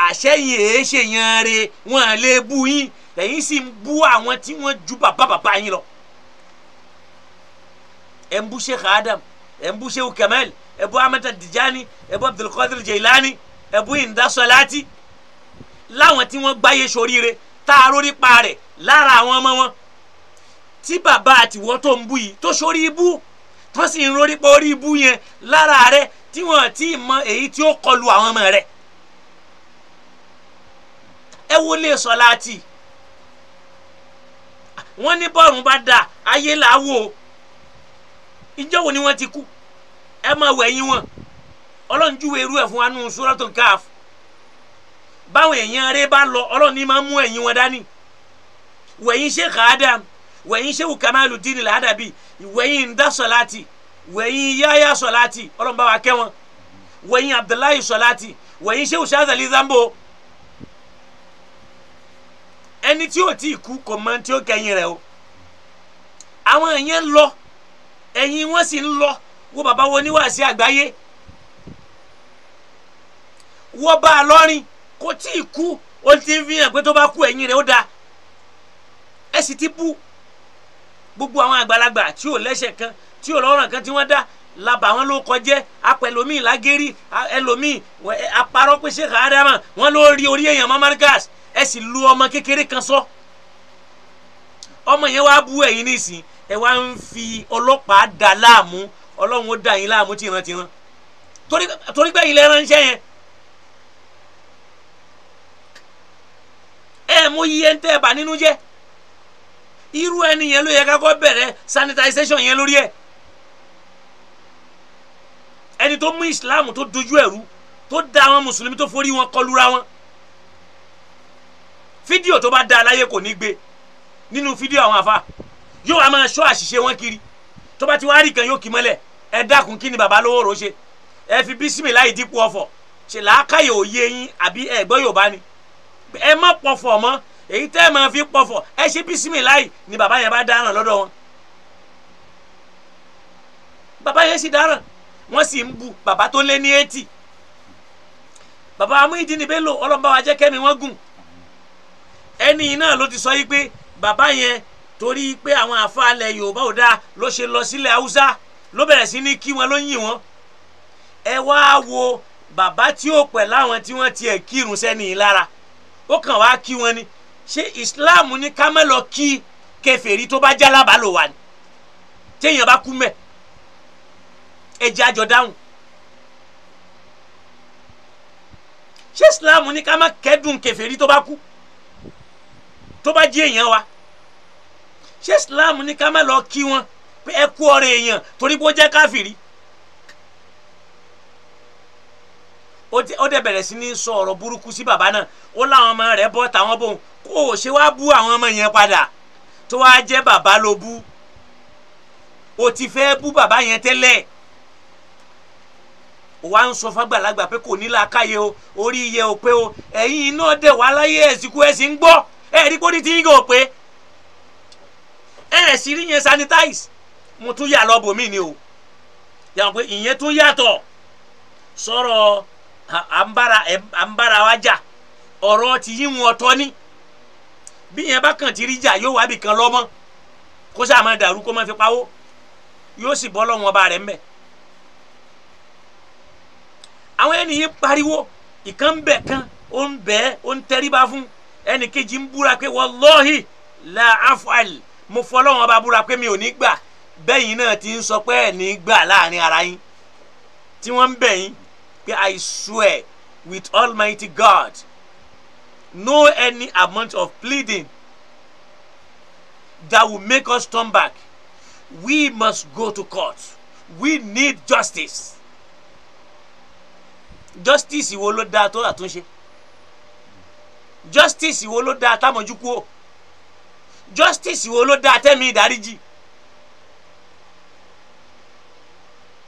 àṣẹyìn èéṣe yan re wọn lè bu yín lẹ́yìn sì ń bú àwọn tí wọ́n ju bàbá bàbá yín lọ ẹ̀ ń bú Sheikh Adam ẹ̀ ń bú Sheikh Kamal ẹ̀ bú Ahmad Tijani ẹ̀ bú Abdulkadir Jailani ẹ̀ bú Indasolati láwọn tí wọ́n gbáyé soríire tá a rórí pa rẹ̀ lára àwọn ọmọ wọn tí bàbá àtiwọ́ tó ń bú yìí tó sorí ibú tó sì ń rórí pa orí ibú yẹn lára rẹ̀ tí wọ́n ti mọ èyí tí ó kọlu àwọn ọmọ rẹ̀ ẹ wo lè sọ láti wọ́n ní bọ́ọ̀rùn bá dà ayé là á wò ó ìjọ wo ni wọ́n ti kú ẹ máa wẹ̀ yín wọn ọlọ́run júwe irú ẹ̀ fún wa nù Suratul Kahf báwọn èèyàn rẹ bá lọ ọlọ́run ní máa mú ẹ̀yìn wọn dání wẹ̀yìn Sheikh Adam wẹ̀yìn Sheikh Kamaluddin Al-Adabi wẹ̀yìn Nda Salati wẹ̀yìn Yahya Salati ọlọ́run bá wa kẹ́ wọn wẹ̀yìn Abdullahi Salati wẹ̀yìn Sheikh Shazali Zambo ẹni tí ò tí ì kú kò mọ tí ó kẹyìn rẹ o àwọn èèyàn ń lọ ẹ̀yìn wọn sì ń lọ wo bàbá wo níwàásí àgbáyé wọ́n bá a lọ́rin kò tí ì kú ó ti ń fi hàn pé tó bá kú ẹ̀yìn rẹ̀ ó da ẹ sì ti bú gbogbo àwọn àgbàlagbà tí ò lẹ́sẹ̀ kan tí ò lọ́ràn kan tí wọ́n dá labà wọn ló kọjẹ́ apẹ̀lómìn lágérí ẹlòmíì apárọ́ pé ṣé kàádàmà wọn ló rí orí èèyàn mọ́ ẹ sì lu ọmọ kékeré kan sọ ọmọ yẹn wàá bú ẹ̀yin nísìn ẹ wá ń fi ọlọ́pàá dà láàmú ọlọ́run ó dà yín láàmú tìrantìran torí pé ilẹ̀ ránṣẹ́ yẹn ẹ mú iye ń tẹ́ ẹ bà nínú jẹ́ irú ẹni yẹn ló yẹ kakọ́ bẹ̀rẹ̀ sanitization yẹn lórí ẹ̀ ẹni tó mú Islam tó dojú ẹ̀rú tó da àwọn mùsùlùmí tó forí wọn kọlura wọn fídíò tó bá dá aláyé kò ní gbé nínú fídíò àwọn afa yóò wá máa ṣọ́ àṣìṣe wọn kiri tó bá ti wá rí kan yóò kì mọ́lẹ̀ ẹ dákun kí ni baba lówó rò ṣe ẹ fi bísímì láì dípò ọ̀fọ̀ ṣe làákàyè òye yín àbí ẹgbẹ́ Yorùbá ni ẹ má pọ̀fọ̀ mọ́ èyí tẹ́ ẹ máa fi pọ̀fọ̀ ẹ ṣe bísímì láì ni baba yẹn bá dáràn lọ́dọ̀ wọn baba yẹn sì dáràn wọ́n sì ń bu baba tó lé ní eighty baba Muyideen Bello ọlọ́mọba wa jẹ́ kẹ́mi wọ́n gùn ẹni náà ló ti sọ yìí pé bàbá yẹn torí pé àwọn àfàlẹ̀ yorùbá ò dáa ló ṣe lọ sílẹ̀ haúsá ló bẹ̀rẹ̀ sí ní kí wọn ló yìn wọn ẹ wá wo bàbá tí ó pẹ̀ láwọn tí wọ́n tiẹ̀ kírun sẹ́ni lára ó kàn wá kí wọn ni ṣé islam ní ká kí kèfèrí tó bá jálábà ló wà ní téèyàn bá kú mẹ́ ẹ àjọ dáhùn ṣé islam ní ká má kẹ́dùn tó bá kú tó bá jí èèyàn wa ṣé islam ní ká má lọ kí wọn pé ẹ kú ọ̀rẹ́ èèyàn torí bó jẹ́ káfìrí ó dẹ̀ bẹ̀rẹ̀ sí ní sọ ọ̀rọ̀ burúkú sí bàbá náà ó láwọn ọmọ rẹ̀ bọ́ tàwọn bò ń kó o ṣe wá bú àwọn ọmọ yẹn padà tó wá jẹ́ bàbá ló bú o ti fẹ́ bú bàbá yẹn tẹ́lẹ̀ o wa ń sọ fàgbàlagbà pé kò ní làákàyè o orí iye o pé o ẹ̀yin iná dẹ̀ wá láyé ẹ̀sìnkú ẹ̀sìn ń gbọ́ ẹ rí kórìí tí yín yóò pé ẹ sì rí yẹn sanitize mo tún yà lọ bòmí ni o yàrá pé ìyẹn tún yàtọ̀ sọ̀rọ̀ à ń bára wa jà ọ̀rọ̀ ti yín wọn tọ́ ni bí yẹn bá kàn ti rí jà yóò wá bìkan lọ́mọ́ kó sáà máa dàrú kó máa fi pawó yóò sì bọ́ lọ́wọ́n ọba rẹ̀ ń bẹ̀. àwọn ẹni pariwo ìkan kan ó ń bẹ̀ ó ń tẹríba fún un ẹnì kejì ń búra pé wallahi la afual mo fọlọ́wọn bá búra pé mi ò ní gbà bẹ́yìn náà ti ń sọ pé ẹ̀ ní gbà láàrin ara yín tí wọ́n ń bẹ̀ yín pé I swear with Almighty God no any amount of pleading that will make us turn back we must go to court we need justice justice wo ló dáa tó àtúnṣe justice wo ló dáa támọ̀jú kú o justice wo ló dáa tẹ́mi ìdáríjì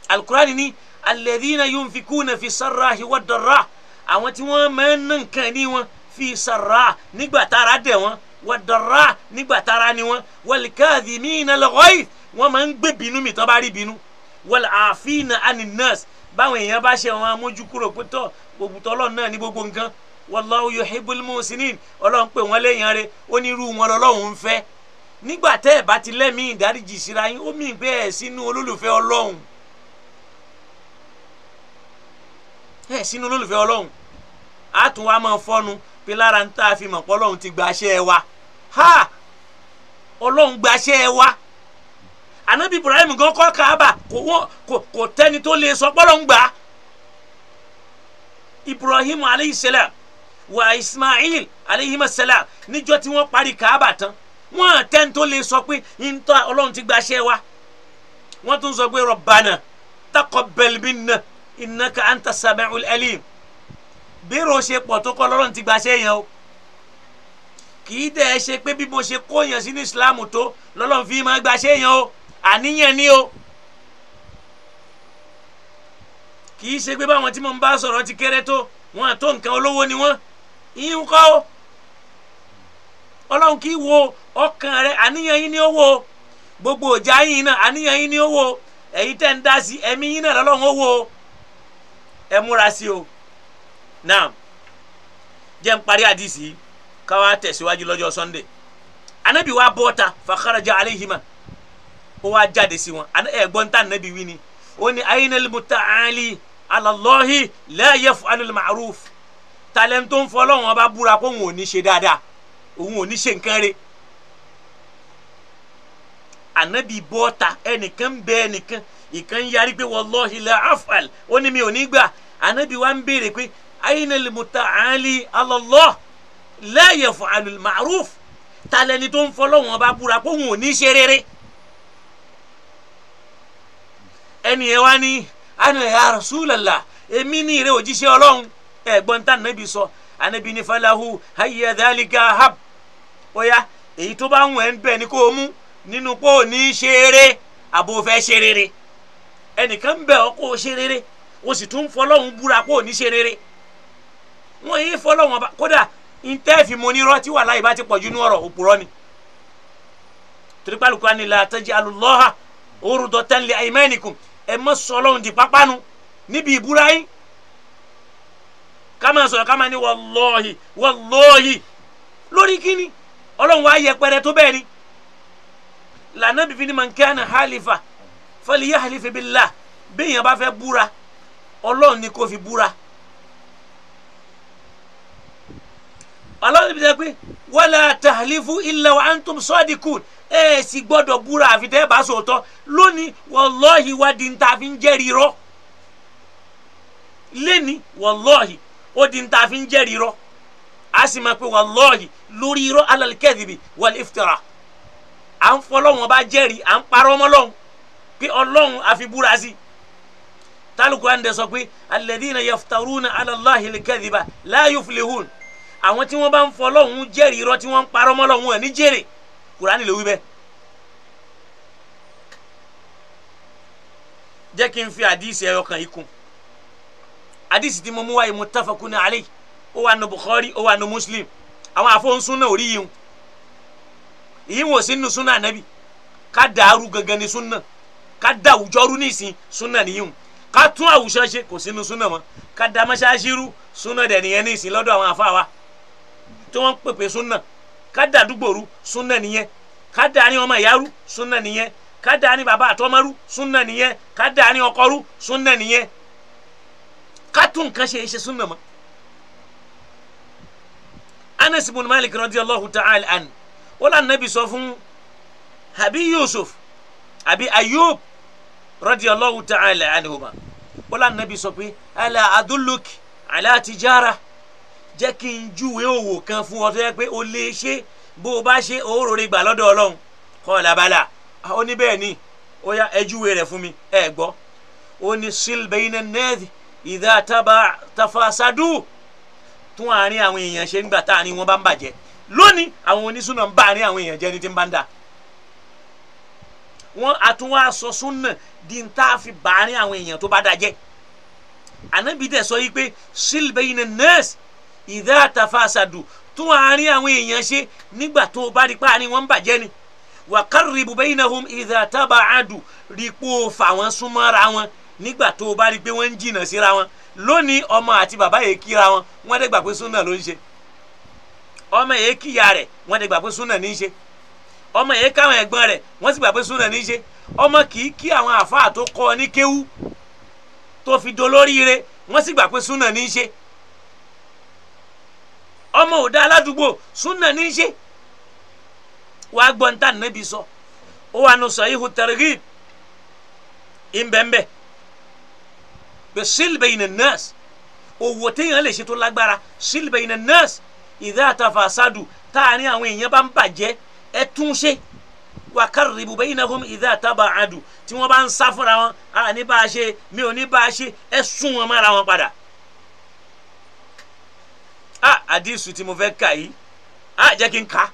alukurani ni alladhina yunfikuna fi sarrahi wa darra àwọn tí wọ́n máa ń ná nǹkan ní wọn fi sarra nígbà tára dẹ̀ wọ́n wa nígbà tára ni wọ́n wal kadhimina al-ghayz wọ́n máa ń gbé bínú mi tán bá rí bínú wal afina anin nas báwọn èèyàn bá ṣe wọn amójú kúrò pé tọ́ gbogbo tọ́lọ́ ní gbogbo nǹkan wallahu yuhibbul muhsinin ọlọ́run pè wọ́n léèyàn rẹ̀ onírú wọn lọ́lọ́run ń fẹ́ nígbà tẹ́ ẹ̀ bá ti lẹ́mìí ìdáríjì síra yín ó mìíràn pé ẹ̀ sínú olólùfẹ́ ọlọ́run ẹ̀ sínú olólùfẹ́ ọlọ́run á tún wá máa fọ́nu pé lára ń tá fi mọ̀ pé ọlọ́run ti gbaṣẹ́ wa ha ọlọ́run gbaṣẹ́ wa anabi ibrahim gan kọ́ kaaba kò wọ́n kò kò tẹ́ni tó lè sọ pé ọlọ́run gbà ibrahim aleyhisselam wa Ismail aleyhima salam níjọ́ tí wọ́n parí kaaba tán wọ́n tẹ́ni tó lè sọ pé yíntọ́ ọlọ́run ti gbaṣẹ́ wa wọ́n tún sọ pé rọ̀bànà taqabbal minna innaka anta sami'ul alim bí ro ṣe pọ̀ tó kọ́ lọ́rùn ti gbaṣẹ́ yẹn o kì í dẹ̀ ṣe pé bí mo ṣe kó yẹn sínú ìsìláàmù tó lọ́lọ́run fi máa gbaṣẹ́ yẹn o àníyàn ni o kì í ṣe pé báwọn tí mo ń bá sọ̀rọ̀ ti kéré tó wọn àtó nǹkan olówó ni wọ́n ìyín kọ́ ó ọlọ́run kì í wo ọkàn rẹ àníyàn yín ni ó wo gbogbo ìjà yín náà àníyàn yín ni ó wo èyí tẹ́ ń dá sí ẹ̀mí yín náà lọ́lọ́run ó wo ẹ múra sí o náà jẹ́ ń parí àdìsí káwá tẹ̀síwájú lọ́jọ́ sunday anabi wa bọ́ta fakharaja aleihima ó wá jáde sí wọn ẹ gbọ́n tá anabi wí ni ó ní ayinal mutaali alalahi la yafu alul ma'ruf talẹ́ni tó ń fọlọ́wọ́n bá búra kó òun ò ní ṣe dáadáa òun ò ní ṣe nǹkan re ànábì bọ́ta ẹnìkan bẹ ẹnìkan ìkan yarí pé wallahi la afal ó ní mi ò ní gbà ànábì wa ń béèrè pé ayna al mutaali ala Allah la yaf'alu al ma'ruf talẹ́ni tó ń fọlọ́wọ́n bá búra kó òun ò ní ṣe rere ẹnìyẹn wá ní ana Rasulallah èmi ní ìrẹ́ òjíṣẹ́ ọlọ́run. ẹ̀gbọ́n tá nàbí sọ anabi ní falahu hayya dhalika hab oya èyí tó bá ń wẹ̀ ń bẹ̀ ni kò mú nínú pé ní ṣe eré àbò fẹ́ ṣe rere ẹnìkan ń bẹ̀ ọ́ kó ṣe rere o sì tún fọlọ́hún búra pé ní ṣe rere wọ́n fọlọ́hún ọba kódà ntẹ́ẹ̀fì mo ní tí ti pọ̀jù ní ọ̀rọ̀ òpùrọ́ ni ni la ẹ ká máa sọ̀rọ̀ ká máa ní wallahi wallahi lórí kíni ọlọ́run wa yẹpẹrẹ tó bẹ́ẹ̀ ni lànà bìbí ni man kana halifa falyahlif billah béèyàn bá fẹ́ búra ọlọ́run ni kò fi búra. ọlọ́run bìí sẹ́kùn wala tahlifu illa wa antum sadiqun ẹ ẹ sì gbọ́dọ̀ búra àfi bá sòótọ́ lónìí wallahi wá di ní ta fi ń jẹ́rìí ó di ní ta fi ń jẹ́rìí irọ́ a sì máa pe wallahi lórí irọ́ alal kadhibi wal iftira à ń fọlọ́wọ́n bá jẹ́rìí à ń parọ́ mọ́ lọ́hùn pé ọlọ́hun àfi búra sí tálùkù à ń dẹ̀ sọ pé alladhina yaftaruna ala Allahi al-kadhiba la yuflihun àwọn tí wọ́n bá ń fọlọ́hun jẹ́rìí irọ́ tí wọ́n ń parọ́ mọ́ jẹ́ kí n fi àdìsí ẹyọ kan yìí kún hadisi tí mo mú wáyé muttafaqun alayhi ó wà nù Bukhari ó wà nù Muslim àwọn afọ́nsún náà ò rí yìí ń yìí wọ́n sì nù súnà nàbì ká dàrú gangan ní súnà ká da àwùjọ rú nísìn súnà nìyí ń ká tún àwùjọ ṣe kò sínú súnà mọ́ ká da mọ́ṣáláṣí rú súnà dẹ̀ nìyẹn nísìn lọ́dọ̀ àwọn afọ́ àwa tí wọ́n pèpè súnà ká da àdúgbò rú súnà nìyẹn ká da ní ọmọ ìyá rú súnà nìyẹn ká da ní bàbá àtọmọ rú súnà nìyẹn ká da ní ọkọ rú súnà nìyẹn ká tún nǹkan ṣe ṣe súnà mọ́ Anas ibn Malik radiyallahu ta'ala an wọ́n lànà bí sọ fún Abi Yusuf àbí Ayub radiyallahu ta'ala anhuma wọ́n lànà bí sọ pé ala adulluk ala tijara jẹ́ kí n júwe òwò kan fún ọ tó yẹ pé o lè ṣe bó o bá ṣe òórò rẹ gbà lọ́dọ̀ Ọlọ́run qala bala ó ní bẹ́ẹ̀ ni ó yá ẹ júwe rẹ̀ fún mi ẹ gbọ́ ó ní sil bayna ìdá taba tafasadu tún àárín àwọn èèyàn ṣe nígbà tá àárín wọn bá ń bàjẹ́ lónìí àwọn onísùnà ń bá àárín àwọn èèyàn jẹ́ ní ti ń bá ń dà wọn àtúnwá aṣọ súnà di ń tá a fi bá àárín àwọn èèyàn tó bá dàjẹ́ ànábì sọ yìí pé silbeyina nurse ìdá tafasadu tún àárín àwọn èèyàn ṣe nígbà tó bá rí pa àárín wọn ń bàjẹ́ ni wàkàrìbù bẹ́yìn náà ìdá taba adu rí pé fà wọ́n súnmọ́ra wọn nígbà tó o bá rí i pé wọ́n ń jìnnà síra wọn lónìí ọmọ àti bàbá kíra wọn wọ́n dẹ̀ gbà pé súnà ló ń ṣe ọmọ ya kíya rẹ̀ wọ́n dẹ̀ gbà pé súnà ní í ṣe ọmọ yẹn káwọn ẹ̀gbọ́n rẹ̀ wọ́n sì gbà pé súnà ní í ṣe ọmọ kì kí àwọn àfáà tó kọ́ ọ ní kéwú tó fi dolóríire wọ́n sì gbà pé súnà ní ọmọ aládùúgbò súnà ní í ṣe sọ ó wà nù sọ ihu bẹ sílbẹ̀ iná nọ́ọ̀sì òwò téèyàn lè ṣe tó lágbára sílbẹ̀ iná nọ́ọ̀sì ìdá àtàfà àṣàdù táàrin àwọn èèyàn bá ń bàjẹ́ ẹ tún ṣe wà kárìbù bẹ́ẹ̀ iná fún ìdá àtàbà àdù tí wọ́n bá ń sá fúnra wọn a ní bá a ṣe mi ò ní bá a ṣe ẹ sún wọn a àdìsù tí mo fẹ́ kà a jẹ́ kí n kà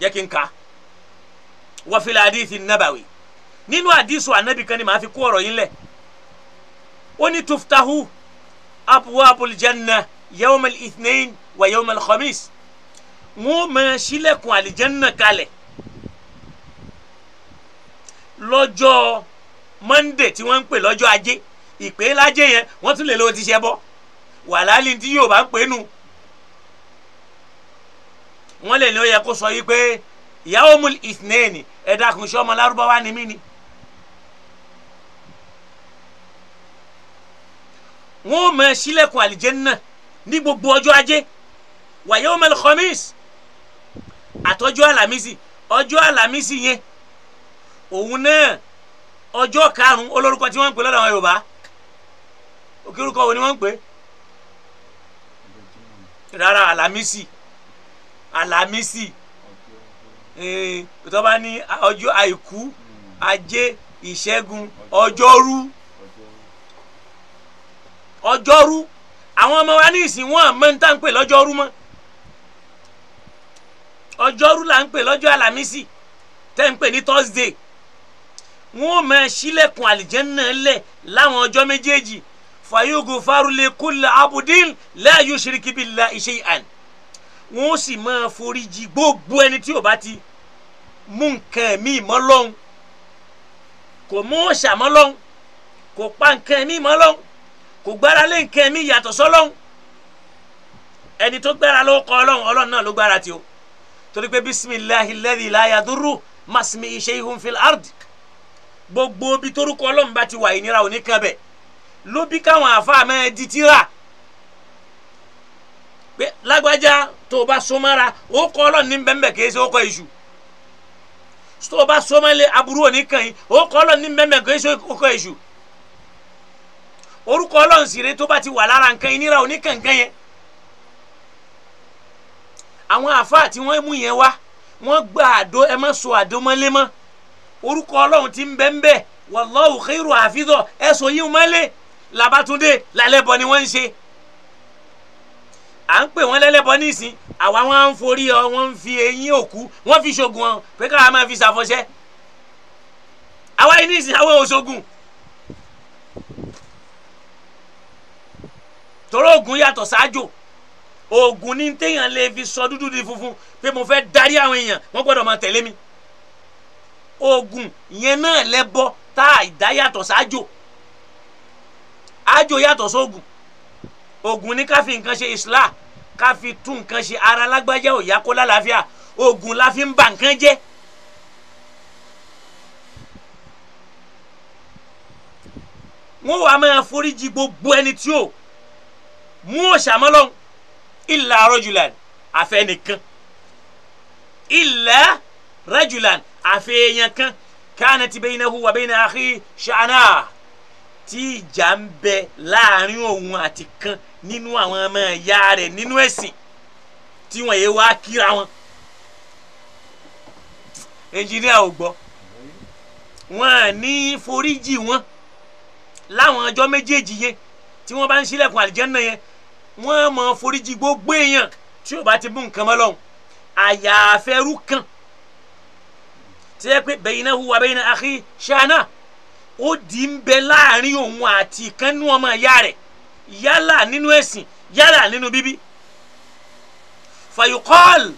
jẹ́ kí n kà wọ́n fi lè àdìsù nàbàwì nínú àdìsù ànábì kan fi kó ọ̀rọ̀ yín ó ní tuftahu abwabul janna yawmal ithnain wa yawmal khamis wọ́n máa ṣílẹ̀kùn àlìjánná kalẹ̀ lọ́jọ́ monday tí wọ́n ń pè lọ́jọ́ ajé ìpè lájẹ yẹn wọ́n tún lè ti ṣẹ́ bọ́ wàhálà tí yóò bá ń pè nù wọ́n lè ní ó yẹ kó sọ yìí pé yawmul ithnain ẹ̀dá kùn sọ́mọ lárúbáwá ni mí ni. wọn ò máa ṣílẹ̀kùn àlìjẹ́nnà ní gbogbo ọjọ́ ajé wa yawmal khamis àtọ́jọ́ àlàmísì ọjọ́ àlàmísì yẹn òun náà ọjọ́ karùn-ún olórúkọ tí wọ́n ń pè lọ́dọ̀ àwọn Yorùbá òkèrúkọ wo ni wọ́n ń pè rárá àlàmísì àlàmísì tó ní ọjọ́ àìkú ajé ìṣẹ́gun ọjọ́rú ọjọ́rú àwọn ọmọ wa ní ìsìn wọn mọ ní à ń pè lọ́jọ́rú mọ́ ọjọ́rú là ń pè lọ́jọ́ àlàmísì tẹ́ ń pè ní thursday wọn ò máa ṣílẹ̀kùn àlìjẹ́nnà lẹ̀ láwọn ọjọ́ méjèèjì fàyógo fárúlé kúlẹ̀ abudin la yushriki billahi shay'an wọn ò sì máa foríjì gbogbo ẹni tí ò bá ti mú nǹkan mi mọ́ lọ́hùn kò mú òòṣà mọ́ lọ́hùn kò pa nǹkan mi mọ́ lọ́hùn kò gbára lé nǹkan mi yàtọ̀ sọ́lọ́hún ẹni tó gbára ló kọ́ ọlọ́hún ọlọ́hún náà ló gbára tí o torí pé bisimilahi lẹ́dí láyà dúró masimi iṣẹ́ ihun fil ard gbogbo bí torúkọ ọlọ́hún bá ti wà ìnira òní kan bẹ̀ ló bí káwọn àfa máa di tíra pé lágbájá tó o bá sọmọ́ra ó kọ́ ọlọ́hún ní bẹ́ẹ̀ kì ṣe ó kọ́ iṣu tó o bá sọmọ́lé aburú òní yìí ó kọ́ ọlọ́hún ní bẹ́ẹ̀ kì ṣe ó kọ́ iṣu orúkọ ọlọ́run sì rè tó bá ti wà lára nǹkan ìnira oníkàngán yẹn àwọn àfáà tí wọ́n mú yẹn wá wọ́n gba àdó ẹ má so àdó mọ́lé mọ́ orúkọ ọlọ́run ti ń bẹ́ ń bẹ́ wallahu khairu hafidha ẹ sọ yín mọ́lé Labatunde lálẹ́bọ ni wọ́n ń ṣe à ń pè wọ́n lẹ́lẹ́bọ nísìn àwa wọn ń forí ọ wọ́n ń fi eyín òkú wọ́n fi ṣoògùn ọ pé káwa máa fi ṣàfọṣẹ́ àwa yìí nísìn àwa ò ṣoògùn. torí oògùn yàtọ̀ sáájò oògùn ní téèyàn lè fi sọ dúdú di funfun pé mo fẹ́ darí àwọn èèyàn wọ́n gbọ́dọ̀ máa tẹ̀lé mi oògùn yẹn náà lẹ́bọ tá àìdá yàtọ̀ sáájò ájò yàtọ̀ sóògùn oògùn ní ká fi nǹkan ṣe islah ká fi tún nǹkan ṣe ara lágbájá òyà kó lálàáfíà oògùn la fi ń ba nǹkan jẹ́ wọ́n wàá máa foríjì gbogbo ẹni tí ó mú òṣàmọ́lọ́hún illa rajulan àfẹnìkan illa rajulan àfẹ̀yàn kan kanat baynahu wa bayna akhi sha'na tí ìjà ń bẹ láàrin òun àti kan nínú àwọn ọmọ ìyá ninu nínú ẹ̀sìn tí wọ́n yé wá kíra wọn ẹnjìníà ò gbọ́ wọn ní foríjì wọn láwọn ọjọ́ méjèèjì yẹn tí wọ́n bá ń ṣílẹ̀kùn àlìjẹ́nà yẹn wọ́n á máa foríjì gbogbo èèyàn tí ó bá ti mú nǹkan mọ́ lọ́hùn àyàfẹ́rú kan tí ẹ pé bẹ̀yìn náà wà bẹ̀yìn náà àkí ṣáná ó di ń bẹ láàrin òun àti ìkànnú ọmọ ìyá rẹ̀ yálà nínú ẹ̀sìn yálà nínú bíbí fàyọkọ́ọ̀lù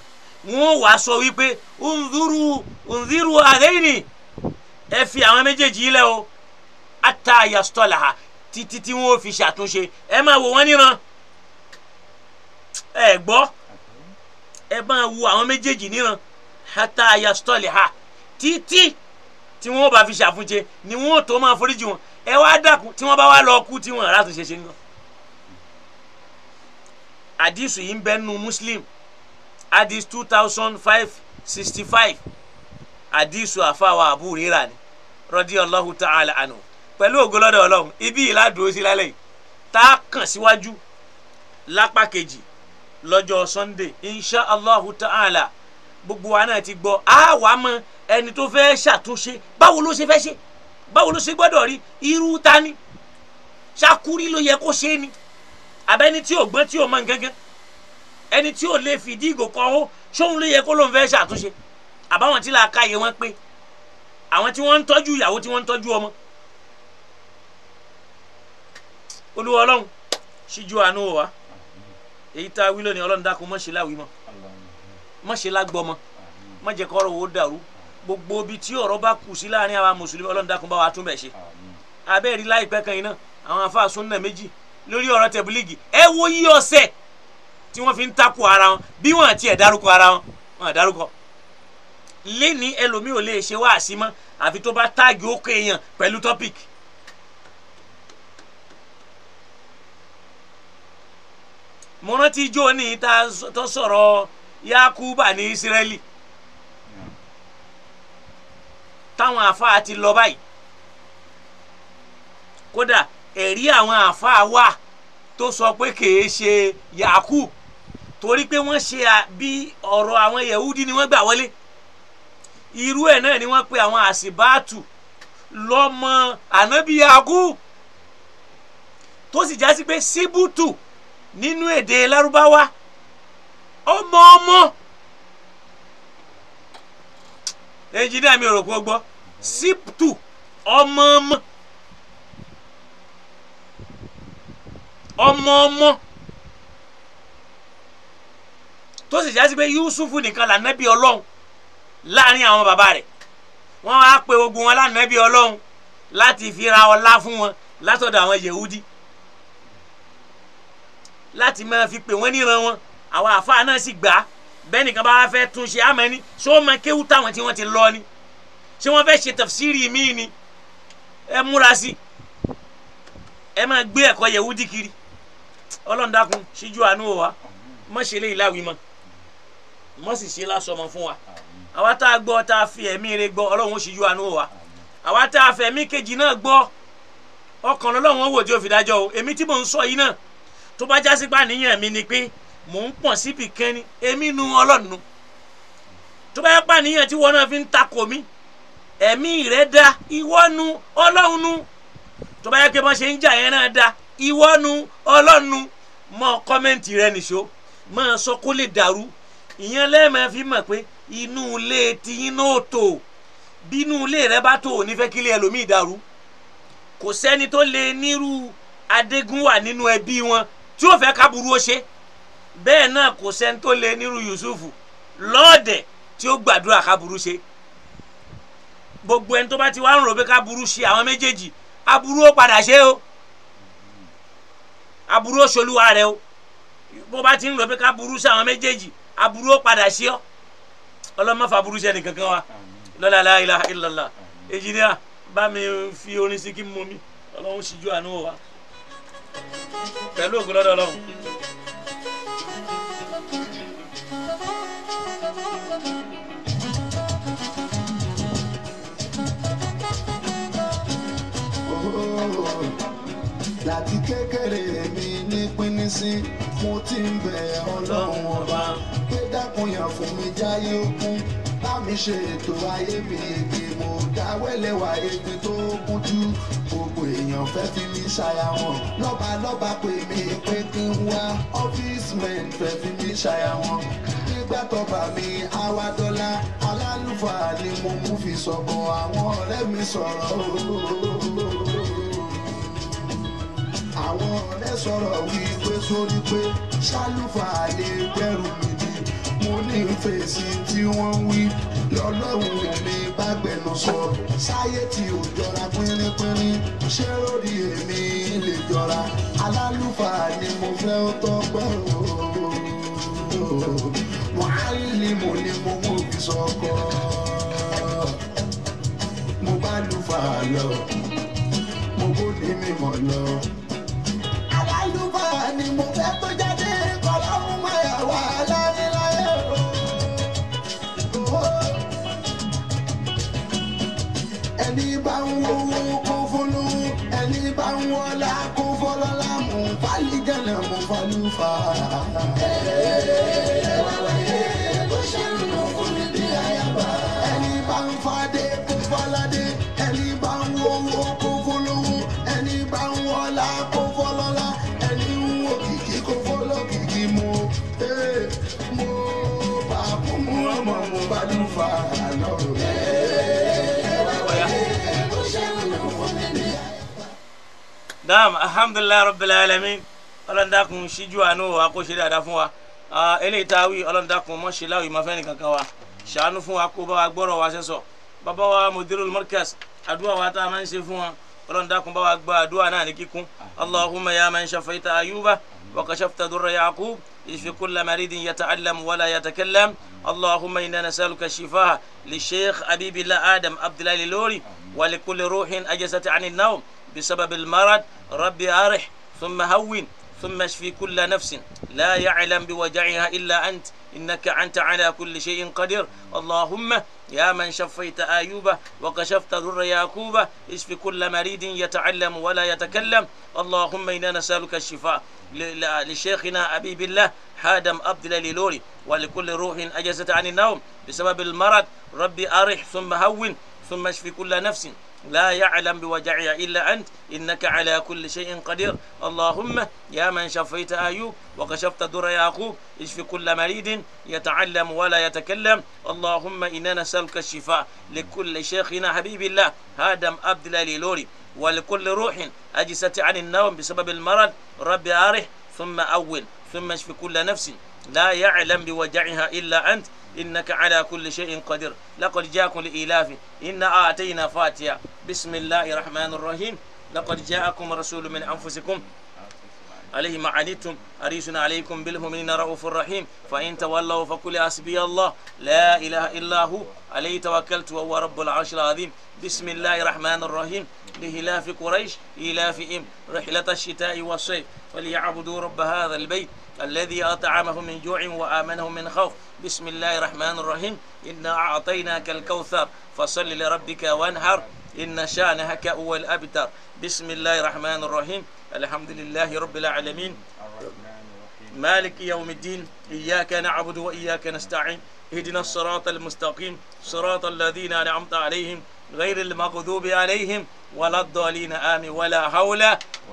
wọn wàá sọ wípé nzuru nziru àdéhìní ẹ fi àwọn méjèèjì yìí lẹ o ata yasutọlaha títí tí wọn ò fi ṣàtúnṣe ẹ máa wò wọn níran ẹ gbọ́ ẹ bá wo àwọn méjèèjì níran hata ayastọ́lẹ̀ ha títí tí wọ́n bá fi ṣàfúnṣe ni wọ́n tó máa foríjì wọn ẹ wá dákun tí wọ́n bá wá lọ kú tí wọ́n rà tún ṣe ṣe ń lọ. àdìsù yìí ń bẹ nu muslim àdìs two thousand five sixty five àdìsù àfàwà àbúrò rírà ni radiyallahu ta'ala anhu pẹ̀lú ògo lọ́dọ̀ ọlọ́run ibi ìlà dúró sí lálẹ́ yìí tá a kàn síwájú lápá kejì lọ́jọ́ sunday insha allahu ta'ala gbogbo wa náà ti gbọ́ a wàá mọ ẹni tó fẹ́ ṣàtúnṣe báwo ló ṣe fẹ́ ṣe báwo ló ṣe gbọ́dọ̀ rí irú ta ni ṣakúrí ló yẹ kó ṣe ni àbẹ́ni tí ò gbọ́n tí ò mọ̀ gángan ẹni tí ò lè fìdí ìgò kan ó ṣóun ló yẹ kó ló ń fẹ́ ṣàtúnṣe àbáwọn tí làákà yẹ wọ́n pé àwọn tí wọ́n ń tọ́jú ìyàwó tí wọ́n ń tọ́jú ọmọ olúwa ọlọ́run ṣíjú àánú wa èyí tá a wí lónìí ọlọ́run dákun mọ̀ṣẹ́ láwí mọ́ mọ̀ṣẹ́ lágbọ́ mọ́ mọ̀jẹ̀ kọ́rọ̀ wo dàrú gbogbo ibi tí ọ̀rọ̀ bá kù sí láàrin àwa mùsùlùmí ọlọ́run dákun bá wa tún bẹ̀ ṣe abẹ́rẹ́ láìpẹ́ kan yìí náà àwọn afáà súnnà méjì lórí ọ̀rọ̀ tẹ̀bílíìgì ẹ wo yí ọ̀sẹ̀ tí wọ́n fi ń takò ara wọn bí wọ́n àti ẹ̀ dárúkọ ara wọn wọ́n àdárúkọ lẹ́ni ẹlòmíì ò lè ṣe wáàsí mọ́ àfi tó bá táàgì ó kéèyàn pẹ̀lú tọ́píkì mo rántí ijó ní ta tó sọ̀rọ̀ Yakuba ní Israeli táwọn àfáà ti lọ báyìí kódà ẹ̀rí àwọn àfáà wà tó sọ pé kèé ṣe Yakub torí pé wọ́n ṣe bí ọ̀rọ̀ àwọn Yehudi ni wọ́n gbà wọlé irú ẹ̀ náà ni wọ́n pe àwọn àsìbáàtù lọ́mọ ànábì Yakub tó sì já sí pé síbùtù. Si nínú èdè lárúbáwá ọmọ ọmọ ẹnjìnìá mi rò pé ó gbọ́ síptù ọmọ ọmọ ọmọ ọmọ tó sì jásí pé Yusufu nìkan lànàbí Ọlọ́run láàrin àwọn bàbá rẹ̀ wọ́n á pe ogun wọn lànàbí Ọlọ́run láti fi ra ọlá fún wọn látọ̀dọ̀ àwọn Yehudi láti máa fi pè wọ́n níran wọn àwọn àfáà náà sì gbà á bẹ́ẹ̀ nìkan bá fẹ́ tún ṣe àmọ́ ni ṣé wọ́n máa kéwú táwọn tí wọ́n ti lọ ni ṣé wọ́n fẹ́ ṣe tafsiri míì ni ẹ múra sí ẹ máa gbé ẹ̀kọ́ Yẹhudi kiri Ọlọ́run dákun ṣíjú àánú wa má ṣe lè láwìí mọ́ má sì ṣe lásọmọ fún wa àwa tá a gbọ́ tá a fi ẹ̀mí rẹ gbọ́ Ọlọ́run ó ṣíjú àánú wa àwa tá a fẹ̀mí kejì náà gbọ́ ọkàn lọ́lọ́run ó wò tí ó fi dájọ́ o èmi tí mò ń sọ yìí náà tó bá já sí pa níyàn mi ni pé mò ń pọ̀n síbi kẹ́ni èmi nu ọlọ́nu tó bá yẹ pa níyàn tí wọn náà fi ń takò mí ẹ̀mí rẹ̀ da ìwọ nu ọlọ́run nu tó bá yẹ kí wọ́n ṣe ń jà yẹn náà da ìwọ nu ọlọ́run nu mọ kọ́mẹ́ǹtì rẹ nìṣó mọ sọ dàrú ìyẹn lẹ́ẹ̀mọ́ fi mọ̀ pé inú ilé tiyín náà tò bí inú ilé rẹ bá tò nífẹ̀ẹ́ kílé ẹlòmíì dàrú kò sẹ́ni tó lè nírú adégún wà nínú ẹbí wọn tí ó fẹ́ kábúrú ó ṣe bẹ́ẹ̀ náà kò sẹ́ni tó lé nírú Yusuf lọ́ọ̀dẹ̀ tí ó gbàdúrà kábúrú ṣe gbogbo ẹni tó bá ti wá ń rò pé kábúrú ṣe àwọn méjèèjì aburú ó padà ṣe o aburú ó ṣolúwa rẹ o bó bá ti ń rò pé kábúrú ṣe àwọn méjèèjì aburú ó padà ṣe ọ ọlọ́mọ fàbúrú ṣe nìkankan wa lọ́la la ilaha illallah engineer bá mi fi orin sí kí n mọ mi ọlọ́run ṣíjú àánú wa pẹ̀lú ògùn lọ́dọ̀ Ọlọ́run. láti kékeré mi ní pínísí mo ti ń bẹ̀ Ọlọ́run ọba pé dákun yàn fún mi jáyé ó kún bá mi ṣe ètò ayé mi èké mo dáwẹ́lẹ́wà ebi tó kún jù gbogbo èèyàn fẹ́ fi mi ṣaya wọn lọ́ba lọ́ba pè mí pé kí n wá ọ́fíìsì men fẹ́ fi mi ṣaya wọn nígbà tọ́ba mi àwa dọ́là alálùfáà ni mo mú fi sọ̀kan àwọn ọ̀rẹ́ mi sọ̀rọ̀ àwọn ọ̀rẹ́ sọ̀rọ̀ wí pé sórí pé ṣálùfáà lè gbẹ́rù mi dé mo ní fèsì tí wọ́n wí lọ́lọ́run lèmi bá gbẹnu sọ sáyé tí ò jọra pínrínpínrín ṣé lórí èmi lè jọra alálùfáà ni mo fẹ́ ó tọ́pẹ́ o wàhálìmù ni mo mú òbí sọkọ mo bá lùfà lọ mo bó ní mímọ̀ lọ. fà. naam alhamdulilayi rabbil alamin ọlọ́ndàkùn ṣíjú àánú wa kó ṣe dáadáa fún wa eléyìí tá a wí ọlọ́ndàkùn mọ́ ṣe láwìí máa fẹ́ni kankan wa ṣàánú fún wa kó bá wa gbọ́rọ̀ wa ṣẹ́sọ̀ bàbá wa mudirul markaz àdúrà wa tá a máa ń ṣe fún wa ọlọ́ndàkùn bá wa gba àdúrà náà ní kíkún allahumma ya man shafaita ayuba wa kashafta durra yaqub اشف كل مريض يتعلم ولا يتكلم اللهم إنا نسألك الشفاء للشيخ أبي بالله آدم عبد الله لوري ولكل روح أجست عن النوم بسبب المرض ربي أرح ثم هون ثم اشفي كل نفس لا يعلم بوجعها إلا أنت إنك أنت على كل شيء قدير اللهم يا من شفيت أيوب وكشفت ضر يعقوب اشف كل مريض يتعلم ولا يتكلم اللهم إنا نسألك الشفاء لشيخنا أبي بالله حادم عبد ليلوري ولكل روح أجزت عن النوم بسبب المرض ربي أرح ثم هون ثم اشفي كل نفس لا يعلم بوجعها إلا أنت إنك على كل شيء قدير اللهم يا من شفيت أيوب وكشفت در يعقوب اشف كل مريض يتعلم ولا يتكلم اللهم إنا نسألك الشفاء لكل شيخنا حبيب الله هادم عبد الله لوري ولكل روح أجست عن النوم بسبب المرض رب أرح ثم أول ثم اشف كل نفس لا يعلم بوجعها إلا أنت إنك على كل شيء قدير لقد جاءكم لإيلاف إن آتينا فاتيا بسم الله الرحمن الرحيم لقد جاءكم رسول من أنفسكم عليه ما عنتم أريس عليكم بالمؤمنين رؤوف الرحيم فإن تولوا فكل حسبي الله لا إله إلا هو عليه توكلت وهو رب العرش العظيم بسم الله الرحمن الرحيم لهلاف قريش إيلافهم رحلة الشتاء والصيف فليعبدوا رب هذا البيت الذي أطعمهم من جوع وآمنهم من خوف بسم الله الرحمن الرحيم إنا أعطيناك الكوثر فصل لربك وانهر إن شانك هو الأبتر بسم الله الرحمن الرحيم الحمد لله رب العالمين مالك يوم الدين إياك نعبد وإياك نستعين اهدنا الصراط المستقيم صراط الذين أنعمت عليهم غير المغضوب عليهم ولا الضالين آمن ولا حول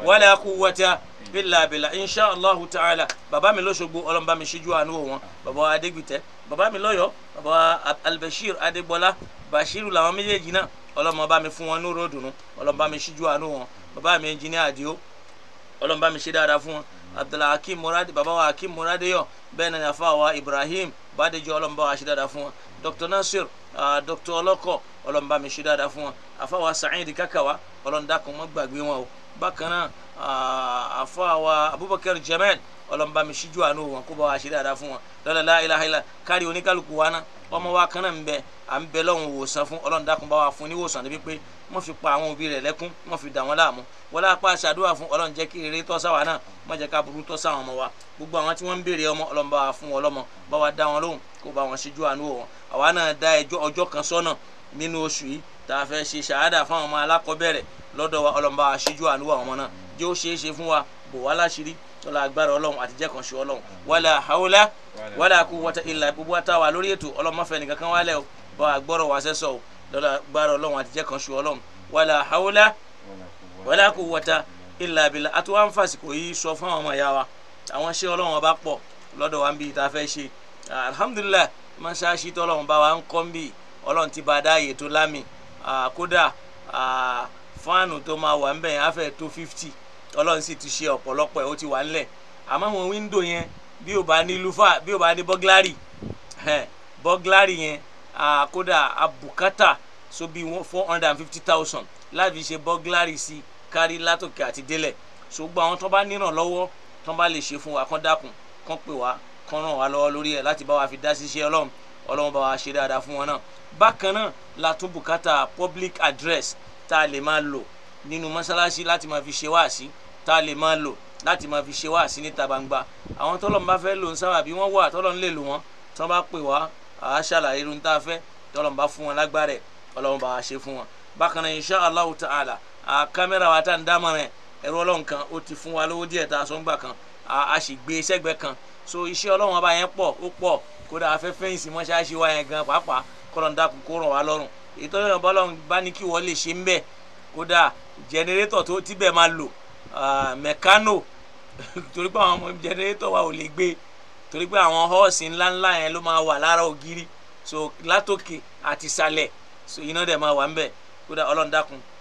ولا قوة bila bila insha allah ta'ala baba mi lọ́ṣogbo ọlọ́mba mi ṣíjú àánú wọn baba wa adégbìtẹ́ baba mi lọ́yọ̀ baba wa albashir adébọlá bashiru làwọn méjèèjì náà ọlọ́mọba mi fún wọn ní ròdùnú ọlọ́mọba mi ṣíjú àánú wọn baba mi ẹnjìnìá àdìo ọlọ́mọba mi ṣe dáadáa fún wọn abdulhakeem murad baba wa hakeem muradeyọ bẹ́ẹ̀ náà yàfa wa ibrahim bàdéjọ ọlọ́mọba wa ṣe dáadáa fún wọn dr nasir uh, dr ọlọ́kọ̀ ọlọ́mọba mi ṣe dáadáa fún wọn sa'id kakawa ọlọ́ndàkùn mọ́ gbàgbé wọn o bákan Ah, àfọwà Abubakar Jamal ọlọmọba mi ṣíjú àánú wọn kó bá wa ṣe dáadáa fún wọn lọ́la láìla àìla kárí oníkálukú wa ná ọmọ wa kan náà ń bẹ à ń bẹ lọ́hùn wòsàn fún ọlọ́run dákun bá wa fún ní fi pa àwọn òbí rẹ̀ lẹ́kún wọ́n fi dà wọ́n láàmú wọ́n pa àṣàdúrà fún ọlọ́run jẹ́ kí eré tọ́sà wa náà má jẹ́ ká burú tọ́sà wọn ọmọ wa gbogbo àwọn tí wọ́n ń béèrè ọmọ ọlọ́run bá wa fún wọn lọ́mọ wọn lóhùn kó wọn ṣíjú àánú wọn àwa náà dá ẹjọ́ ọjọ́ kan sọ́nà nínú oṣù yìí tá a fẹ́ ṣe ṣàádà jẹ́ ó ṣeé ṣe fún wa bò wá láṣìírí tọ́lá agbára ọlọ́run àti jẹ́ kan ṣe ọlọ́run wàlà haúlá wàlà quwwata illa gbogbo àtàwà lórí ètò ọlọ́run má fẹ́ nìkan kan wálẹ̀ o bá agbọ́rọ̀ wá sẹ́sọ̀ o tọ́lá agbára ọlọ́run àti jẹ́ kan ṣe ọlọ́run wàlà haúlá wàlà quwwata illa billah àti wàá ń fàsìkò yìí sọ fún àwọn ọmọ ìyá wa àwọn ṣé ọlọ́run ọba pọ̀ lọ́dọ̀ ah, ah, ah, fáànù tó máa wà ń bẹ̀yẹn á fẹ́ fifty ọlọ́run sì ti ṣe ọ̀pọ̀lọpọ̀ ẹ̀ ó ti wà ńlẹ̀ àmọ́ àwọn wíńdò yẹn bí ó bá ní lufa bí ó bá ní bọ́gláàrì bọ́gláàrì yẹn kódà abùkátà so bí four hundred and fifty thousand láti fi ṣe bọ́gláàrì sí kárí látòkè àti délẹ̀ so gbogbo àwọn tó bá níràn lọ́wọ́ tó bá lè ṣe fún wa kán dákun kán pè wá kán ràn wá lọ́wọ́ lórí ẹ̀ láti bá wa fi dá síṣẹ́ ọlọ́run ọlọ́run bá wa ṣe dáadáa fún wọn náà bákan náà la tún bùkátà public address tá a lè máa lò nínú mọ́ṣáláṣí láti máa fi ṣe wáàsí tá a lè máa lò láti máa fi ṣe wá sí níta gbangba àwọn tọ́lọ́run bá fẹ́ lò ń sábà bí wọ́n wà tọ́lọ́run lè lò wọ́n tí wọ́n bá pè wá àá ṣàlàyé irun tá a fẹ́ tọ́lọ́run bá fún wọn lágbára ẹ̀ ọlọ́run bá a ṣe fún wọn bákan náà insha Allah ta'ala àá kámẹ́rà wa tá à ń dámọ̀ràn ẹ̀ ẹ̀rọ ọlọ́run kan ó ti fún wa lówó díẹ̀ tá a sọ ń gbà kan a sì gbé sẹ́gbẹ̀ẹ́ kan so iṣẹ́ ọlọ́run ọba yẹn pọ̀ ó pọ̀ kódà afẹ́fẹ́ yìí sì mọ́ṣáláṣí wa yẹn gan pàápàá kọ́lọ́n dàkú kó ràn wá lọ́rùn ìtọ́jú ọlọ́run bá ní kí wọ́n lè ṣe ń bẹ̀ kódà jẹnẹrétọ̀ tó tíbẹ̀ máa lò Ah, mẹkánò torí pé àwọn jẹnẹrétọ̀ wa ò lè gbé torí pé àwọn họ́ọ̀sì ńláńlá yẹn ló máa wà lára ògiri so látòkè àti sàlẹ̀ so iná dẹ̀ máa wà ń bẹ̀ kódà ọlọ́run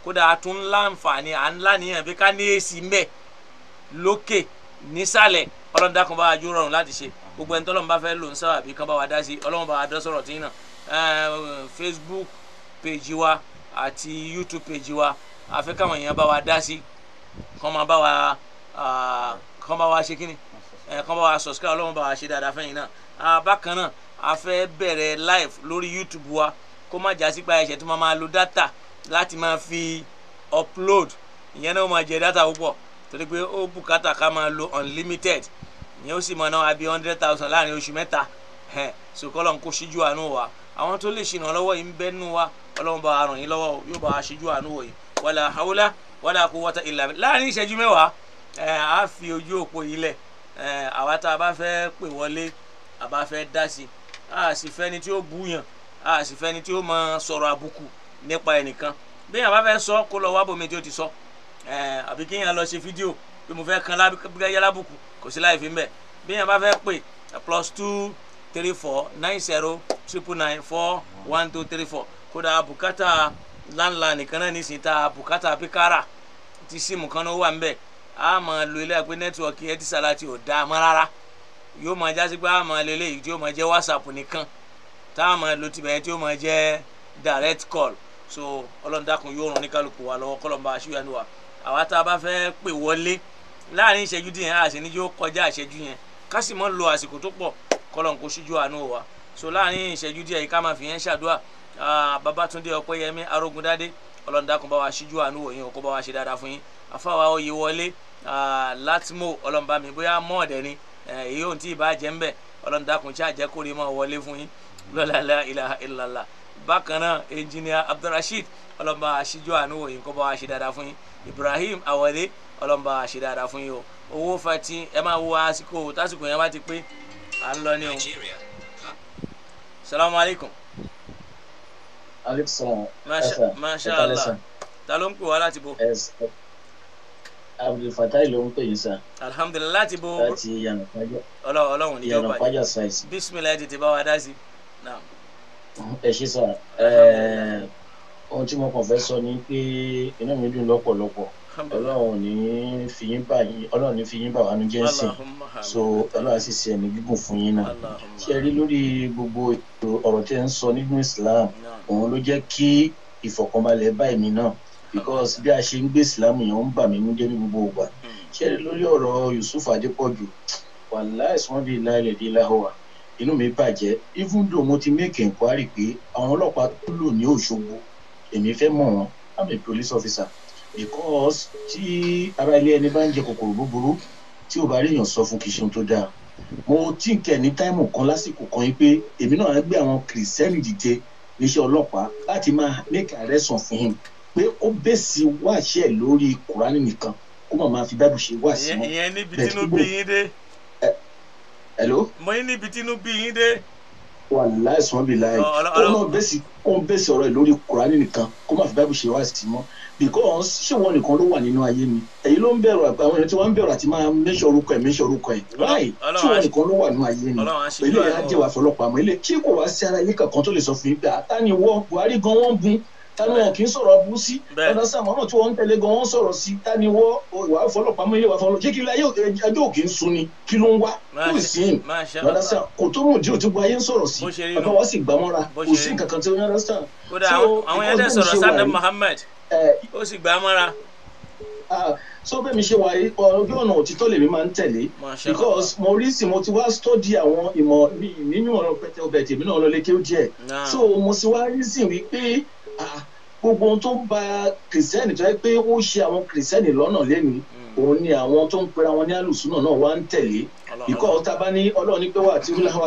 kódà a tún láǹfààní à ń láníyàn bí ká ní èsì ń bẹ̀ lókè nísàlẹ̀ ọlọ́run dákun bá wa jú rọrùn láti ṣe gbogbo ẹni tọ́lọ́run bá fẹ́ lò ń sábà bí kán bá wa dá sí ọlọ́run bá wa dá sọ̀rọ̀ tí eh, Facebook page wa àti YouTube page wa àfi káwọn èèyàn bá wa dá sí kàn máa bá wa kàn bá wa ṣe kíni kàn bá wa subscribe ọlọ́run bá wa ṣe dáadáa fẹ́yìn náà bákan náà a fẹ́ live lori YouTube wa kó má jásí pa ẹ̀ṣẹ̀ tó máa lo data láti máa fi upload ìyẹn náà ó máa jẹ data púpọ̀ torí pé ó bùkátà ká máa lo unlimited ìyẹn ó sì máa ná abi hundred thousand láàrin oṣù mẹ́ta sòkòlò ń kó síjú àánú wa àwọn tó lè ṣìnà lọ́wọ́ yìí ń bẹ́nu wa ọlọ́run bá ràn yín lọ́wọ́ yóò bá a ṣíjú àánú wò yìí wàlà haúlá wala quwwata illa billah láàrin ìṣẹ́jú mẹ́wàá a fi ojú òpó yìí lẹ̀ àwa tá a bá fẹ́ pè wọlé a bá fẹ́ dá sí a sì fẹ́ni tí ó búyàn a sì fẹ́ni tí ó mọ sọ̀rọ̀ àbùkù nípa ẹnìkan bí yàn bá fẹ́ sọ kó lọ wá bòmí tí ó ti sọ àbí kí yàn lọ ṣe fídíò bí mo fẹ́ kan yálábùkù kò sí láì fi mbẹ̀ bí yàn bá fẹ́ pè plus two three four nine zero triple nine four one two three four kódà bùkátà láńlá nìkan náà nísìnyí tá a bùkátà píkárà ti síìmù kan náà wà ń bẹ̀ a máa lo ilé àgbẹ̀ nẹ́tíwọ̀kì Etisalat ò dáa mọ́ rárá yóò máa jásí pé a máa lo eléyìí tí ó máa jẹ́ whatsapp nìkan tá a máa lo tibẹ̀ tí ó máa jẹ́ direct call so ọlọ́ndàkùn yóò ràn oníkálukú wa lọ́wọ́ kọ́lọ́mbà aṣíwájú wa àwa tá a bá fẹ́ pè wọlé láàrin ìṣẹ́jú díẹ̀ àṣẹ ni yóò kọjá ìṣẹ́jú yẹn ká sì mọ́ lo àsìkò tó pọ̀ kọ́lọ́n kó ṣíjú àánú wa so láàrin ìṣẹ́jú díẹ̀ yìí ká máa fi yẹn ṣàdúrà Ah, Babátúndé Ọpẹ́yẹmí Arógundádé ọlọ́ndàkùn bá wa ṣíjú àánú wò yín o kó bá wa ṣe dáadáa fún yín afáwa oyè wọlé ah, látìmọ̀ ọlọ́mbàmí bóyá mọ́ọ̀dẹ́ ni eh, èyí ò tí ì bá jẹ́ ńbẹ̀ ọlọ́ndàkùn tí àjẹkórè mọ́ wọlé fún yín lọ́lá ilaha illallah bákan náà engineer Abdulrasheed ọlọ́mbà aṣíjú àánú wò yín kó bá wa ṣe dáadáa fún yín Ibrahim Awọlé ọlọ́mbà aṣí dáadáa fún yín o owó fati ẹ máa wo àsìkò tásìkò yẹn bá ti pé aleykum salaam. masha allah ta ló ń pè wá láti bo. abdulfatai ló ń pè yín sá. alhamdulilayi láti bo. láti yànnàpájà. ọlọ́run níjọba yànnàpájà sáìsì. bisimilayi tètè bá wa dá sí. ẹ ṣe sá ohun tí mo kàn fẹ́ sọ ni pé inú mi dùn lọ́pọ̀lọpọ̀ ọlọ́run ní fi yín bá yín ọlọ́run ní fi yín bá wa nu jẹ́sìn so ọlọ́run sì ṣe ẹ̀mí gígùn fún yín náà ṣe rí lórí gbogbo ọ̀rọ̀ tẹ́ ń sọ nínú Islam òun ló jẹ́ kí ìfọ̀kànbalẹ̀ bá èmi náà because bí a ṣe ń gbé Islam yẹn ń bà mí mú jẹ́ ní gbogbo ìgbà hmm. ṣe rí lórí ọ̀rọ̀ Yusuf Adépọ̀jù wàláì sọ́n bíi láìlẹ̀ dé láhùwà inú mi bàjẹ́ even though mo ti make inquiry pé àwọn ọlọ́pàá tó lò ní Òṣogbo èmi fẹ́ mọ̀ wọn I'm a police officer because tí ara ilé ẹni bá ń jẹ kòkòrò búburú tí ò bá ríyàn sọ fún kì í ṣe ohun tó dáa mo tí ń kẹ̀ ní táìmù kan lásìkò kan yìí pé èmi náà gbé àwọn kìrìsẹ́nì dìde níṣẹ́ ọlọ́pàá láti máa make arrest fún him pé ó bèsì wáṣẹ́ lórí kùránì nìkan kó mọ̀ máa fi báàbù ṣe wá sí wọn. ìyẹn níbi tínú bí yín dé. hello. mo ní níbi tínú bí yín dé. wàláì sàn bí láì kó náà bèsì kó ń bèsì ọ̀rọ̀ ẹ̀ lórí kùránì nìkan kó má fi báàbù ṣe wá sí wọn because ṣé wọn nìkan ló wà nínú ayé ni èyí ló ń bẹ̀rù àwọn èèyàn tí wọ́n ń bẹ̀rù àti máa mẹ́sọ̀ orúkọ ẹ̀ mẹ́sọ̀ orúkọ ẹ̀ láì ṣé wọn nìkan ló wà nínú ayé ni pẹ̀lú ẹ̀yà jẹ́ wà fọlọ́pàá àmọ́ ilé kí kò wá sí ara ilé kankan tó lè sọ fún yín pé àtàníwọ́ ah, Buhari gan wọ́n bun tani wọn kì í sọ̀rọ̀ abú sí ọ̀dọ̀ sáà mọ́nà tí wọ́n ń tẹ̀lé gan wọ́n sọ̀rọ̀ sí tani wọ́ ìwà fọlọ́pàá mọ́ ilé wà fọlọ́ jẹ́kí ẹjọ́ òkè ń sunni kí ló ń wá kò sí in ọ̀dọ̀ sáà kò tó mọ̀ díò tí bu ayé ń sọ̀rọ̀ sí ọ̀dọ̀ wá sì gbàmọ́ra kò sí nǹkan kan tí ó ń yára sáà. kódà àwọn yẹn tẹ sọ̀rọ̀ sanni Muhammad ó sì gbà á mọ́ra. Ah, so bẹ́ẹ̀ mi ṣe wà ojú ọ̀nà òtítọ́ lèmi máa ń tẹ̀lé because mo rí sí mo ti wá study àwọn ìmọ̀ mi nínú ọ̀rọ̀ pẹ̀tẹ́ ọbẹ̀ tèmi náà lọ́lẹ́ kí ó jẹ́ ah. so mo sì wá rí sí wípé ah, gbogbo ohun tó ń ba kìrìsìtẹ́nì tó yẹ pé ó ṣe àwọn kìrìsìtẹ́nì lọ́nà lẹ́nu òun ni àwọn tó ń pera wọn ní àlùsùnà náà wá ń tẹ̀lé ikọ̀ ọ̀tá ní ọlọ́run ní pé wà tí wúlá wà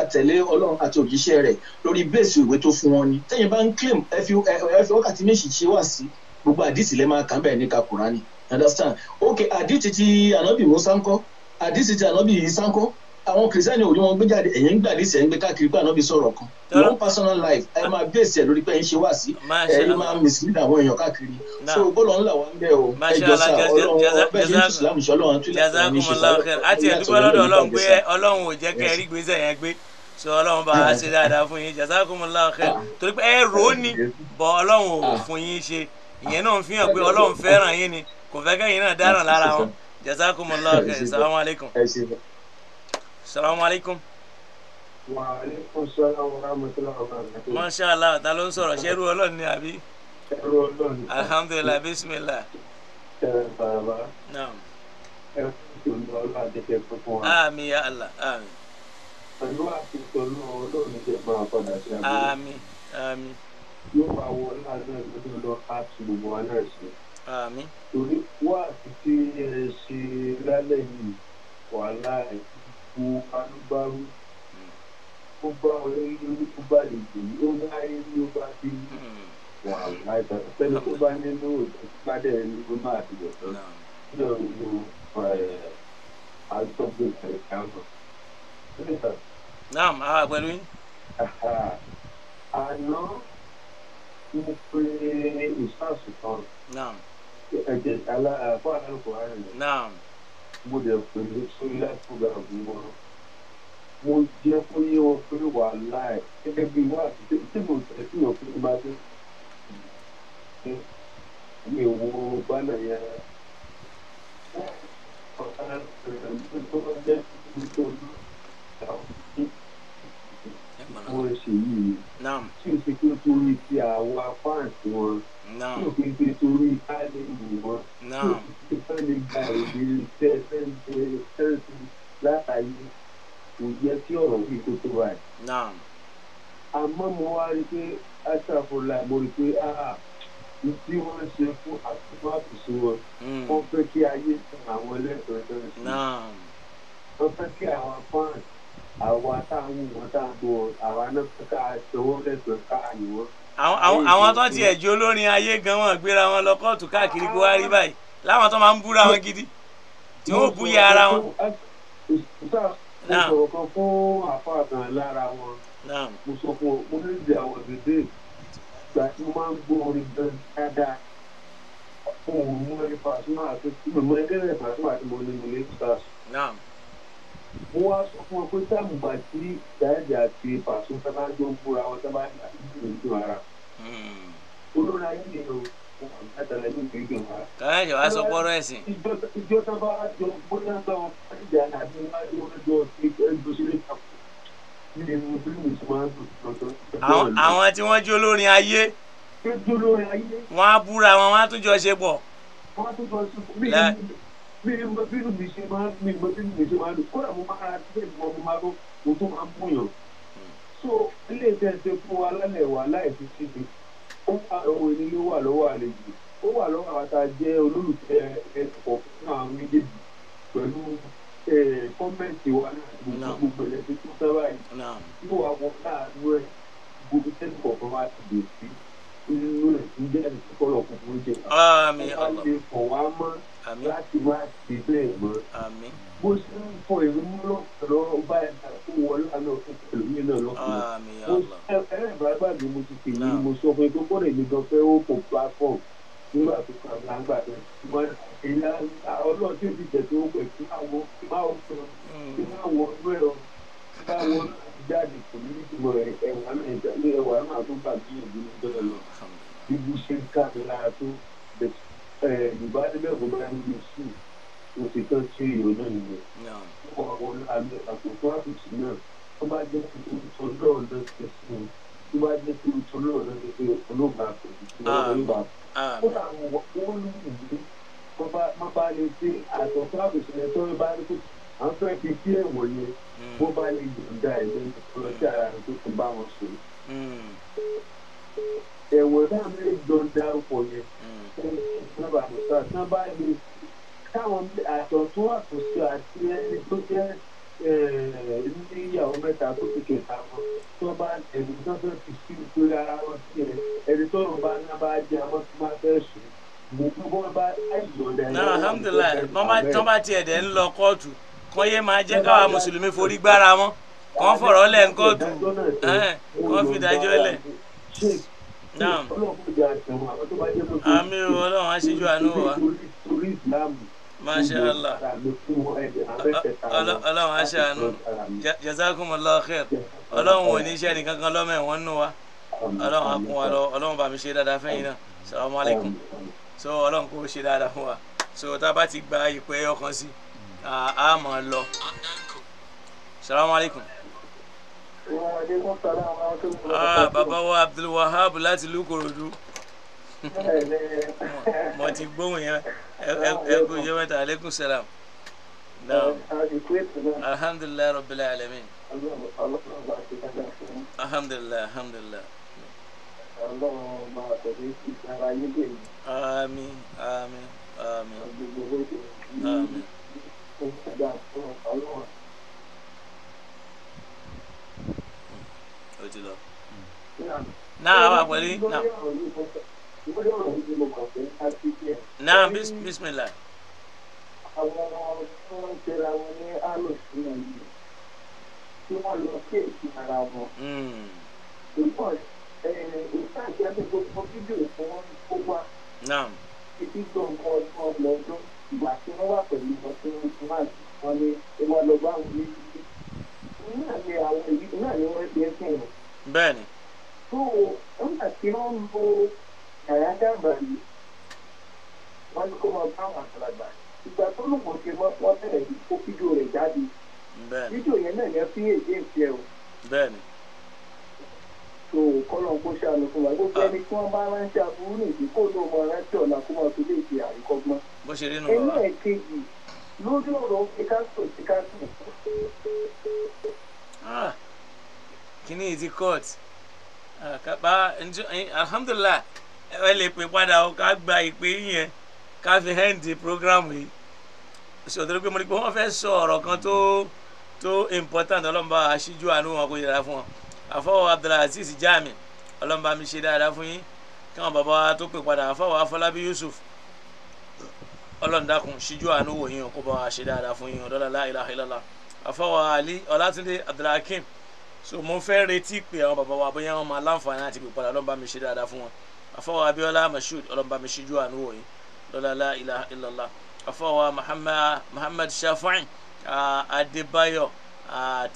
àtẹ̀lé ọlọ́run àti òjíṣẹ́ rẹ̀ lórí bẹ́ẹ̀sì ìwé tó fún wọn ni tẹ́yìn bá ń claim ẹ fi wákàtí méjì ṣe wá sí gbogbo àdìsí lẹ́ máa kàn bẹ́ẹ̀ ní kakùránì understand ok àdìsí ti ànábì Mùsá ńkọ́ àdìsí ti ànábì Ìsá ńkọ́ àwọn kìrìsìtẹ́nì òní wọn gbé jáde ẹ̀yìn ń gbàdí sẹ̀ ń gbé káàkiri pé ànábi sọ̀rọ̀ kan long personal life ẹ máa bẹ́ẹ̀sì ẹ̀ lórí pé ẹ ń ṣe wá sí ẹ ẹ máa mislead àwọn èèyàn káàkiri so bọ́ọ̀lù ńlá wa ń bẹ̀ o ẹjọ́ sá ọlọ́run ọbẹ̀ yìí islam ṣe ọlọ́run tún lè ní ṣe sá àti ẹ̀dúpẹ́ lọ́dọ̀ ọlọ́run pé ọlọ́run ò jẹ́ kẹ́ rí gbèsè yẹn gbé so ọlọ́run bá a ṣe dáadáa fún yín jazakumullahu khair torí pé ẹ rò ó ní bọ ọlọ́run ò fún yín ṣe ìyẹn náà fi hàn pé ọlọ́run fẹ́ràn yín ni kò fẹ́ kẹ́yìn náà dáràn lára wọn jazakumullahu khair salamu alaykum salamu alaykum. wa aleykum salaam wa rahmatulah wa barakatuh. masha allah ta ló ń sọ̀rọ̀ ṣẹ́rú ọlọ́run ni àbí. ṣẹ́rú ọlọ́run ni. alhamdulilah bisimilah. ṣe é bàbá. naam. ẹ kò allah àmín. pẹ̀lú àtúntò náà ọlọ́run ṣe máa padà sí abúlé. àmín àmín. yóò máa wọ láàrin ìgbésẹ̀ lọ àti gbogbo wa náà sí. àmín. torí wá àti tí ẹ ṣe lálẹ́ yìí wàhálà ẹ̀ bu alúgbárú ó bá olórí lórí ó bá lè dè ó bá rí ní ó bá dé wà láìpẹ́ pẹ̀lú tó bá ní lóòótọ́ pàdé ẹni ló máa fi lọ́tọ́ lọ lo àtọ́gbé ìkàwọ̀. naam a pẹ̀lú yín. àná mo pe ìṣàṣù kan. naam. ẹ̀jẹ̀ alá àpò àlùkò àrùn. naam. naam mo dẹ̀ pè mí sórí láìpẹ́ àbúrò mo jẹ́ kó yé wọn pé wà láì gẹ́gẹ́ bí wá àti tí mo tẹ̀ sí wọn pé máa dé mi wo bánà yẹn ọ̀tá rẹ̀ ló jẹ́ nítorí àwọn wọ́n ń ṣe yìí tí o ṣe pé torí ti àwa fáǹsì wọn tí o ṣe pé torí tálẹ́ǹtì wọn tí o fẹ́ lè gba èdè tẹ́sẹ̀ǹtì tẹ́sẹ̀ǹtì látàyè kò yẹ kí ọ̀rọ̀ yìí kó tó wà. àmọ́ mo wá rí pé aṣàfùlà mo rí pé tí ah, wọ́n ṣe fún àtúntò àtúnṣe wọn hmm. wọ́n fẹ́ kí ayé san àwọn ẹlẹ́tọ̀ọ́ náà sí wọ́n fẹ́ kí àwọn fáǹsì àwa tá a wù wọn tá a bọ àwa náà ká ṣọwọ́ lẹ́sàn-án ká àyè wọn. àwọn tó tiẹ̀ ju olórin ayé gan wọn gbéra wọn lọ kóòtù káàkiri kó wá rí báyìí láwọn tó máa ń búra wọn gidi tí wọn ò bú ya ara wọn. mo sọ̀rọ̀ kan fún àfáà kan lára wọn mo sọ fún ọ mo ní ìdí àwọn ó wá sọ fún wọn pé táàmù gbà tí dáàdì àti pàṣẹ fẹ́ máa jó fúnra wọn tá bá ní àdúgbò ìjọ ara hmm. olórí ayé ni o kàrẹ́ ṣe wá sọ pọ́rọ́ ẹ̀sìn. ìjọ tó bá jọ bóyá sọ ìjà àti ìwádìí wọn jọ ṣe ẹgbẹ́sílẹ̀ kàkó nílé ní fílímù tí wọ́n á dùn lọ́tọ́. àwọn tí wọ́n jó lórin ayé wọ́n á búra wọn wọ́n á tún ṣe pọ̀. wọ́n á tún ṣe pọ̀ mi mọ bínú mi ṣe máa mi mọ bínú mi ṣe máa lò kódà mo máa ra tíkẹ́ẹ̀tì mọ́ mo máa lọ mo tún máa ń bùyàn. so ilé ìtẹ́sẹ̀ fún wa lálẹ́ wa láì fi síbi ó wà lọ́wọ́ onílé wà lọ́wọ́ àlejò ó wà lọ́wọ́ àwọn tá a jẹ́ olólùfẹ́ ẹ̀kọ́ fún àwọn méjèèjì pẹ̀lú kọ́mẹ̀ntì wa náà gbogbo ẹ̀sìn tó sábà yìí yóò wá wọ láàánú ẹ̀ gbogbo ẹ̀sìn kọ̀ọ̀kan wa ti dè sí inú ẹ̀ ń jẹ́ ẹ̀sìn láti wá sí bẹ́ẹ̀ mọ́. bó ṣe ń fọ ìlú lọ́kọ̀ọ́ ọba ẹ̀dá tó wọlé àná fún ẹlòmíì náà lọ́kọ̀ọ́. ẹ̀rẹ́ ìbáragbàgbé mo ti pè ní mo sọ fún ẹ pé kó lè ní gan fẹ́ ó kò platform nígbà tó kà máa gbà bẹ́ẹ̀. ṣùgbọ́n ìyá ọlọ́run tí ó ti tẹ̀sí ó pẹ̀ kí máwo kí máwo sọ kí hmm. máwo ọdún ẹ̀rọ kí máwo jáde kò ní ìtumọ̀ ẹ̀wà náà ẹ̀wà náà tó bàbí ìlú yorùbá eh, níbẹ̀ kò bá ní lè sùn o ti tán sí ìrònú ìyẹn àkókò àtúntì náà tó bá jẹ́ kí o tó lọ́ọ̀ lọ sí fún un tó bá jẹ́ kí o tó lọ́ọ̀ lọ sí fún un olóògbà kò sí fún un olóògbà dà wọ́n lù ìdílé kó bá má bá lè ṣe àkókò àtúntì náà tó bá rí kó à ń fẹ́ fi kí ẹ̀wọ̀n yẹn bó hmm. bá lè yọ̀ǹda ẹ̀ lọ sí ara rẹ̀ tó ti bá wọn sùn hmm. ẹ̀wọ̀n náà lè yọ̀ǹda ọkọ̀ yẹn ìjọba àbùsà tí wọ́n bá lè káwọn àjọ tó wà tó ṣe àti ẹni tó jẹ́ ní ìyàwó mẹ́ta tó ti kẹta wọn tí bá ẹni tó fẹ́ fi sí ìpínlẹ̀ ara wọn sí ẹ ẹni tó rọ̀ bá ń bá jẹ àwọn tó máa fẹ́ sùn mo kú bọ́ bá ẹ̀yọ̀ rẹ̀. náà alhamdulilayi tọ́ bá tiẹ̀ dẹ̀ ń lọ kóòtù kọ́ yé máa jẹ́ káwa mùsùlùmí forí gbára wọn kàn fọ̀rọ̀ lẹ̀ ń kóòtù kàn fìdájọ́ lẹ̀ naam àmín ọlọ́run á ṣíjú àánú wa masha allah ọlọ́run á ṣe àánú jazakum allah khair ọlọ́run ò ní iṣẹ́ nìkan kan lọ́mọ ẹ̀wọ̀n nù wa ọlọ́run á kún wa lọ ọlọ́run bá mi ṣe dáadáa fẹ́yìn náà salamu alaykum so ọlọ́run kò ṣe dáadáa fún wa so tá a bá ti gba ìpè ọkàn sí a máa lọ salamu alaykum. Ah, ah bàbá wa abdulwahab láti lukorodu mo ti gbóhùn yẹn ẹkún yẹn mẹ́ta aleykum salam naam alhamdulilayi rabbil alamin alhamdulilayi alhamdulilayi. Àmín, àmín, àmín, àmín. ó ti lọ. náà wà pẹ̀lú náà. náà bísímìlà. àwọn ọmọ tí wọ́n náà ni àwọn èyí náà ni wọ́n ṣe ń sìn wọn. bẹ́ẹ̀ni. tó o nígbà tí wọ́n ń lo yàrá dàgbà yìí wọ́n ní kó máa bá àwọn àgbàlagbà ìgbà tó lòun kò ṣe mọ́ wọ́n bẹ̀rẹ̀ yìí kó fídíò rẹ̀ jáde. fídíò yẹn náà ni wọ́n fi èdè ń fi ẹ̀ o. bẹ́ẹ̀ni. tó o kọ́ lọ́n kó ṣàánú fún wa gbogbo ah. ẹni tí wọ́n bá ránṣẹ́ aburú nìyí kó lóun máa ránṣẹ́ ọ̀nà kó máa fi lè ṣe àríkọ́gbọ́n. bó ṣe rí nù lọ́la. ẹni ẹ̀kejì ah kini izi court. Ah, Kaba eh, alhamdulillah ẹ lè pè padà o ká gba ìpè yẹn ká fi hẹ́ǹdì program yìí. Sọ̀tẹ́rẹ́ pé mo ní pé wọ́n fẹ́ sọ ọ̀rọ̀ kan tó tó important ọlọ́mọba aṣíjú àánú wọn kò yẹra fún wọn. Àfọwọ́ Abdulaziz Jami ọlọ́mọba mi ṣe dáadáa fún yín. Káwọn bàbá wa tó pè padà àfọwọ́ Afọlábí Yusuf ọlọ́run dákun ṣíjú àánú wò yín kó bá wa ṣe dáadáa fún yín ọ̀dọ́lá la ilaha illallah àfọwọ́ alí ọlátúndé abdulhakeem so mo fẹ́ retí pé àwọn bàbá wa bóyá wọn máa láǹfààní àti pípadà ọlọ́run mi ṣe dáadáa fún wọn àfọwọ́ abiola mashood ọlọ́run mi ṣíjú àánú wò yín ọ̀dọ́lá la ilaha illallah àfọwọ́ muhammad shafi'in adébáyọ̀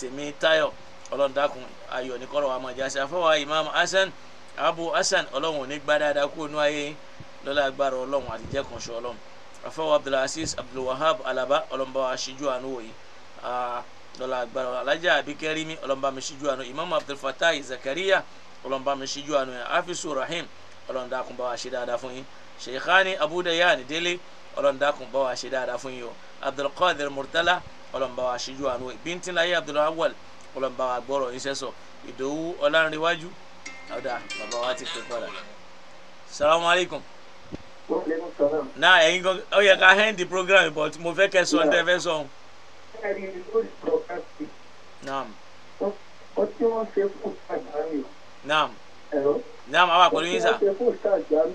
tèmítáyọ̀ ọlọ́run dákun ayọ̀ ní kọ́rọ̀ wa máa jẹ́ imam hasan abu hasan ọlọ́run ò ní gbá dáadáa kúrò ní ayé kan ṣe ọlọ́run afaw abdulaziz abdulwahab alaba ọlọmọba wa ṣíjú àánú wòye lọlá agbára alájà abikẹrìmí ọlọmọba mi ṣíjú àánú imam abdulfatai zakariya ọlọmọba mi ṣíjú àánú yẹn afisu rahim ọlọmọdàkùn bá wa ṣe dáadáa fún yín sheikhani abudayan délé ọlọmọdàkùn bá wa ṣe dáadáa fún yín o abdulkadir murtala ọlọmọba wa ṣíjú àánú wòye bíntín-láyé abdulawal ọlọmọba wa gbọ́rọ̀ yín sẹ́sọ̀ ìdòwú ọlánrewájú ọ̀dà bàbá wa ti pè padà salamu na ẹyin kan ó yẹ ká hẹ́ndì program but mo fẹ́ kẹ́ sọ ní tẹ́fẹ́ sọ. naam. ó tí wọ́n ṣe fún sàgbárì. naam. ẹ̀rọ. naam àwa pẹ̀lú yín sà. ó tí wọ́n ṣe fún sàgbárì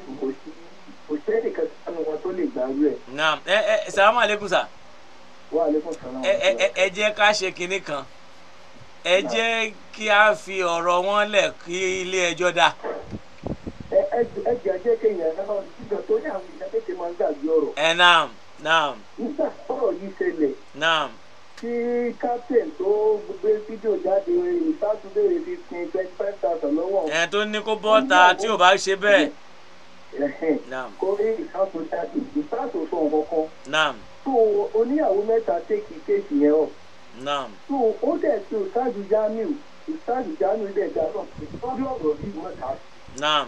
kò sí kò sí ẹnìkan sánú wọn tó lè gbàrú ẹ̀. naam ẹ ẹ salamu aleykum sà. wa aleykum salaam. ẹ ẹ ẹ jẹ́ ká ṣe kinní kan ẹ jẹ́ kí a fi ọ̀rọ̀ wọn lẹ̀ kí ilé ẹjọ́ dá. ẹ ẹ jẹ́ kéèyàn náà torí àwọn èèyàn tètè máa ń gbàgbé ọ̀rọ̀. ẹ naam naam. nígbà tọ́rọ̀ yìí ṣẹlẹ̀. naam. tí captain tó gbé fídíò jáde ìsátúndé fi pin twenty five thousand lọ́wọ́. ẹ tó ní kó bọ́ta tí ò bá ṣe bẹ́ẹ̀. kó rí ìsátò jáde ìsátò sọ nǹkan kan. naam. tó oníyàwó mẹ́ta tẹ́kì kéèkì yẹn ọ̀. naam. tó ó dẹ̀ tó ṣáàjú jamiu ṣáàjú jamiu dẹ̀ dáná ìtọ́jú ọ̀rọ̀ yìí wọ́n ta. naam.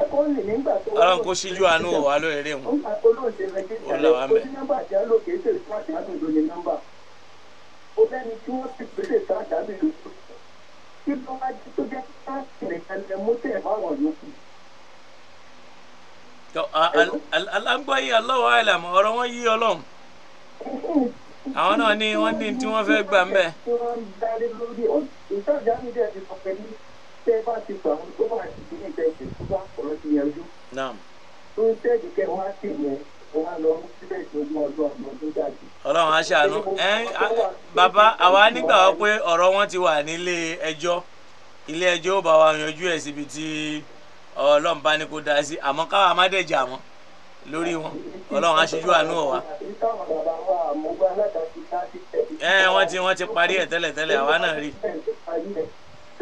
ọlọ́run kò síjú àánú wò wá lórí rẹ̀ wọn. ó là wá mẹ́. alágbọ́yé aláwọ̀ àìlàmọ̀ ọ̀rọ̀ wọn yí ọlọ́run àwọn náà ní wọ́n ní tí wọ́n fẹ́ gbà ń bẹ̀. ìtajà mi dẹ̀ ti sọ pé ní tẹ́ bá ti gbà wọn tó bá ti di ní ìtẹ̀sẹ̀ tó bá ọ̀rọ̀ ti yanjú. tó ń tẹ́ẹ̀dì kẹ́ wọ́n á sì yẹn wọ́n á lọ síbẹ̀ ìtọ́jú ọdún ọdún tó jáde. ọlọ́run á ṣàánú ẹ bàbá àwa nígbà wá pé ọ̀rọ̀ wọn ti wà nílé ẹjọ́ ilé ẹjọ́ ó bá wa yanjú ẹ̀ síbi tí ọlọ́run bá ní kó dá sí àmọ́ káwa má dẹ̀jà wọn lórí wọn ọlọ́run á àánú ọ̀wá. ẹ wọ́n ti wọ́n ti parí ẹ̀ tẹ́lẹ̀tẹ́lẹ̀ àwa náà rí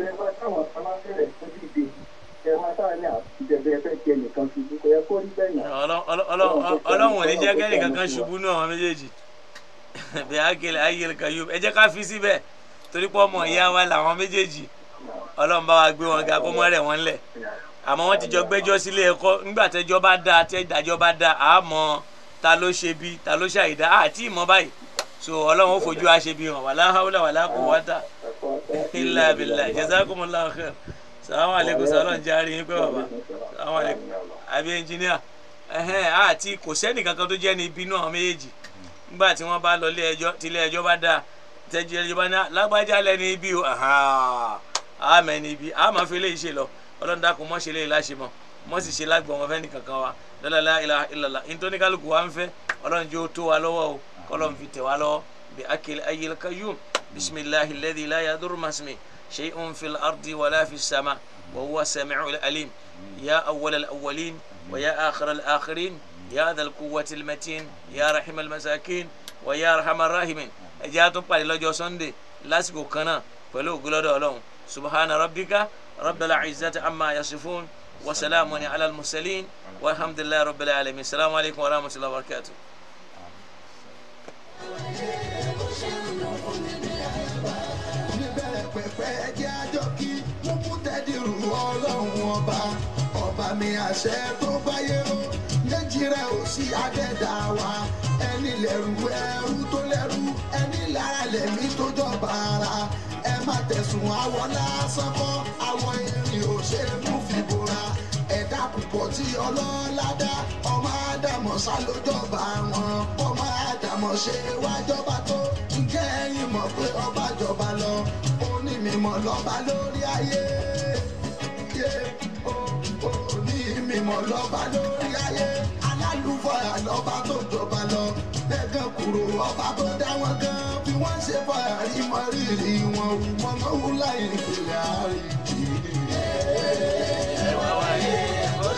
ẹgbẹ́ táwọn kan bá fẹ́rẹ̀ fojú ìdè ẹ̀rọ táwọn ní àtijọ́bẹ̀ ẹgbẹ́ tiẹ̀ nìkan ṣubú kò yẹ kó rí bẹ́ẹ̀ náà. ọlọ́run ò ní jẹ́ kẹ́rì kankan ṣubú náà àwọn méjèèjì bí akele ayele kan yóò ẹ jẹ́ ká fi síbẹ̀ torí pé ọmọ ìyá wa làwọn méjèèjì ọlọ́run bá wa gbé wọn ga kó mọ́ rẹ̀ wọ́n lẹ̀ àmọ́ wọ́n ti jọ gbẹ́jọ́ sílé ẹ̀kọ́ nígbà tẹ́jọ́ bá dáa tẹ́dájọ́ bá dáa àmọ́ ta ló ṣe bí ta ló ṣàìdá àti ìmọ̀ báyìí so ọlọ́run ó fojú aṣebi hàn wàlá hawla wàlá quwwata illa billah jazakumullahu khair salamu aleykum sọlọ́n járe yín pé bàbá salamu aleykum àbí ẹnjìníà àti kò sẹ́ni kankan tó jẹ́ ní ibinú àwọn méjèèjì nígbà tí wọ́n bá lọ ilé ẹjọ́ tí ilé ẹjọ́ bá dáa tẹ́jú ẹjọ́ bá ná lágbájá lẹ́ni ibi o àmẹ́ ni ibi àmọ́ fi léyìí ṣe lọ ọlọ́run dákun mọ́ ṣe léyìí láṣẹ mọ́ mọ́ sì ṣe lágbọ̀n wọn fẹ́ nìkankan wa lọ́lá ilà ilà ntọ́nikálukú wa ń fẹ́ ọlọ́run jẹ́ ó tó wa lọ́wọ́ o. ولهم في توالو بأكل أي الكجوم بسم الله الذي لا يضر ما شيء في الأرض ولا في السماء وهو سميع العليم يا أول الأولين ويا آخر الآخرين يا ذا القوة المتين يا رحم المساكين ويا رحم الراحمين يا طبعا لو جو سندي لاسكو كنا فلو قلو سبحان ربك رب العزة أما يصفون وسلام على المرسلين والحمد لله رب العالمين السلام عليكم ورحمة الله وبركاته níbẹ̀rẹ̀ pẹ̀pẹ̀ ẹjẹ́ àjọ kí mo mi àṣẹ tó báyé o méjì rẹ̀ ò sí adẹ́dá wa ẹni lẹ́rù ẹrú tó lẹ́rù ẹni lára lẹ́mí tó jọba ara ẹ má tẹ̀sùn àwọn lásán kọ́ àwọn irin ò ṣe é mú àkùkọ tí ọlọ́lá dá ọmọ àdàmọ̀ sálójọba wọn ọmọ àdàmọ̀ ṣe wájọba tó ǹjẹ́ ẹ̀yin mọ̀ pé ọba jọba lọ oní mímọ́ lọ́ba lórí ayé oní mímọ́ lọ́ba lórí ayé alálùfọ̀yà lọ́ba tó jọba lọ gbẹ̀gàn kúrò ọba tó dá wọn gan bí wọ́n ṣe fọyà rí mọ rírì wọn ò náwó láì nípìnlẹ̀ àárín kìíní.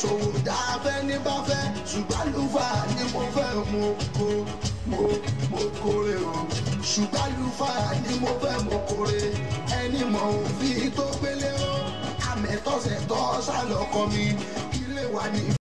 ṣòwò dáfẹ́ ní bá fẹ́ ṣùgbọ́n lùfà ni mo fẹ́ mo kó mo mo kórè o ṣùgbọ́n lùfà ni mo fẹ́ mo kórè ẹni mọ̀ òfin tó gbélé o àmẹ́tọ́sẹ̀ tọ́ sálọ́kọ mi ilé wa ni.